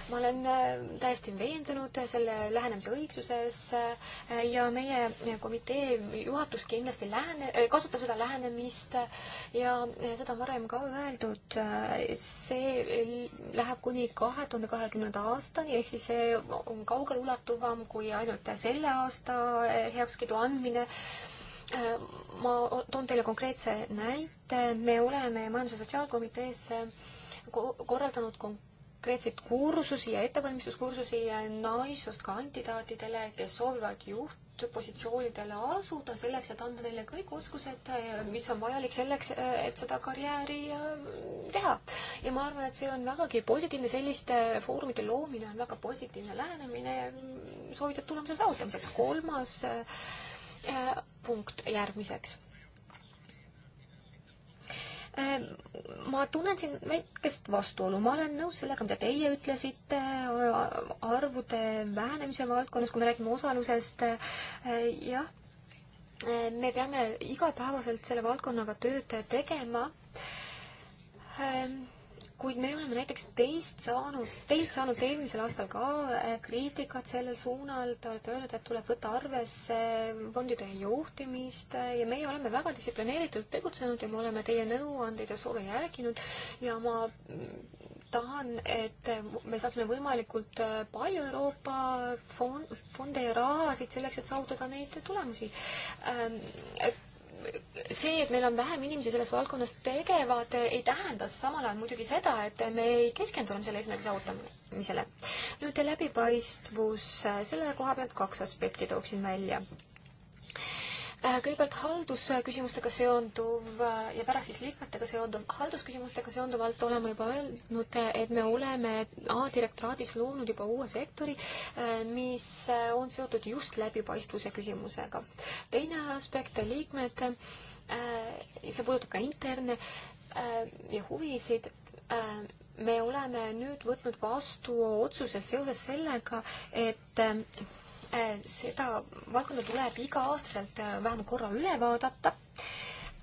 ma olen äh, täiesti veendunud selle lähenemise õigsuses äh, ja meie komitee juhatus kindlasti lähene, äh, kasutab seda lähenemist ja seda on varem ka öeldud, see läheb kuni kahe tuhande kahekümnenda aastani, ehk siis see on kaugeleulatuvam kui ainult selle aasta heakskiidu andmine ma toon teile konkreetse näite, me oleme Majandus- ja Sotsiaalkomitees korraldanud kon-, konkreetseid kursusi ja ettevalmistuskursusi naissoost kandidaatidele, kes soovivad juhtpositsioonidele asuda, selleks et anda neile kõik oskused, mis on vajalik selleks, et seda karjääri äh, teha. ja ma arvan, et see on vägagi positiivne, selliste foorumite loomine on väga positiivne lähenemine soovitud tulemuse saavutamiseks. kolmas äh, äh, punkt järgmiseks Äh, ma tunnen siin väikest vastuolu, ma olen nõus sellega, mida teie ütlesite äh, arvude vähenemise valdkonnas, kui me räägime osalusest, äh, jah, me peame igapäevaselt selle valdkonnaga tööd tegema kuid me oleme näiteks teist saanud, teilt saanud eelmisel aastal ka äh, kriitikat sellel suunal, te olete öelnud, et tuleb võtta arvesse äh, fondide juhtimist äh, ja meie oleme väga distsiplineeritult tegutsenud ja me oleme teie nõuandeid ja soove järginud ja ma mm, tahan, et me saaksime võimalikult palju Euroopa fond, fonde ja rahasid selleks, et saavutada neid tulemusi. Ähm, see, et meil on vähem inimesi selles valdkonnas tegevad, ei tähenda samal ajal muidugi seda, et me ei keskendu enam selle eesmärgi saavutamisele. nüüd läbipaistvus, selle koha pealt kaks aspekti tooksin välja. Äh, kõigepealt haldusküsimustega seonduv äh, ja pärast siis liikmetega seonduv. haldusküsimustega seonduvalt olen ma juba öelnud, äh, et me oleme A-direktoraadis loonud juba uue sektori, mis on seotud just läbipaistvuse küsimusega. teine aspekt, liikmed, see puudutab ka interne ja huvisid me oleme nüüd võtnud vastu otsuse seoses sellega, et Äh, seda valdkonda tuleb iga-aastaselt äh, vähemalt korra üle vaadata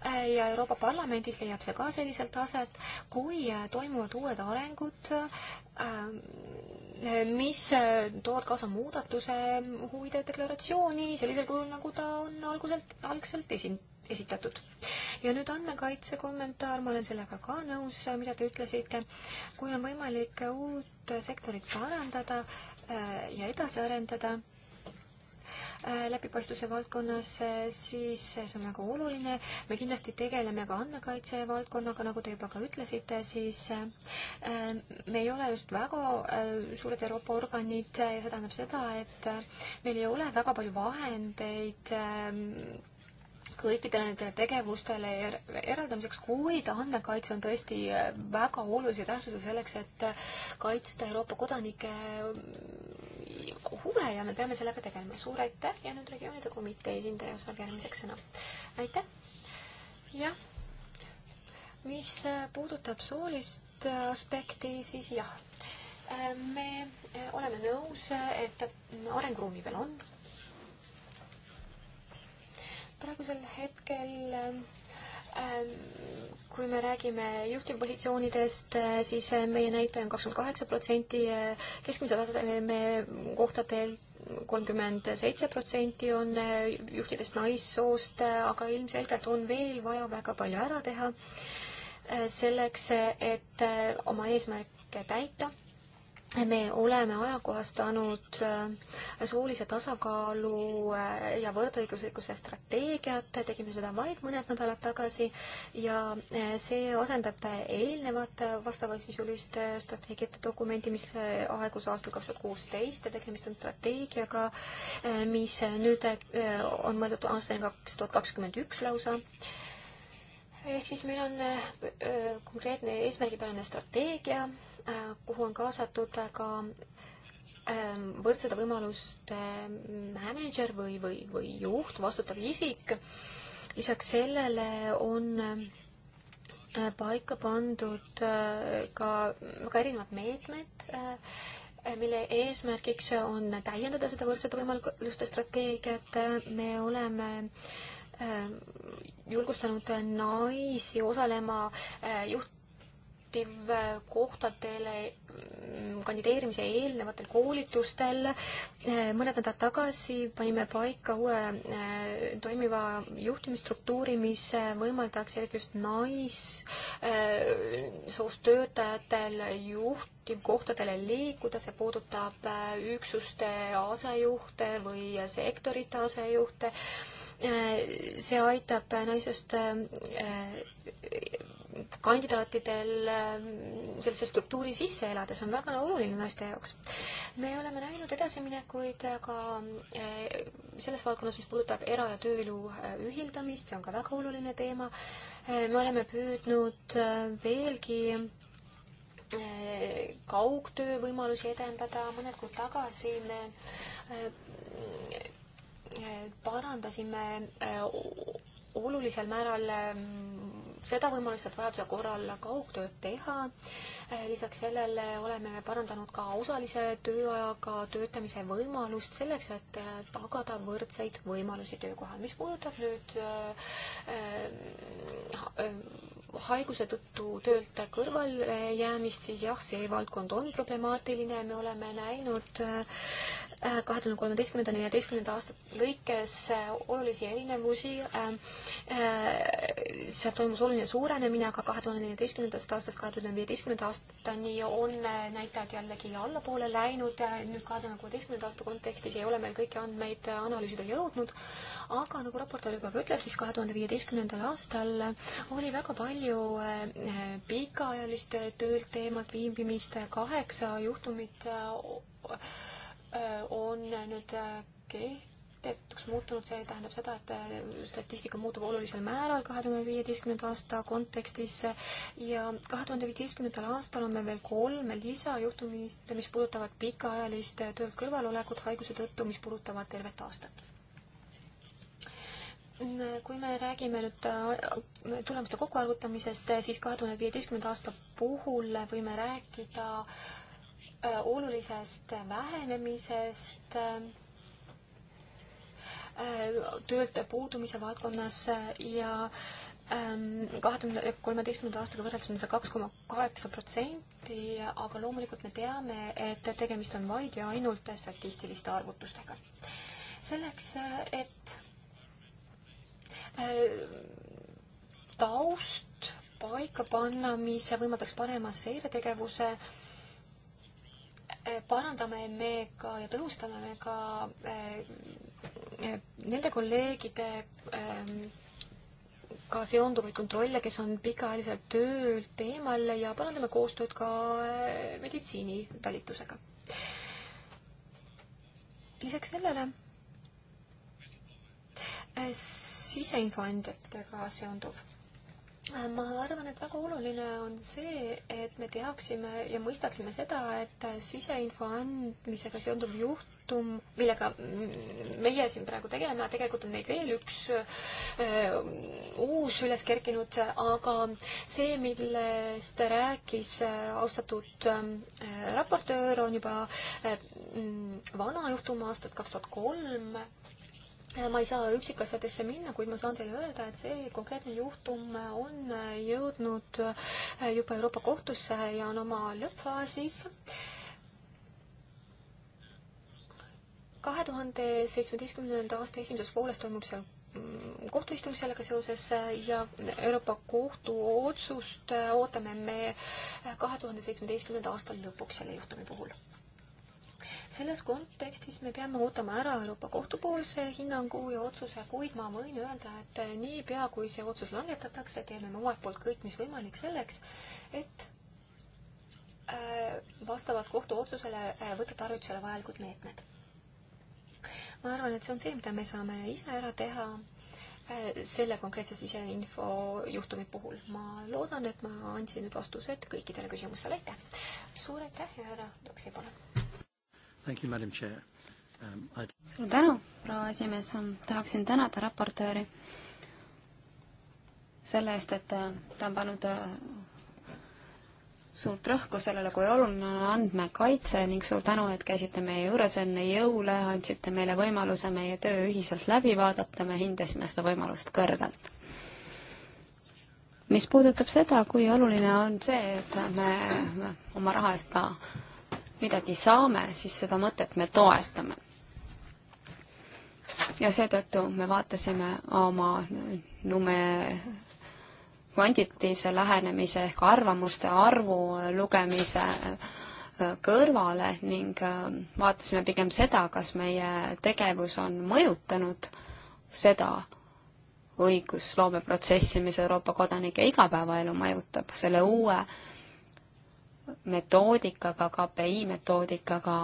äh, ja Euroopa Parlamendis leiab see ka selliselt aset, kui toimuvad uued arengud, mis toovad kaasa muudatuse huvide deklaratsiooni sellisel kujul, nagu ta on alguselt, algselt esi-, esitatud. ja nüüd andmekaitse kommentaar, ma olen sellega ka nõus, mida te ütlesite. kui on võimalik uut sektorit parandada ja edasi arendada, Äh, läbipaistvuse valdkonnas, äh, siis see on väga oluline. me kindlasti tegeleme ka andmekaitse valdkonnaga, nagu te juba ka ütlesite, siis äh, me ei ole just väga suured Euroopa organid ja see tähendab seda, et meil ei ole väga palju vahendeid kõikidele nendele tegevustele er-, eraldamiseks, kuid andmekaitse on tõesti väga olulise tähtsuse selleks, et kaitsta Euroopa kodanike huve ja me peame sellega tegelema. suur aitäh ja nüüd regioonide komitee esindaja saab järgmiseks sõna. aitäh. jah, mis äh, puudutab soolist äh, aspekti, siis jah, äh, me oleme nõus, et arenguruumi veel on. praegusel hetkel Ähm, kui me räägime juhtivpositsioonidest, äh, siis äh, meie näitaja on kakskümmend kaheksa protsenti, äh, keskmise taseme kohtadel kolmkümmend seitse protsenti on juhtidest naissoost, aga ilmselgelt on veel vaja väga palju ära teha selleks, et oma eesmärke täita me oleme ajakohastanud äh, soolise tasakaalu äh, ja võrdõiguslikkuse strateegiat, tegime seda vaid mõned nädalad tagasi ja äh, see asendab eelnevat vastavasisulist strateegiate dokumenti, mis aegus aastal kaks tuhat kuusteist ja tegemist on strateegiaga, mis nüüd on mõeldud aastani kaks tuhat kakskümmend üks lausa ehk siis meil on konkreetne eesmärgipärane strateegia Äh, kuhu on kaasatud ka ähm, võrdsete võimaluste mm, mänedžer või, või, või juht, vastutav isik. lisaks sellele on ähm, äh, paika pandud äh, ka väga erinevad meetmed, mille eesmärgiks on täiendada seda võrdsete võimaluste strateegiat. me oleme julgustanud naisi osalema juht, kehtiv kohtadele mm, kandideerimise eelnevatel koolitustel. Eh, mõned nädalad tagasi panime paika uue eh, toimiva juhtimisstruktuuri, mis eh, võimaldaks eriti just naissoost töötajatel juhtivkohtadele liikuda, see puudutab üksuste asejuhte või sektorite asejuhte see aitab naisest kandidaatidel ehm, sellesse struktuuri sisse elada, see on väga oluline naiste jaoks. me oleme näinud edasiminekuid ka eh, selles valdkonnas, mis puudutab era- ja tööelu eh, ühildamist, see on ka väga oluline teema. Eh, me oleme püüdnud veelgi kaugtöö võimalusi edendada, mõned kuud tagasi me parandasime olulisel määral ehm, seda võimalust, et vajaduse korral kaugtööd teha Äh, lisaks sellele oleme me parandanud ka osalise tööajaga töötamise võimalust selleks, et äh, tagada võrdseid võimalusi töökohal. mis puudutab nüüd äh, haiguse tõttu töölt kõrvalejäämist, siis jah, see valdkond on problemaatiline, me oleme näinud kahe tuhande kolmeteistkümnenda, neljateistkümnenda aasta lõikes olulisi erinevusi. seal toimus oluline suurenemine, aga kahe tuhande neljateistkümnendast aastast kahe tuhande viieteistkümnenda aastani on näitajad jällegi allapoole läinud, nüüd kahe tuhande kuueteistkümnenda aasta kontekstis ei ole meil kõiki andmeid analüüsida jõudnud, aga nagu raportöör juba ka ütles, siis kahe tuhande viieteistkümnendal aastal oli väga palju eh, pikaajalist töölt teemalt viibimist, kaheksa juhtumit eh, eh, on nüüd kehtinud kvaliteetuks muutunud, see tähendab seda, et äh, statistika muutub olulisel määral kahe tuhande viieteistkümnenda aasta kontekstis ja kahe tuhande viieteistkümnendal aastal on meil veel kolm lisajuhtumit, mis puudutavad pikaajalist töölt kõrvalolekut haiguse tõttu, mis puudutavad tervet aastat mm, kui me räägime nüüd äh, tulemuste kokkuarvutamisest, siis kahe tuhande viieteistkümnenda aasta puhul võime rääkida äh, olulisest vähenemisest Äh, töölt puudumise valdkonnas ja ähm, kahekümne, kolmeteistkümnenda aastaga võrreldes on see kaks koma kaheksa protsenti, aga loomulikult me teame, et tegemist on vaid ja ainult statistiliste arvutustega. selleks, et äh, taust paika panna, mis võimaldaks parema seiretegevuse, äh, parandame me ka ja tõhustame me ka nende kolleegide ähm, ka seonduvaid kontrolle, kes on pikaajaliselt töölt eemal ja parandame koostööd ka äh, meditsiinitalitusega. lisaks sellele äh, siseinfoandjatega seonduv ma arvan, et väga oluline on see, et me teaksime ja mõistaksime seda, et siseinfo andmisega seonduv juhtum, millega meie siin praegu tegeleme, tegelikult on neid veel üks öö, äh, uus üles kerkinud, aga see, millest rääkis äh, austatud ähm, raportöör, on juba äh, mm, vana juhtum aastast kaks tuhat kolm Äh, ma ei saa üksikasjadesse minna, kuid ma saan teile öelda, et see konkreetne juhtum äh, on äh, jõudnud juba Euroopa Kohtusse ja on oma lõppfaasis. kahe tuhande seitsmeteistkümnenda aasta esimeses pooles toimub seal mm, kohtuistung sellega seoses ja Euroopa Kohtu otsust ootame me kahe tuhande seitsmeteistkümnenda aasta lõpuks selle juhtumi puhul selles kontekstis me peame ootama ära Euroopa Kohtupoolse hinnangu ja otsuse, kuid ma võin öelda, et eh, niipea, kui see otsus langetatakse, teeme me omalt poolt kõik, mis võimalik selleks, et eh, vastavalt kohtuotsusele eh, võtta tarvitusele vajalikud meetmed. ma arvan, et see on see, mida me saame ise ära teha selle konkreetse siseinfo juhtumi puhul. ma loodan, et ma andsin nüüd vastused kõikidele küsimustele, aitäh! suur aitäh ja härra Toksi, palun! Um, suur tänu, proua esimees, tahaksin tänada raportööri selle eest, et äh, ta on pannud äh, suurt rõhku sellele, kui oluline on andmekaitse ning suur tänu, et käisite meie juures enne jõule, andsite meile võimaluse meie töö ühiselt läbi vaadata, me hindasime seda võimalust kõrgelt. mis puudutab seda, kui oluline on see, et me oma raha eest ka midagi saame, siis seda mõtet me toetame. ja seetõttu me vaatasime oma nume kvantitatiivse lähenemise ehk arvamuste arvu lugemise äh, kõrvale ning äh, vaatasime pigem seda, kas meie tegevus on mõjutanud seda õigusloomeprotsessi, mis Euroopa kodanike igapäevaelu mõjutab, selle uue äh, metoodikaga, KPI metoodikaga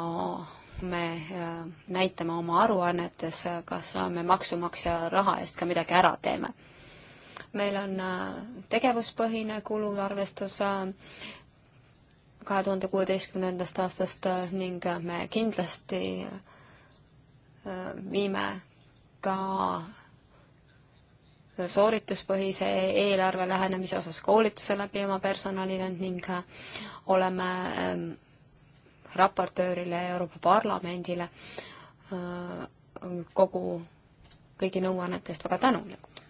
me äh, näitame oma aruannetes, kas me maksumaksja raha eest ka midagi ära teeme. meil on äh, tegevuspõhine kuluarvestus äh, kahe tuhande kuueteistkümnendast aastast ning me kindlasti viime ka soorituspõhise eelarve lähenemise osas koolituse läbi oma personalile ning oleme ähm, raportöörile ja Euroopa Parlamendile äh, kogu, kõigi nõuannetest väga tänulikud.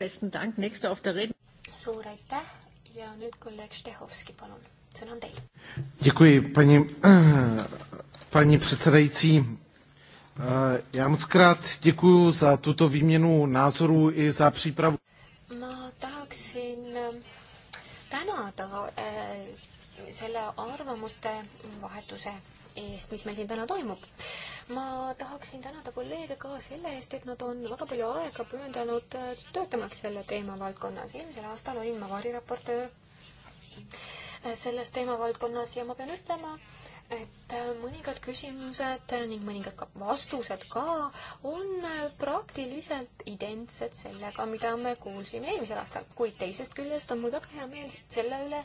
aitäh! suur aitäh ja nüüd kolleeg Štehovski, palun, sõna on teil. Děkuji, paní, paní předsedající Eh, já moc krát děkuji za tuto výměnu názorů i za přípravu. Ma tahaksin eh, tänada eh, selle arvamuste vahetuse eest, mis meil siin täna toimub. ma tahaksin tänada kolleege ka selle eest, et nad on väga palju aega pühendanud töötamaks selle teemavaldkonnas. eelmisel aastal olin ma variraportöör selles teemavaldkonnas ja ma pean ütlema, et äh, mõningad küsimused ning mõningad ka vastused ka on äh, praktiliselt identsed sellega, mida me kuulsime eelmisel aastal, kuid teisest küljest on mul väga hea meel selle üle,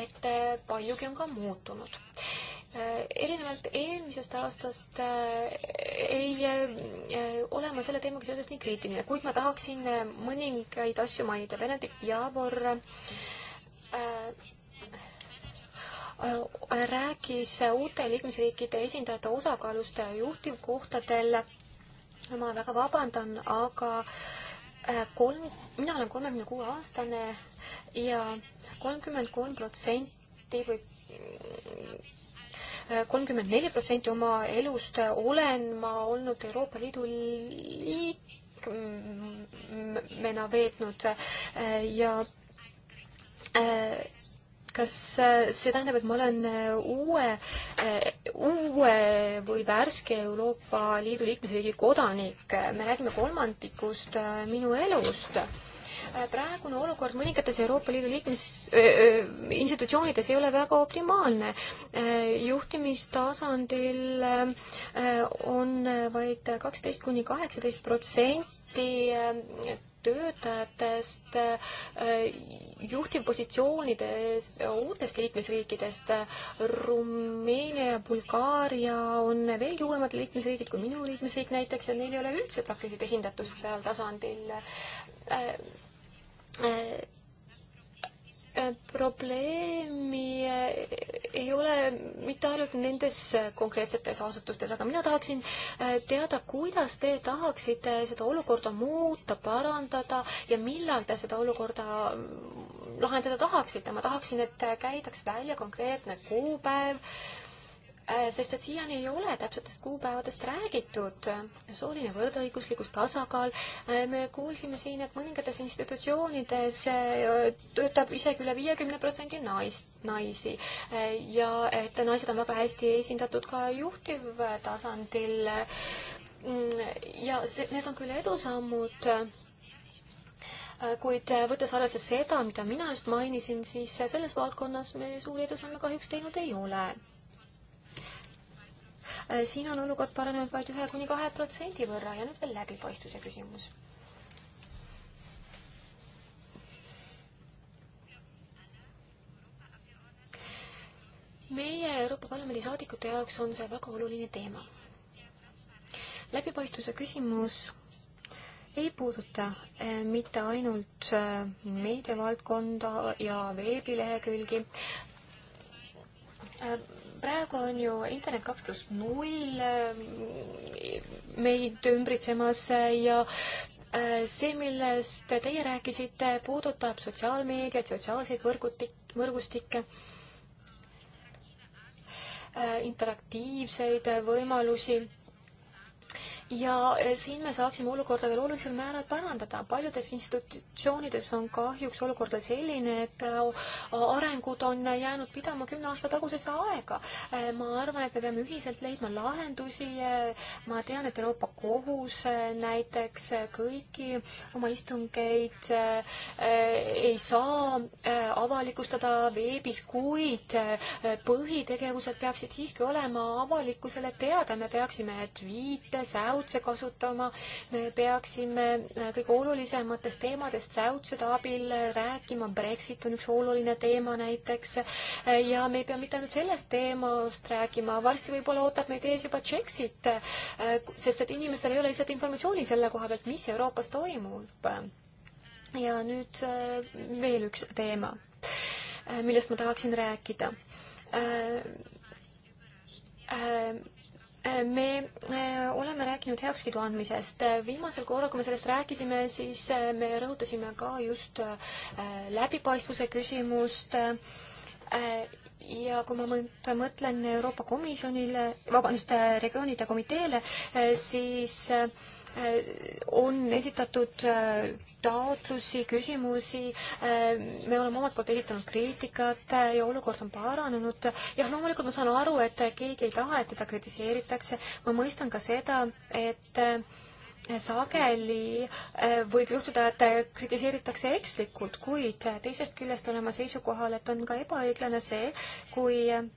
et äh, paljugi on ka muutunud. erinevalt eelmisest aastast ei ole ma selle teemaga seoses nii kriitiline, kuid ma tahaksin mõningaid asju mainida. Benedikt Javor rääkis uute liikmesriikide esindajate osakaalust juhtivkohtadel. ma väga vabandan, aga äh, kolm, mina olen kolmekümne kuue aastane ja kolmkümmend kolm protsenti või äh, kolmkümmend neli protsenti oma elust olen ma olnud Euroopa Liidu liikmena veetnud äh, ja kas äh, see tähendab, et ma olen äh, uue, äh, uue või värske Euroopa Liidu liikmesriigi kodanik, me räägime kolmandikust minu elust praegune olukord mõningates Euroopa Liidu liikmes äh,, institutsioonides ei ole väga optimaalne äh,. juhtimistasandil äh, on vaid kaksteist kuni kaheksateist protsenti töötajatest, äh, juhtivpositsioonides uutest liikmesriikidest. Rumeenia ja Bulgaaria on veelgi uuemad liikmesriigid kui minu liikmesriik näiteks ja neil ei ole üldse praktiliselt esindatust seal tasandil äh, äh, probleemi ei ole mitte ainult nendes konkreetsetes asutustes, aga mina tahaksin äh, teada, kuidas te tahaksite seda olukorda muuta, parandada ja millal te seda olukorda mm, lahendada tahaksite. ma tahaksin, et käidaks välja konkreetne kuupäev Äh, sest et siiani ei ole täpsetest kuupäevadest räägitud. sooline võrdõiguslikkus, tasakaal, äh, me kuulsime siin, et mõningates institutsioonides äh, töötab isegi üle viiekümne protsendi naist, naisi ja et naised on väga hästi esindatud ka juhtivtasandil. Mm, ja see, need on küll edusammud kuid võttes arvesse seda, mida mina just mainisin, siis selles valdkonnas me suuri edusamme kahjuks teinud ei ole Äh, siin on olukord paranenud vaid ühe kuni kahe protsendi võrra ja nüüd veel läbipaistvuse küsimus. meie Euroopa Parlamendi saadikute jaoks on see väga oluline teema. läbipaistvuse küsimus ei puuduta eh, mitte ainult eh, meediavaldkonda ja veebilehekülgi eh,, praegu on ju internet kaks pluss null meid ümbritsemas ja äh, see, millest teie rääkisite, puudutab sotsiaalmeediat, sotsiaalseid võrgutik-, võrgustikke, äh, interaktiivseid võimalusi ja eh, siin me saaksime olukorda veel olulisel määral parandada. paljudes institutsioonides on kahjuks olukord veel selline, et äh, arengud on jäänud pidama kümne aasta tagusesse aega. Äh, ma arvan, et me peame ühiselt leidma lahendusi. Äh, ma tean, et Euroopa Kohus näiteks kõiki oma istungeid ei saa avalikustada veebis, kuid põhitegevused peaksid siiski olema avalikkusele teada. me peaksime tweet'e, säutse säutse kasutama, me peaksime kõige olulisematest teemadest säutsude abil rääkima, Brexit on üks oluline teema näiteks, ja me ei pea mitte ainult sellest teemast rääkima, varsti võib-olla ootab meid ees juba Brexit, sest et inimestel ei ole lihtsalt informatsiooni selle koha pealt, mis Euroopas toimub. ja nüüd äh, veel üks teema, äh, millest ma tahaksin rääkida äh, me äh, oleme rääkinud heakskiidu andmisest. viimasel korral, kui me sellest rääkisime, siis äh, me rõhutasime ka just äh, läbipaistvuse küsimust. ja kui ma nüüd mõtlen Euroopa Komisjonile, vabandust, regioonide komiteele, siis äh, on esitatud äh, taotlusi, küsimusi, äh, me oleme omalt poolt esitanud kriitikat äh, ja olukord on paranenud. jah, loomulikult ma saan aru, et keegi ei taha, et teda kritiseeritakse, ma mõistan ka seda, et sageli võib juhtuda, et kritiseeritakse ekslikult, kuid teisest küljest olen ma seisukohal, et on ka ebaõiglane see, kui ähm,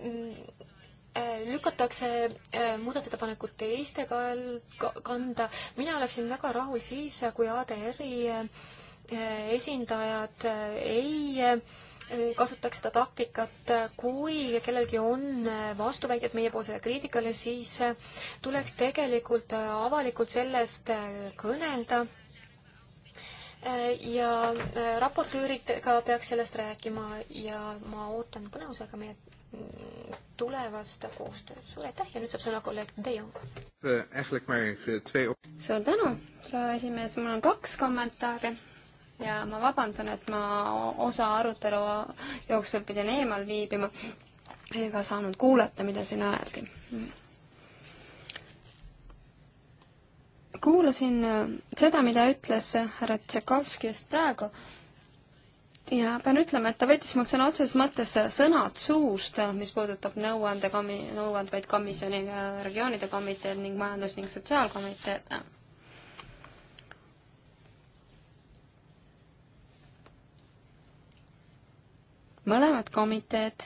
Äh, lükatakse äh, muudatusettepanekud teiste kanda. mina oleksin väga rahul siis, kui ADR-i äh, esindajad ei kasutaks seda taktikat, kui kellelgi on vastuväited meiepoolsele kriitikale, siis tuleks tegelikult avalikult sellest kõnelda ja raportööridega peaks sellest rääkima ja ma ootan põnevusega meie tulevast koostööd. suur aitäh ja nüüd saab sõna kolleeg De Jong. Eh, eh, suur tänu, proua esimees, mul on kaks kommentaari ja ma vabandan, et ma osa arutelu jooksul pidin eemal viibima ega saanud kuulata, mida siin öeldi. kuulasin eh, seda, mida ütles härra Tšekovski just praegu ja pean ütlema, et ta võttis mul sõna otseses mõttes sõnad suust, mis puudutab nõuande komi-, nõuandvaid komisjoni, äh, regioonide komiteed ning majandus- ning sotsiaalkomiteed. mõlemad komiteed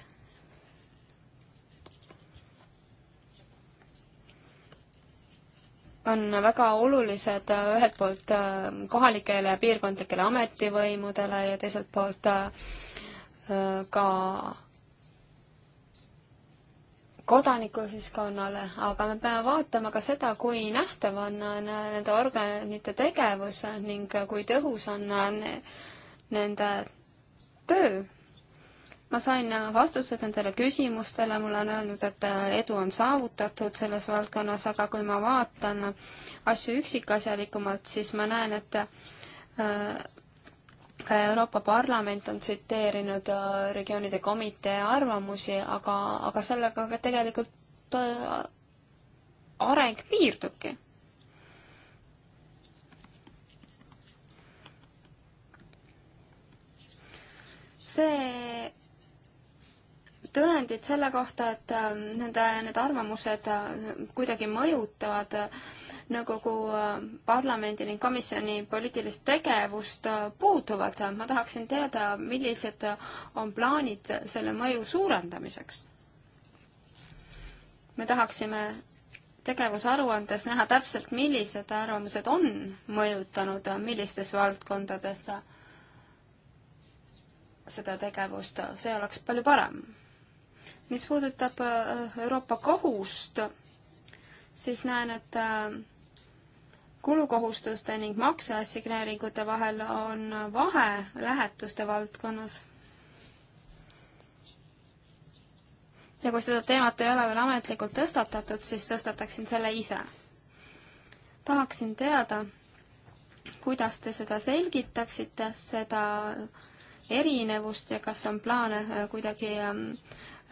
on väga olulised äh, ühelt poolt äh, kohalikele ja piirkondlikele ametivõimudele ja teiselt poolt äh, ka kodanikuühiskonnale, aga me peame vaatama ka seda, kui nähtav on nende organite tegevus ning kui tõhus on nende töö ma sain vastused nendele küsimustele, mulle on öelnud, et edu on saavutatud selles valdkonnas, aga kui ma vaatan asju üksikasjalikumalt, siis ma näen, et äh, ka Euroopa Parlament on tsiteerinud äh, regioonide komitee arvamusi, aga, aga sellega ka tegelikult äh, areng piirdubki see tõendid selle kohta, et ähm, nende, need arvamused äh, kuidagi mõjutavad äh, nõukogu äh, parlamendi ning komisjoni poliitilist tegevust puuduvad. ma tahaksin teada, millised on plaanid selle mõju suurendamiseks. me tahaksime tegevusaruandes näha täpselt, millised arvamused on mõjutanud, millistes valdkondades seda tegevust, see oleks palju parem mis puudutab äh, Euroopa kohust, siis näen, et äh, kulukohustuste ning makseassigneeringute vahel on vahe lähetuste valdkonnas. ja kui seda teemat ei ole veel ametlikult tõstatatud, siis tõstataksin selle ise. tahaksin teada, kuidas te seda selgitaksite, seda erinevust ja kas on plaane äh, kuidagi ähm,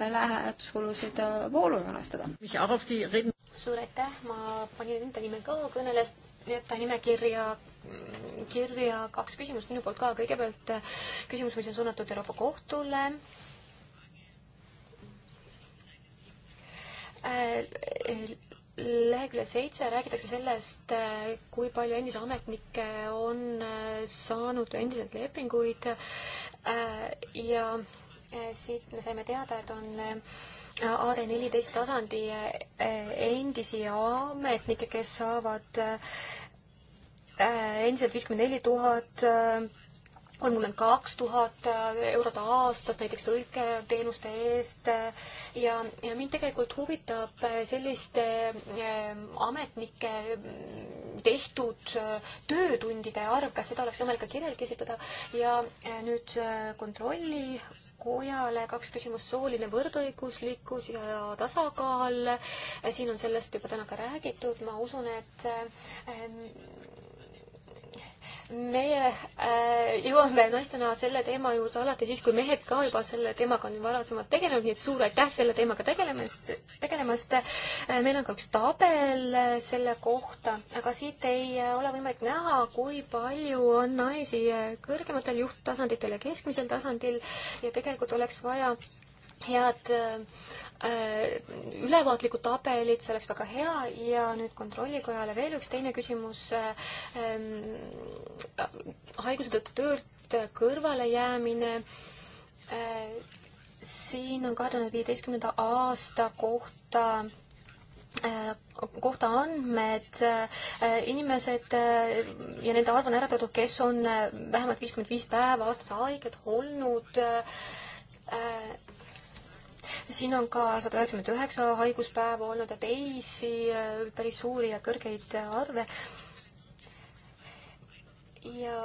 lähetuskulusid äh, vooluna arvestada. suur aitäh, ma panin enda nime ka kõneles, jätta nimekirja, mm, kirja kaks küsimust minu poolt ka. kõigepealt äh, küsimus, mis on suunatud Euroopa Kohtule äh, leheküljel seitse räägitakse sellest, äh, kui palju endisi ametnikke on saanud endiselt lepinguid ja Eh, siit me saime teada, et on eh, AD14 tasandi eh, endisi ametnikke, kes saavad endiselt viiskümmend neli tuhat, kolmkümmend kaks tuhat eurot aastas näiteks tõlketeenuste eest ja, ja mind tegelikult huvitab selliste ametnike mm, tehtud töötundide arv, kas seda oleks võimalik ka kirjeldada ja nüüd kontrolli kojale kaks küsimust, sooline võrdõiguslikkus ja tasakaal. siin on sellest juba täna ka räägitud, ma usun, et meie äh, jõuame naistena selle teema juurde alati siis, kui mehed ka juba selle teemaga on varasemalt tegelenud, nii et suur aitäh selle teemaga tegelemast, tegelemast äh,. meil on ka üks tabel äh, selle kohta, aga siit ei äh, ole võimalik näha, kui palju on naisi äh, kõrgematel juhttasanditel ja keskmisel tasandil ja tegelikult oleks vaja head äh, Äh, ülevaatlikud tabelid, see oleks väga hea ja nüüd Kontrollikojale veel üks teine küsimus äh, ähm,. haiguse tõttu töölt kõrvalejäämine äh,. siin on kahe tuhande viieteistkümnenda aasta kohta äh, kohta andmed, inimesed ja nende arv on ära toodud, kes on vähemalt viiskümmend viis päeva aastas haiged olnud siin on ka sada üheksakümmend üheksa haiguspäeva olnud ja teisi äh, päris suuri ja kõrgeid arve. ja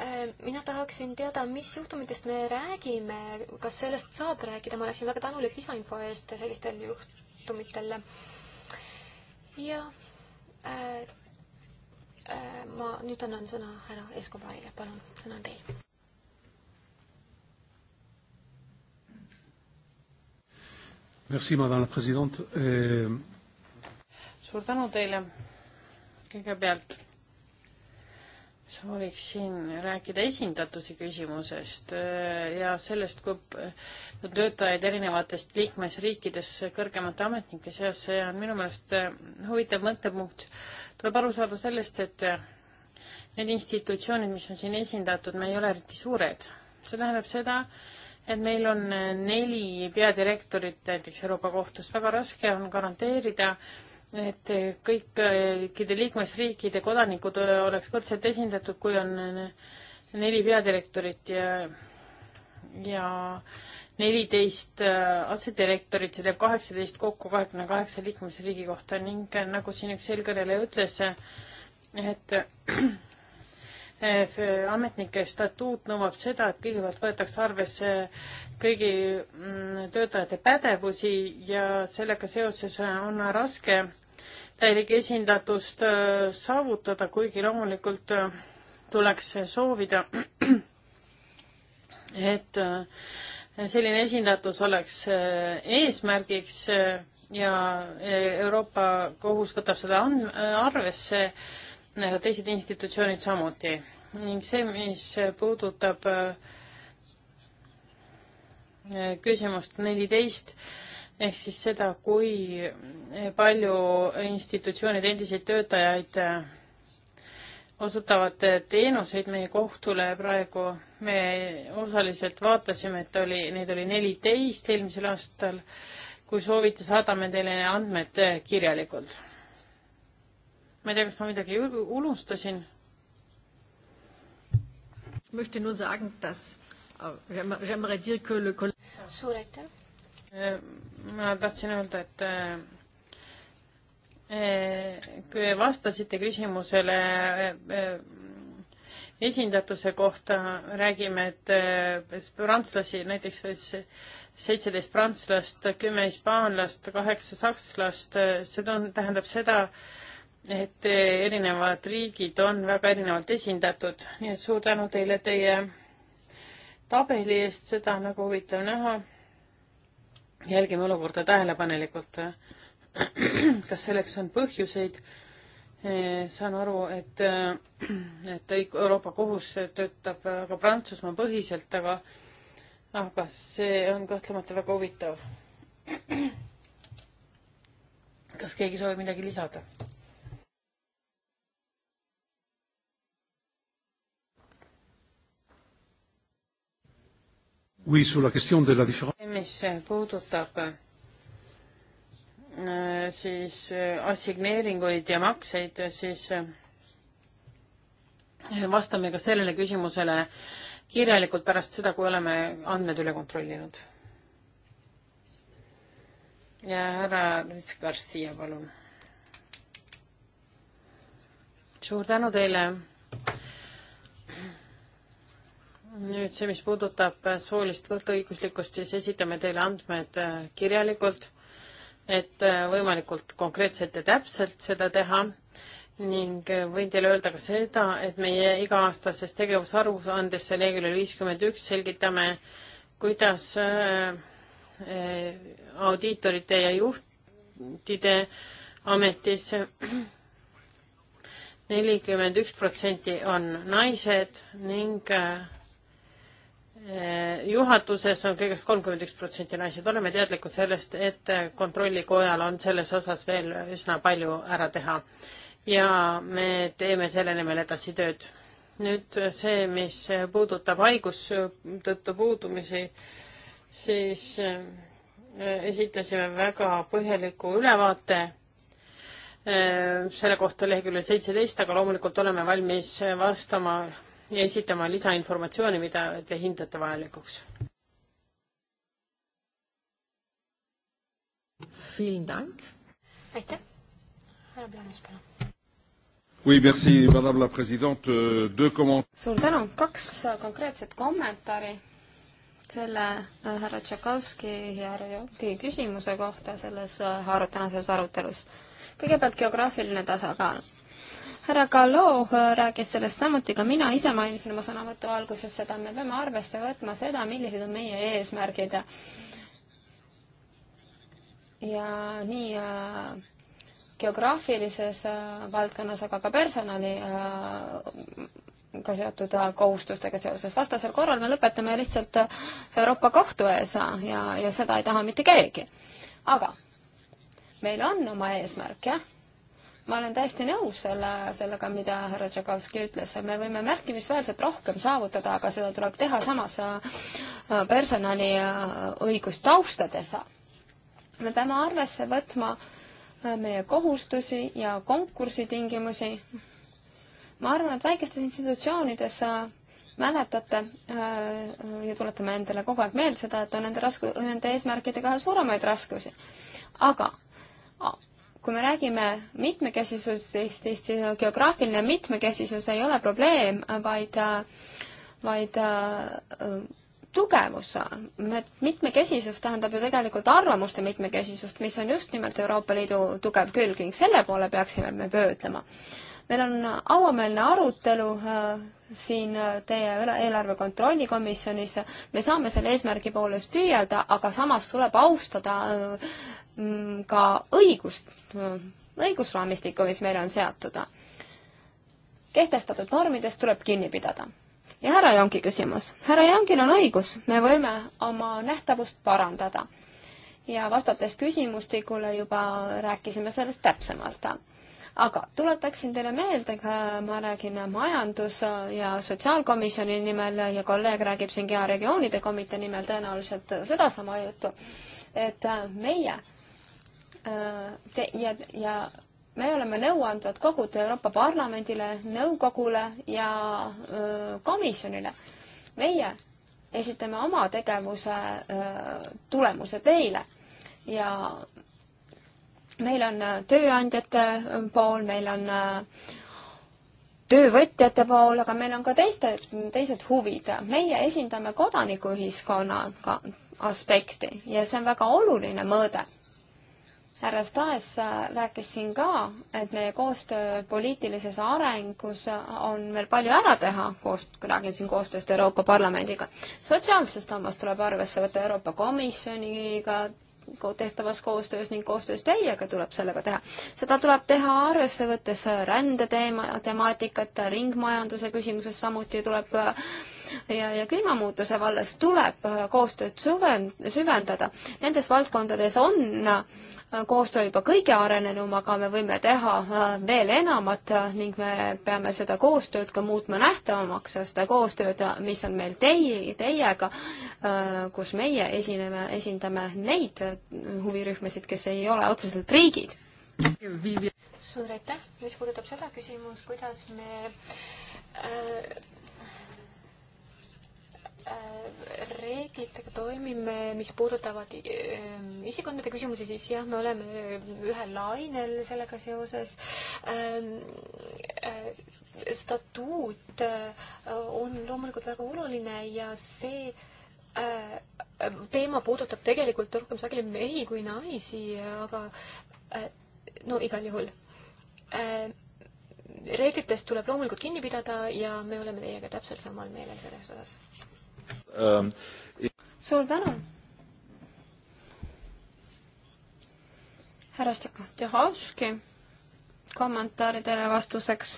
äh, mina tahaksin teada, mis juhtumitest me räägime, kas sellest saab rääkida, ma oleksin väga tänulik lisainfo eest sellistel juhtumitel. ja äh, äh, ma nüüd annan sõna härra Escobarile, palun, sõna on teil Merci, madame la president eh.... suur tänu teile. kõigepealt sooviksin rääkida esindatuse küsimusest äh, ja sellest, kui äh, töötajaid erinevatest liikmesriikidest kõrgemate ametnike seas, see on minu meelest äh, huvitav mõttepunkt. tuleb aru saada sellest, et need institutsioonid, mis on siin esindatud, me ei ole eriti suured. see tähendab seda, et et meil on äh, neli peadirektorit näiteks Euroopa Kohtust, väga raske on garanteerida, et äh, äh, kõikide liikmesriikide kodanikud oleks võrdselt esindatud, kui on neli peadirektorit ja, ja neliteist asedirektorit, see teeb kaheksateist kokku kahekümne kaheksa liikmesriigi kohta ning nagu siin üks eelkõneleja ütles, et ametnike statuut nõuab seda, et kõigepealt võetakse arvesse kõigi mm, töötajate pädevusi ja sellega seoses on raske täielik esindatust äh, saavutada, kuigi loomulikult äh, tuleks soovida, et äh, selline esindatus oleks eesmärgiks ja Euroopa Kohus võtab seda arvesse teised institutsioonid samuti ning see, mis puudutab äh, küsimust neliteist ehk siis seda, kui palju institutsioonid endiseid töötajaid äh, osutavad teenuseid meie kohtule praegu. me osaliselt vaatasime, et oli, neid oli neliteist eelmisel aastal. kui soovite, saadame teile andmed äh, kirjalikult ma ei tea, kas ma midagi unustasin. Äh, suur aitäh. Äh, ma tahtsin öelda, et äh, kui vastasite küsimusele esindatuse kohta, räägime, et prantslasi näiteks seitseteist prantslast, kümme hispaanlast, kaheksa sakslast, see tähendab seda, et eh, erinevad riigid on väga erinevalt esindatud, nii et suur tänu teile teie tabeli eest, seda on väga huvitav näha. jälgime olukorda tähelepanelikult. kas selleks on põhjuseid? Eh, saan aru, et, eh, et Euroopa Kohus töötab ka Prantsusmaa põhiselt, aga, aga see on kahtlemata väga huvitav. kas keegi soovib midagi lisada? mis puudutab äh, siis äh, assigneeringuid ja makseid, siis äh, vastame ka sellele küsimusele kirjalikult pärast seda, kui oleme andmed üle kontrollinud. ja härra Garcia, palun. suur tänu teile nüüd see, mis puudutab äh, soolist võrdõiguslikkust, siis esitame teile andmed äh, kirjalikult, et äh, võimalikult konkreetselt ja täpselt seda teha ning võin teile öelda ka seda, et meie iga-aastases tegevusaruandesse leheküljel viiskümmend üks selgitame, kuidas audiitorite ja juhtide ametis nelikümmend üks protsenti on naised ning Eh, juhatuses on kõigest kolmkümmend üks protsenti naised, oleme teadlikud sellest, et kontrollikojal on selles osas veel üsna palju ära teha ja me teeme selle nimel edasi tööd. nüüd see, mis puudutab haigus tõttu puudumisi, siis eh, esitasime väga põhjaliku ülevaate eh, selle kohta leheküljel seitseteist, aga loomulikult oleme valmis vastama ja esitama lisainformatsiooni, mida te hindate vajalikuks. aitäh. härra Plaanis, palun. Oui, merci, madame la présidente. Euh, deux comment-. suur tänu, kaks äh, konkreetset kommentaari selle äh, härra Tšakovski ja härra Joki küsimuse kohta selles äh, tänases arutelus. kõigepealt geograafiline tasakaal härra Gallo rääkis sellest samuti, ka mina ise mainisin oma sõnavõtu alguses seda, me peame arvesse võtma seda, millised on meie eesmärgid. ja nii äh, geograafilises äh, valdkonnas, aga ka personaliga äh, seotud kohustustega seoses. vastasel korral me lõpetame lihtsalt Euroopa Kohtu ees ja, ja seda ei taha mitte keegi. aga meil on oma eesmärk, jah ma olen täiesti nõus selle, sellega, mida härra Tšakovski ütles, me võime märkimisväärselt rohkem saavutada, aga seda tuleb teha samas äh, personali äh, õigust taustades. me peame arvesse võtma äh, meie kohustusi ja konkursitingimusi. ma arvan, et väikestes institutsioonides mäletate ja tuletame endale kogu aeg meelde seda, et on nende rasku-, nende eesmärkidega suuremaid raskusi. aga kui me räägime mitmekesisusest, siis geograafiline mitmekesisus ei ole probleem, vaid, vaid äh, tugevus. mitmekesisus tähendab ju tegelikult arvamuste mitmekesisust, mis on just nimelt Euroopa Liidu tugev külg ning selle poole peaksime me pöödlema. meil on avameelne arutelu äh, siin teie eelarve kontrolli komisjonis, me saame selle eesmärgi poole püüelda, aga samas tuleb austada äh, Mm, ka õigust, mm, õigusraamistikku, mis meile on seatud. kehtestatud normidest tuleb kinni pidada. ja härra Jonki küsimus. härra Jonkil on õigus, me võime oma nähtavust parandada. ja vastates küsimustikule juba rääkisime sellest täpsemalt aga tuletaksin teile meelde, ma räägin majandus- ja sotsiaalkomisjoni nimel ja kolleeg räägib siin Gea regioonide komitee nimel tõenäoliselt sedasama juttu, et meie Äh, te- ja, ja me oleme nõuandvad kogud Euroopa Parlamendile, nõukogule ja öö, äh, komisjonile. meie esitame oma tegevuse öö, äh, tulemuse teile ja meil on tööandjate pool, meil on töövõtjate pool, aga meil on ka teiste, teised huvid. meie esindame kodanikuühiskonnaga aspekti ja see on väga oluline mõõde härra Staes rääkis siin ka, et meie koostöö poliitilises arengus on veel palju ära teha, koos, räägin siin koostööst Euroopa Parlamendiga. sotsiaalsest sammast tuleb arvesse võtta Euroopa Komisjoniga tehtavas koostöös ning koostöös teiega tuleb sellega teha. seda tuleb teha arvesse võttes rändeteema, temaatikat, ringmajanduse küsimuses samuti tuleb ja, ja kliimamuutuse vallas tuleb koostööd süven-, süvendada. Nendes valdkondades on Äh, koostöö juba kõige arenenum, aga me võime teha äh, veel enamat äh, ning me peame seda koostööd ka muutma nähtavamaks, seda koostööd, mis on meil teie, teiega, kus meie esineme, esindame neid huvirühmasid, kes ei ole otseselt riigid. suur aitäh, mis puudutab seda küsimust, kuidas me äh, Äh, reeglitega toimime, mis puudutavad ähm, isikundade küsimusi, siis jah, me oleme äh, ühel lainel sellega seoses ähm, äh, statuut on loomulikult väga oluline ja see teema puudutab tegelikult rohkem sageli mehi kui naisi, aga no igal juhul. reeglitest tuleb loomulikult kinni pidada ja me oleme teiega täpselt samal meelel selles osas um,. suur tänu. härra Stakatšovski kommentaaridele vastuseks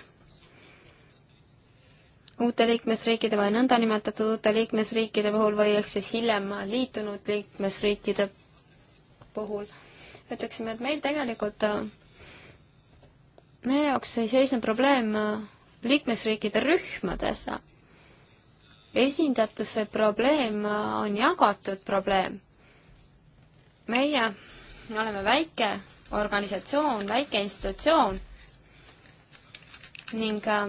uute liikmesriikide või nõndanimetatud uute liikmesriikide puhul või ehk siis hiljem liitunud liikmesriikide puhul ütleksime, et meil tegelikult, äh, meie jaoks ei seisne probleem äh, liikmesriikide rühmades esindatuse probleem on jagatud probleem. meie oleme väike organisatsioon, väike institutsioon ning äh,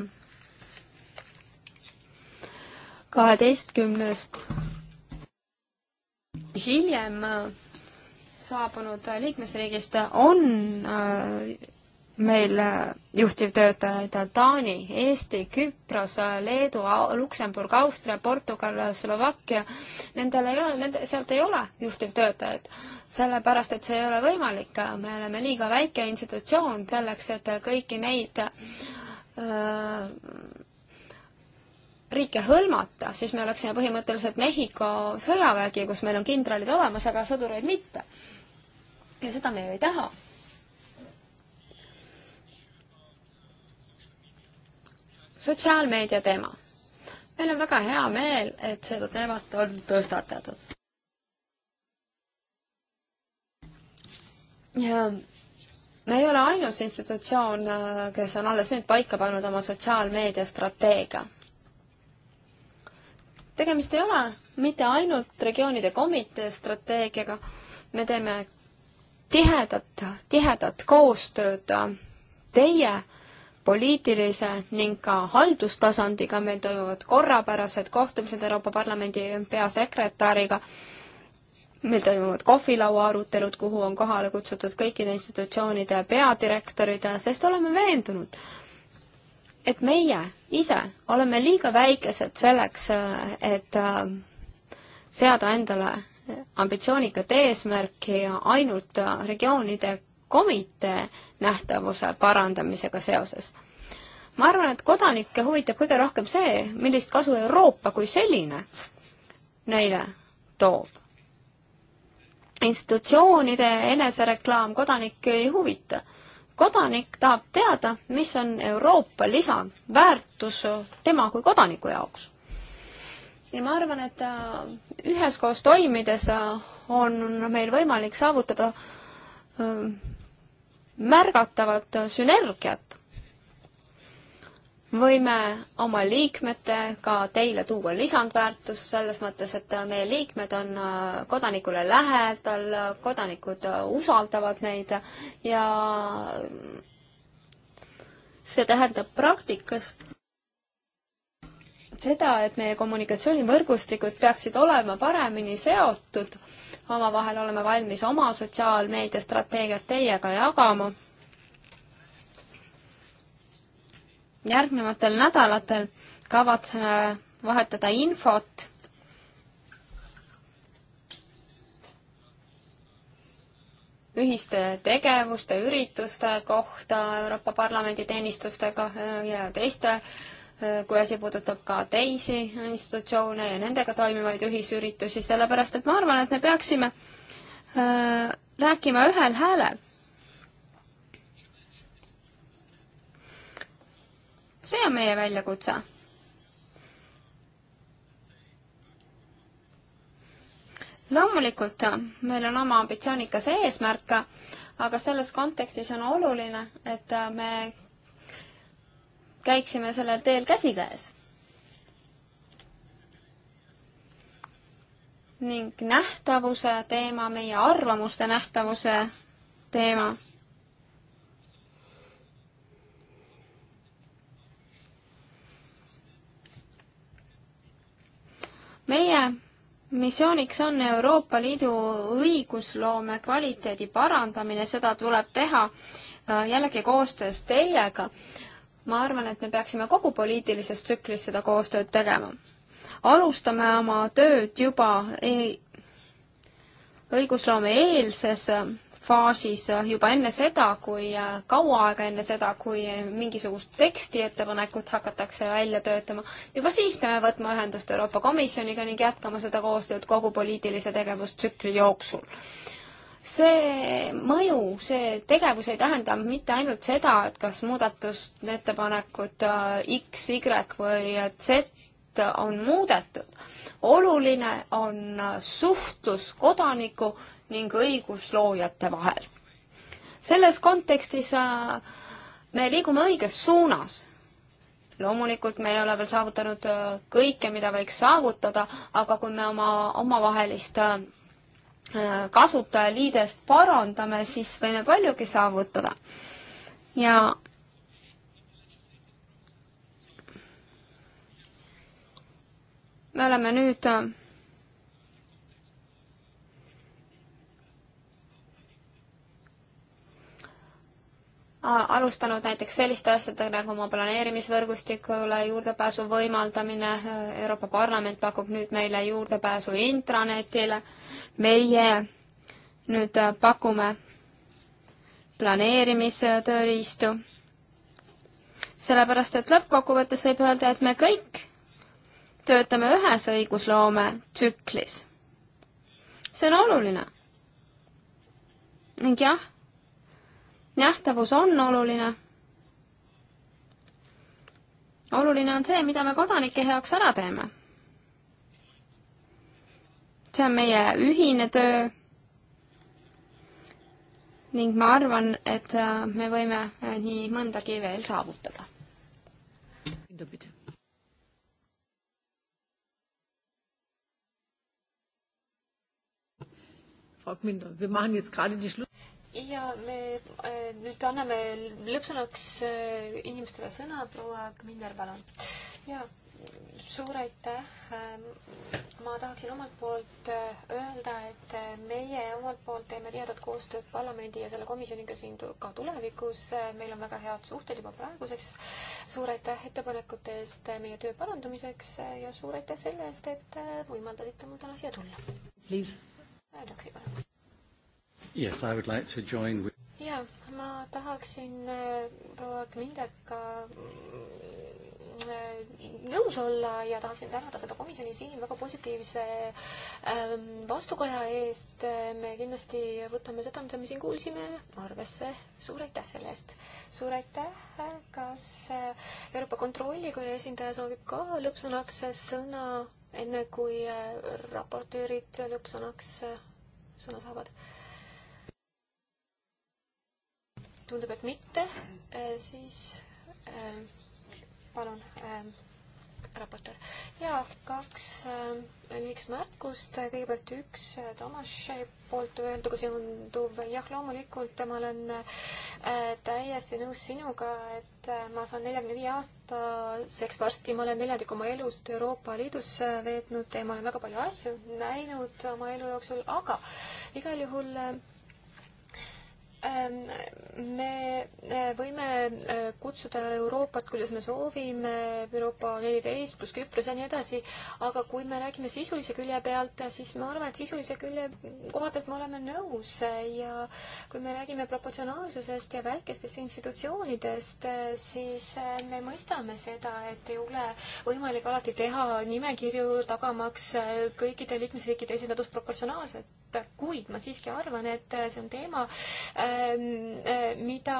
kaheteistkümnest hiljem äh, saabunud liikmesriigist on äh, meil äh, juhtivtöötajaid Taani, Eesti, Küpros, äh, Leedu, Luksemburg, Austria, Portugal, äh, Slovakkia, nendel ei ole, nende, sealt ei ole juhtivtöötajaid. sellepärast, et see ei ole võimalik, me oleme liiga väike institutsioon selleks, et kõiki neid öö, riike hõlmata, siis me oleksime põhimõtteliselt Mehhiko sõjavägi, kus meil on kindralid olemas, aga sõdureid mitte. ja seda me ju ei taha sotsiaalmeedia teema. meil on väga hea meel, et seda teemat on tõstatatud. ja me ei ole ainus institutsioon, kes on alles nüüd paika pannud oma sotsiaalmeedia strateegia. tegemist ei ole mitte ainult regioonide komitee strateegiaga, me teeme tihedat, tihedat koostööd teie poliitilise ning ka haldustasandiga, meil toimuvad korrapärased kohtumised Euroopa Parlamendi peasekretäriga, meil toimuvad kohvilaua arutelud, kuhu on kohale kutsutud kõikide institutsioonide peadirektorid, sest oleme veendunud, et meie ise oleme liiga väikesed selleks, et seada endale ambitsioonikat eesmärki ainult regioonide komitee nähtavuse parandamisega seoses. ma arvan, et kodanikke huvitab kõige rohkem see, millist kasu Euroopa kui selline neile toob. institutsioonide enesereklaam kodanikke ei huvita. kodanik tahab teada, mis on Euroopa lisaväärtus tema kui kodaniku jaoks ja ma arvan, et äh, üheskoos toimides äh, on meil võimalik saavutada äh, märgatavat sünergiat. võime oma liikmetega teile tuua lisandväärtust selles mõttes, et meie liikmed on äh, kodanikule lähedal, kodanikud äh, usaldavad neid ja see tähendab praktikas seda, et meie kommunikatsioonivõrgustikud peaksid olema paremini seotud omavahel oleme valmis oma sotsiaalmeediastrateegiat teiega jagama. järgnevatel nädalatel kavatseme vahetada infot ühiste tegevuste, ürituste kohta Euroopa Parlamendi teenistustega ja teiste Äh, kui asi puudutab ka teisi institutsioone ja nendega toimivaid ühisüritusi, sellepärast et ma arvan, et me peaksime äh, rääkima ühel häälel. see on meie väljakutse. loomulikult äh, meil on oma ambitsioonikas eesmärk, aga selles kontekstis on oluline, et me käiksime sellel teel käsikäes. ning nähtavuse teema, meie arvamuste nähtavuse teema. meie missiooniks on Euroopa Liidu õigusloome kvaliteedi parandamine, seda tuleb teha äh, jällegi koostöös teiega ma arvan, et me peaksime kogu poliitilises tsüklis seda koostööd tegema. alustame oma tööd juba e õigusloome eelses äh, faasis äh, juba enne seda, kui, äh, kaua aega enne seda, kui mingisugust teksti ettepanekut hakatakse välja töötama. juba siis peame võtma ühendust Euroopa Komisjoniga ning jätkama seda koostööd kogu poliitilise tegevustsükli jooksul see mõju, see tegevus ei tähenda mitte ainult seda, et kas muudatust, ettepanekud äh, X, Y või Z on muudetud. oluline on äh, suhtlus kodaniku ning õigusloojate vahel. selles kontekstis äh, me liigume õiges suunas loomulikult me ei ole veel saavutanud kõike, mida võiks saavutada, aga kui me oma omavahelist kasutajaliidest parandame, siis võime paljugi saavutada. ja me oleme nüüd äh, alustanud näiteks selliste asjadega nagu oma planeerimisvõrgustikule juurdepääsu võimaldamine, Euroopa Parlament pakub nüüd meile juurdepääsu intranetile meie nüüd pakume planeerimistööriistu, sellepärast et lõppkokkuvõttes võib öelda, et me kõik töötame ühes õigusloome tsüklis. see on oluline. ning jah, nähtavus on oluline. oluline on see, mida me kodanike heaks ära teeme see on meie ühine töö ning ma arvan, et äh, me võime äh, nii mõndagi veel saavutada. ja me äh, nüüd anname lõppsõnaks inimestele sõna, proua Kminder, palun. ja suur aitäh. ma tahaksin omalt poolt öelda, et meie omalt poolt teeme tihedat koostööd parlamendi ja selle komisjoniga siin ka tulevikus. meil on väga head suhted juba praeguseks. suur aitäh ettepanekute eest meie töö parandamiseks ja suur aitäh selle eest, et võimaldasite mul täna siia tulla. Liis. Läksi palun. Yes, I would like to join with... jaa, ma tahaksin äh, proua Kmindeka Äh, nõus olla ja tahaksin tänada seda komisjoni siin väga positiivse ähm, vastukaja eest. me kindlasti võtame seda, mida me siin kuulsime, arvesse. suur aitäh selle eest. suur aitäh. kas äh, Euroopa Kontrollikoja esindaja soovib ka lõppsõnaks sõna, enne kui äh, raportöörid lõppsõnaks sõna saavad? tundub, et mitte, siis palun ähm,, raportöör. ja kaks äh, lühikest märkust, kõigepealt üks äh, Tomas poolt öelduga seonduv, jah, loomulikult ma olen äh, täiesti nõus sinuga, et äh, ma saan neljakümne viie aastaseks varsti, ma olen neljandiku oma elust Euroopa Liidus äh, veetnud ja ma olen väga palju asju näinud oma elu jooksul, aga igal juhul äh, Ehm, me eh, võime eh, kutsuda Euroopat, kuidas me soovime, Euroopa neliteist pluss Küpros ja nii edasi, aga kui me räägime sisulise külje pealt, siis ma arvan, et sisulise külje koha pealt me oleme nõus ja kui me räägime proportsionaalsusest ja väikestest institutsioonidest, siis eh, me mõistame seda, et ei ole võimalik alati teha nimekirju tagamaks kõikide liikmesriikide esindatus proportsionaalselt poolt, kuid ma siiski arvan, et see on teema, ähm, äh, mida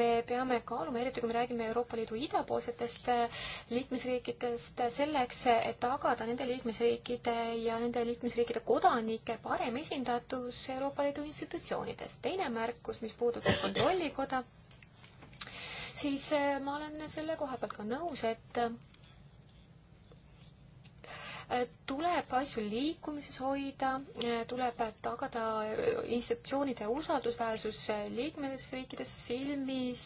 me peame kaaluma, eriti kui me räägime Euroopa Liidu idapoolsetest äh, liikmesriikidest, selleks, et tagada nende liikmesriikide ja nende liikmesriikide kodanike parem esindatus Euroopa Liidu institutsioonides. teine märkus, mis puudutab kontrollikoda, siis äh, ma olen selle koha pealt ka nõus, et tuleb asju liikumises hoida, tuleb tagada institutsioonide usaldusväärsus liikmesriikides silmis.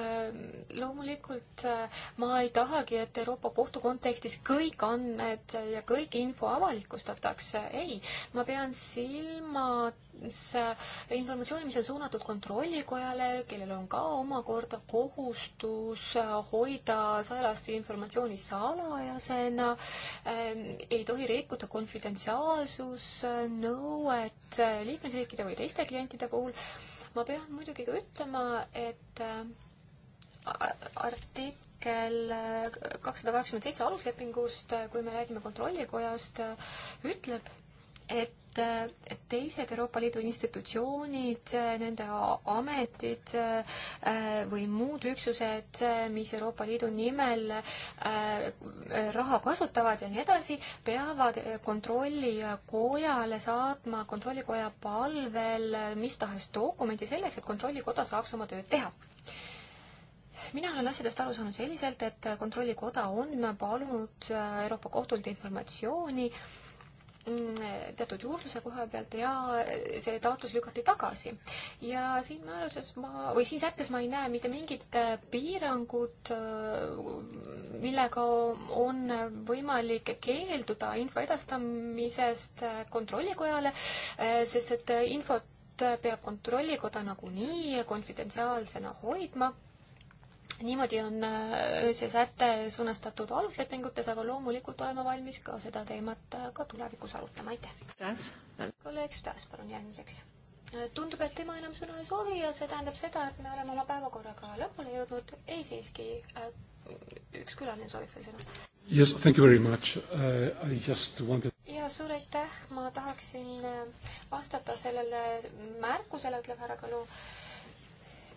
Ähm, loomulikult äh, ma ei tahagi, et Euroopa Kohtu kontekstis kõik andmed ja kõik info avalikustatakse, ei, ma pean silmad Äh, informatsiooni, mis on suunatud kontrollikojale, kellel on ka omakorda kohustus äh, hoida salajast informatsiooni salajasena, ähm, ei tohi rikkuda konfidentsiaalsusnõuet äh, liikmesriikide või teiste klientide puhul. ma pean muidugi ka ütlema, et artikkel kakssada kaheksakümmend seitse aluslepingust, kui me räägime kontrollikojast, ütleb, et teised Euroopa Liidu institutsioonid, nende ametid äh, või muud üksused, mis Euroopa Liidu nimel äh, raha kasutavad ja nii edasi, peavad kontrollikojale saatma kontrollikoja palvel mis tahes dokumendi selleks, et kontrollikoda saaks oma tööd teha mina olen asjadest aru saanud selliselt, et Kontrollikoda on palunud Euroopa Kohtult informatsiooni äh, teatud juurdluse koha pealt ja see taotlus lükati tagasi. ja siin määruses ma, või siin sättes ma ei näe mitte mingit äh, piirangut, äh, millega on võimalik keelduda info edastamisest äh, kontrollikojale, sest et infot peab kontrollikoda nagunii konfidentsiaalsena hoidma niimoodi on äh, see säte sõnastatud aluslepingutes, aga loomulikult oleme valmis ka seda teemat äh, ka tulevikus arutama, aitäh. kolleeg Stas, palun järgmiseks. Äh, tundub, et tema enam sõna ei soovi ja see tähendab seda, et me oleme oma päevakorraga lõpule jõudnud. ei siiski, üks külaline soovib veel sõna. Yes, thank you very much uh,. I just wanted. ja suur aitäh, ma tahaksin vastata sellele märkusele, ütleb härra Kalu uh,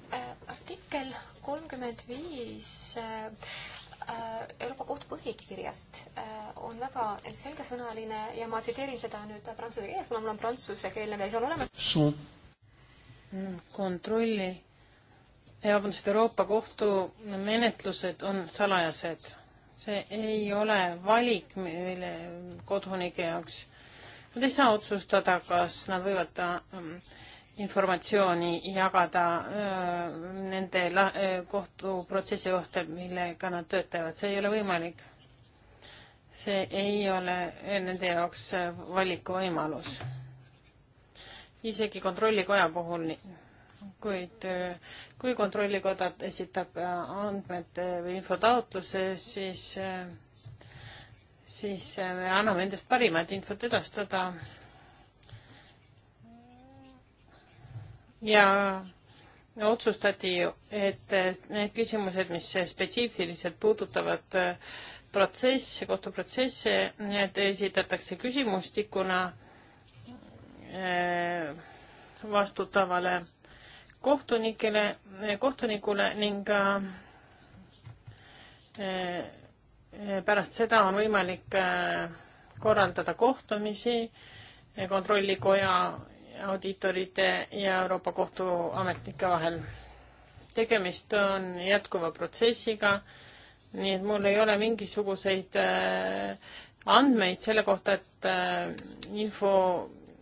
Äh, artikkel kolmkümmend viis äh, äh, Euroopa Kohtu põhikirjast on väga selgesõnaline ja ma tsiteerin seda nüüd prantsuse keeles, kuna mul on prantsusekeelne versioon olemas. Mm, kontrolli, vabandust, Euroopa Kohtu menetlused on salajased. see ei ole valik meile kodanike jaoks. Nad ei saa otsustada, kas nad võivad ta, ähm, informatsiooni jagada öö, äh, nende la-, äh, kohtuprotsessi kohta, millega nad töötavad, see ei ole võimalik. see ei ole äh, nende jaoks valikuvõimalus. isegi kontrollikoja puhul, kuid kui kontrollikoda esitab andmed või infotaotluse, siis öö, siis me anname endast parimat infot edastada ja otsustati, et need küsimused, mis spetsiifiliselt puudutavad äh, protsesse, kohtuprotsesse, need esitatakse küsimustikuna äh, vastutavale kohtunikele, äh, kohtunikule ning pärast seda on võimalik korraldada kohtumisi kontrollikoja audiitorite ja Euroopa Kohtu ametnike vahel. tegemist on jätkuva protsessiga, nii et mul ei ole mingisuguseid äh, andmeid selle kohta, et äh, info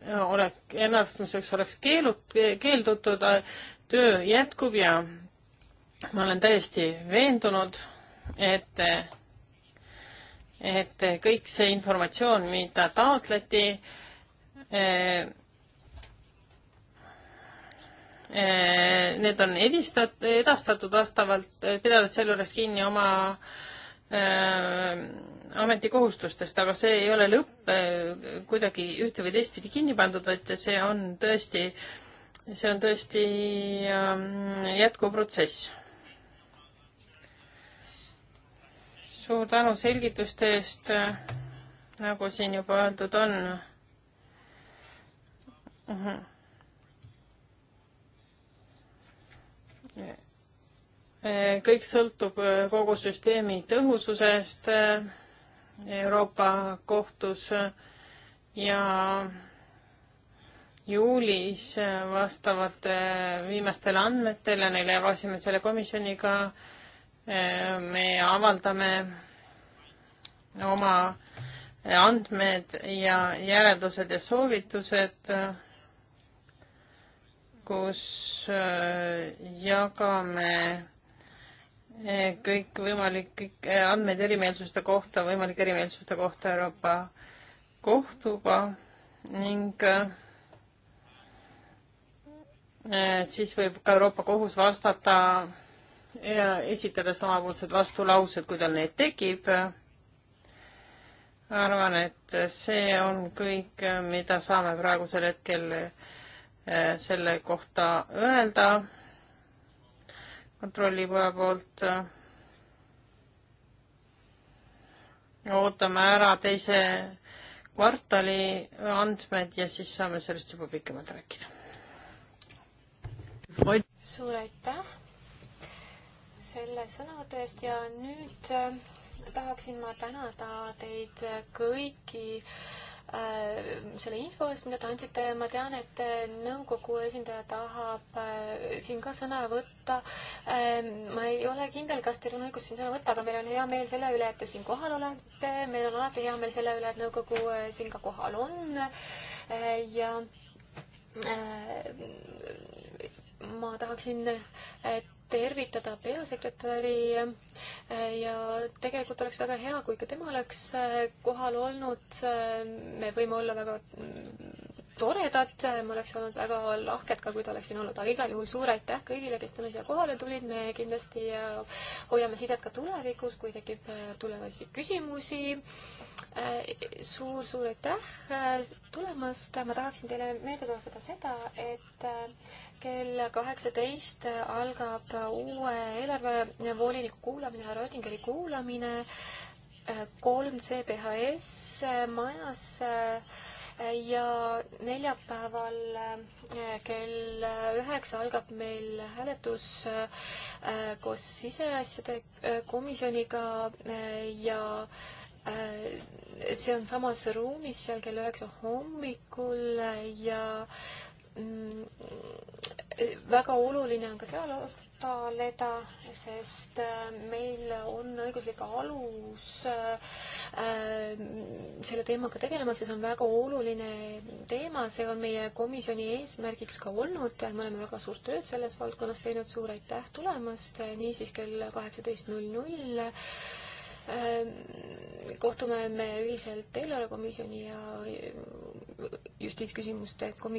äh, olek, edastamiseks oleks keelut-, keeldutud, töö jätkub ja ma olen täiesti veendunud, et, et kõik see informatsioon, mida taotleti, Eh, need on edistat-, edastatud vastavalt, eh, pidades sealjuures kinni oma äh, ametikohustustest, aga see ei ole lõpp äh, kuidagi ühte või teistpidi kinni pandud, vaid see on tõesti, see on tõesti äh, jätkuv protsess. suur tänu selgituste eest, nagu siin juba öeldud on uh. Mhm. -huh kõik sõltub äh, kogu süsteemi tõhususest äh, Euroopa kohtus äh, ja juulis vastavalt viimastele andmetele, neile jagasime selle komisjoniga, me avaldame oma andmed ja järeldused ja soovitused kus äh, jagame äh, kõik võimalik, kõik äh, andmed erimeelsuste kohta, võimalike erimeelsuste kohta Euroopa kohtuga ning siis võib ka Euroopa Kohus vastata ja esitades omapoolsed vastulaused, kui tal neid tekib. arvan, et see on kõik, mida saame praegusel hetkel äh, Äh, selle kohta öelda kontrollipoja poolt. Äh, ootame ära teise kvartali andmed ja siis saame sellest juba pikemalt rääkida. suur aitäh selle sõnavõtu eest ja nüüd äh, tahaksin ma tänada teid kõiki äh, Äh, selle info eest, mida te andsite. ma tean, et äh, nõukogu esindaja tahab äh, siin ka sõna võtta. Ähm, ma ei ole kindel, kas teil on õigus siin sõna võtta, aga meil on hea meel selle üle, et te siin kohal olete. meil on alati hea meel selle üle, et nõukogu siin ka kohal on. ja ma tahaksin tervitada peasekretäri äh, ja tegelikult oleks väga hea, kui ka tema oleks äh, kohal olnud. Äh, me võime olla väga mm, toredad, me oleks olnud väga lahked ka, kui ta oleks siin olnud, aga igal juhul suur aitäh kõigile, kes täna siia kohale tulid, me kindlasti hoiame sidet ka tulevikus, kui tekib tulevasi küsimusi suur,. suur-suur aitäh tulemast, ma tahaksin teile meelde tuletada seda, et kell kaheksateist algab uue eelarvevoliniku kuulamine, härra Oettingeri kuulamine kolm CBHS majas ja neljapäeval kell üheksa algab meil hääletus äh, koos siseasjade äh, komisjoniga äh, ja see on samas ruumis seal kell üheksa hommikul ja Mm, väga oluline on ka seal osaleda, sest äh, meil on õiguslik alus äh, selle teemaga tegelemaks ja see on väga oluline teema, see on meie komisjoni eesmärgiks ka olnud, me oleme väga suurt tööd selles valdkonnas teinud, suur aitäh tulemast, niisiis kell kaheksateist null null äh, kohtume me ühiselt eelarvekomisjoni ja justiitsküsimuste komisjoni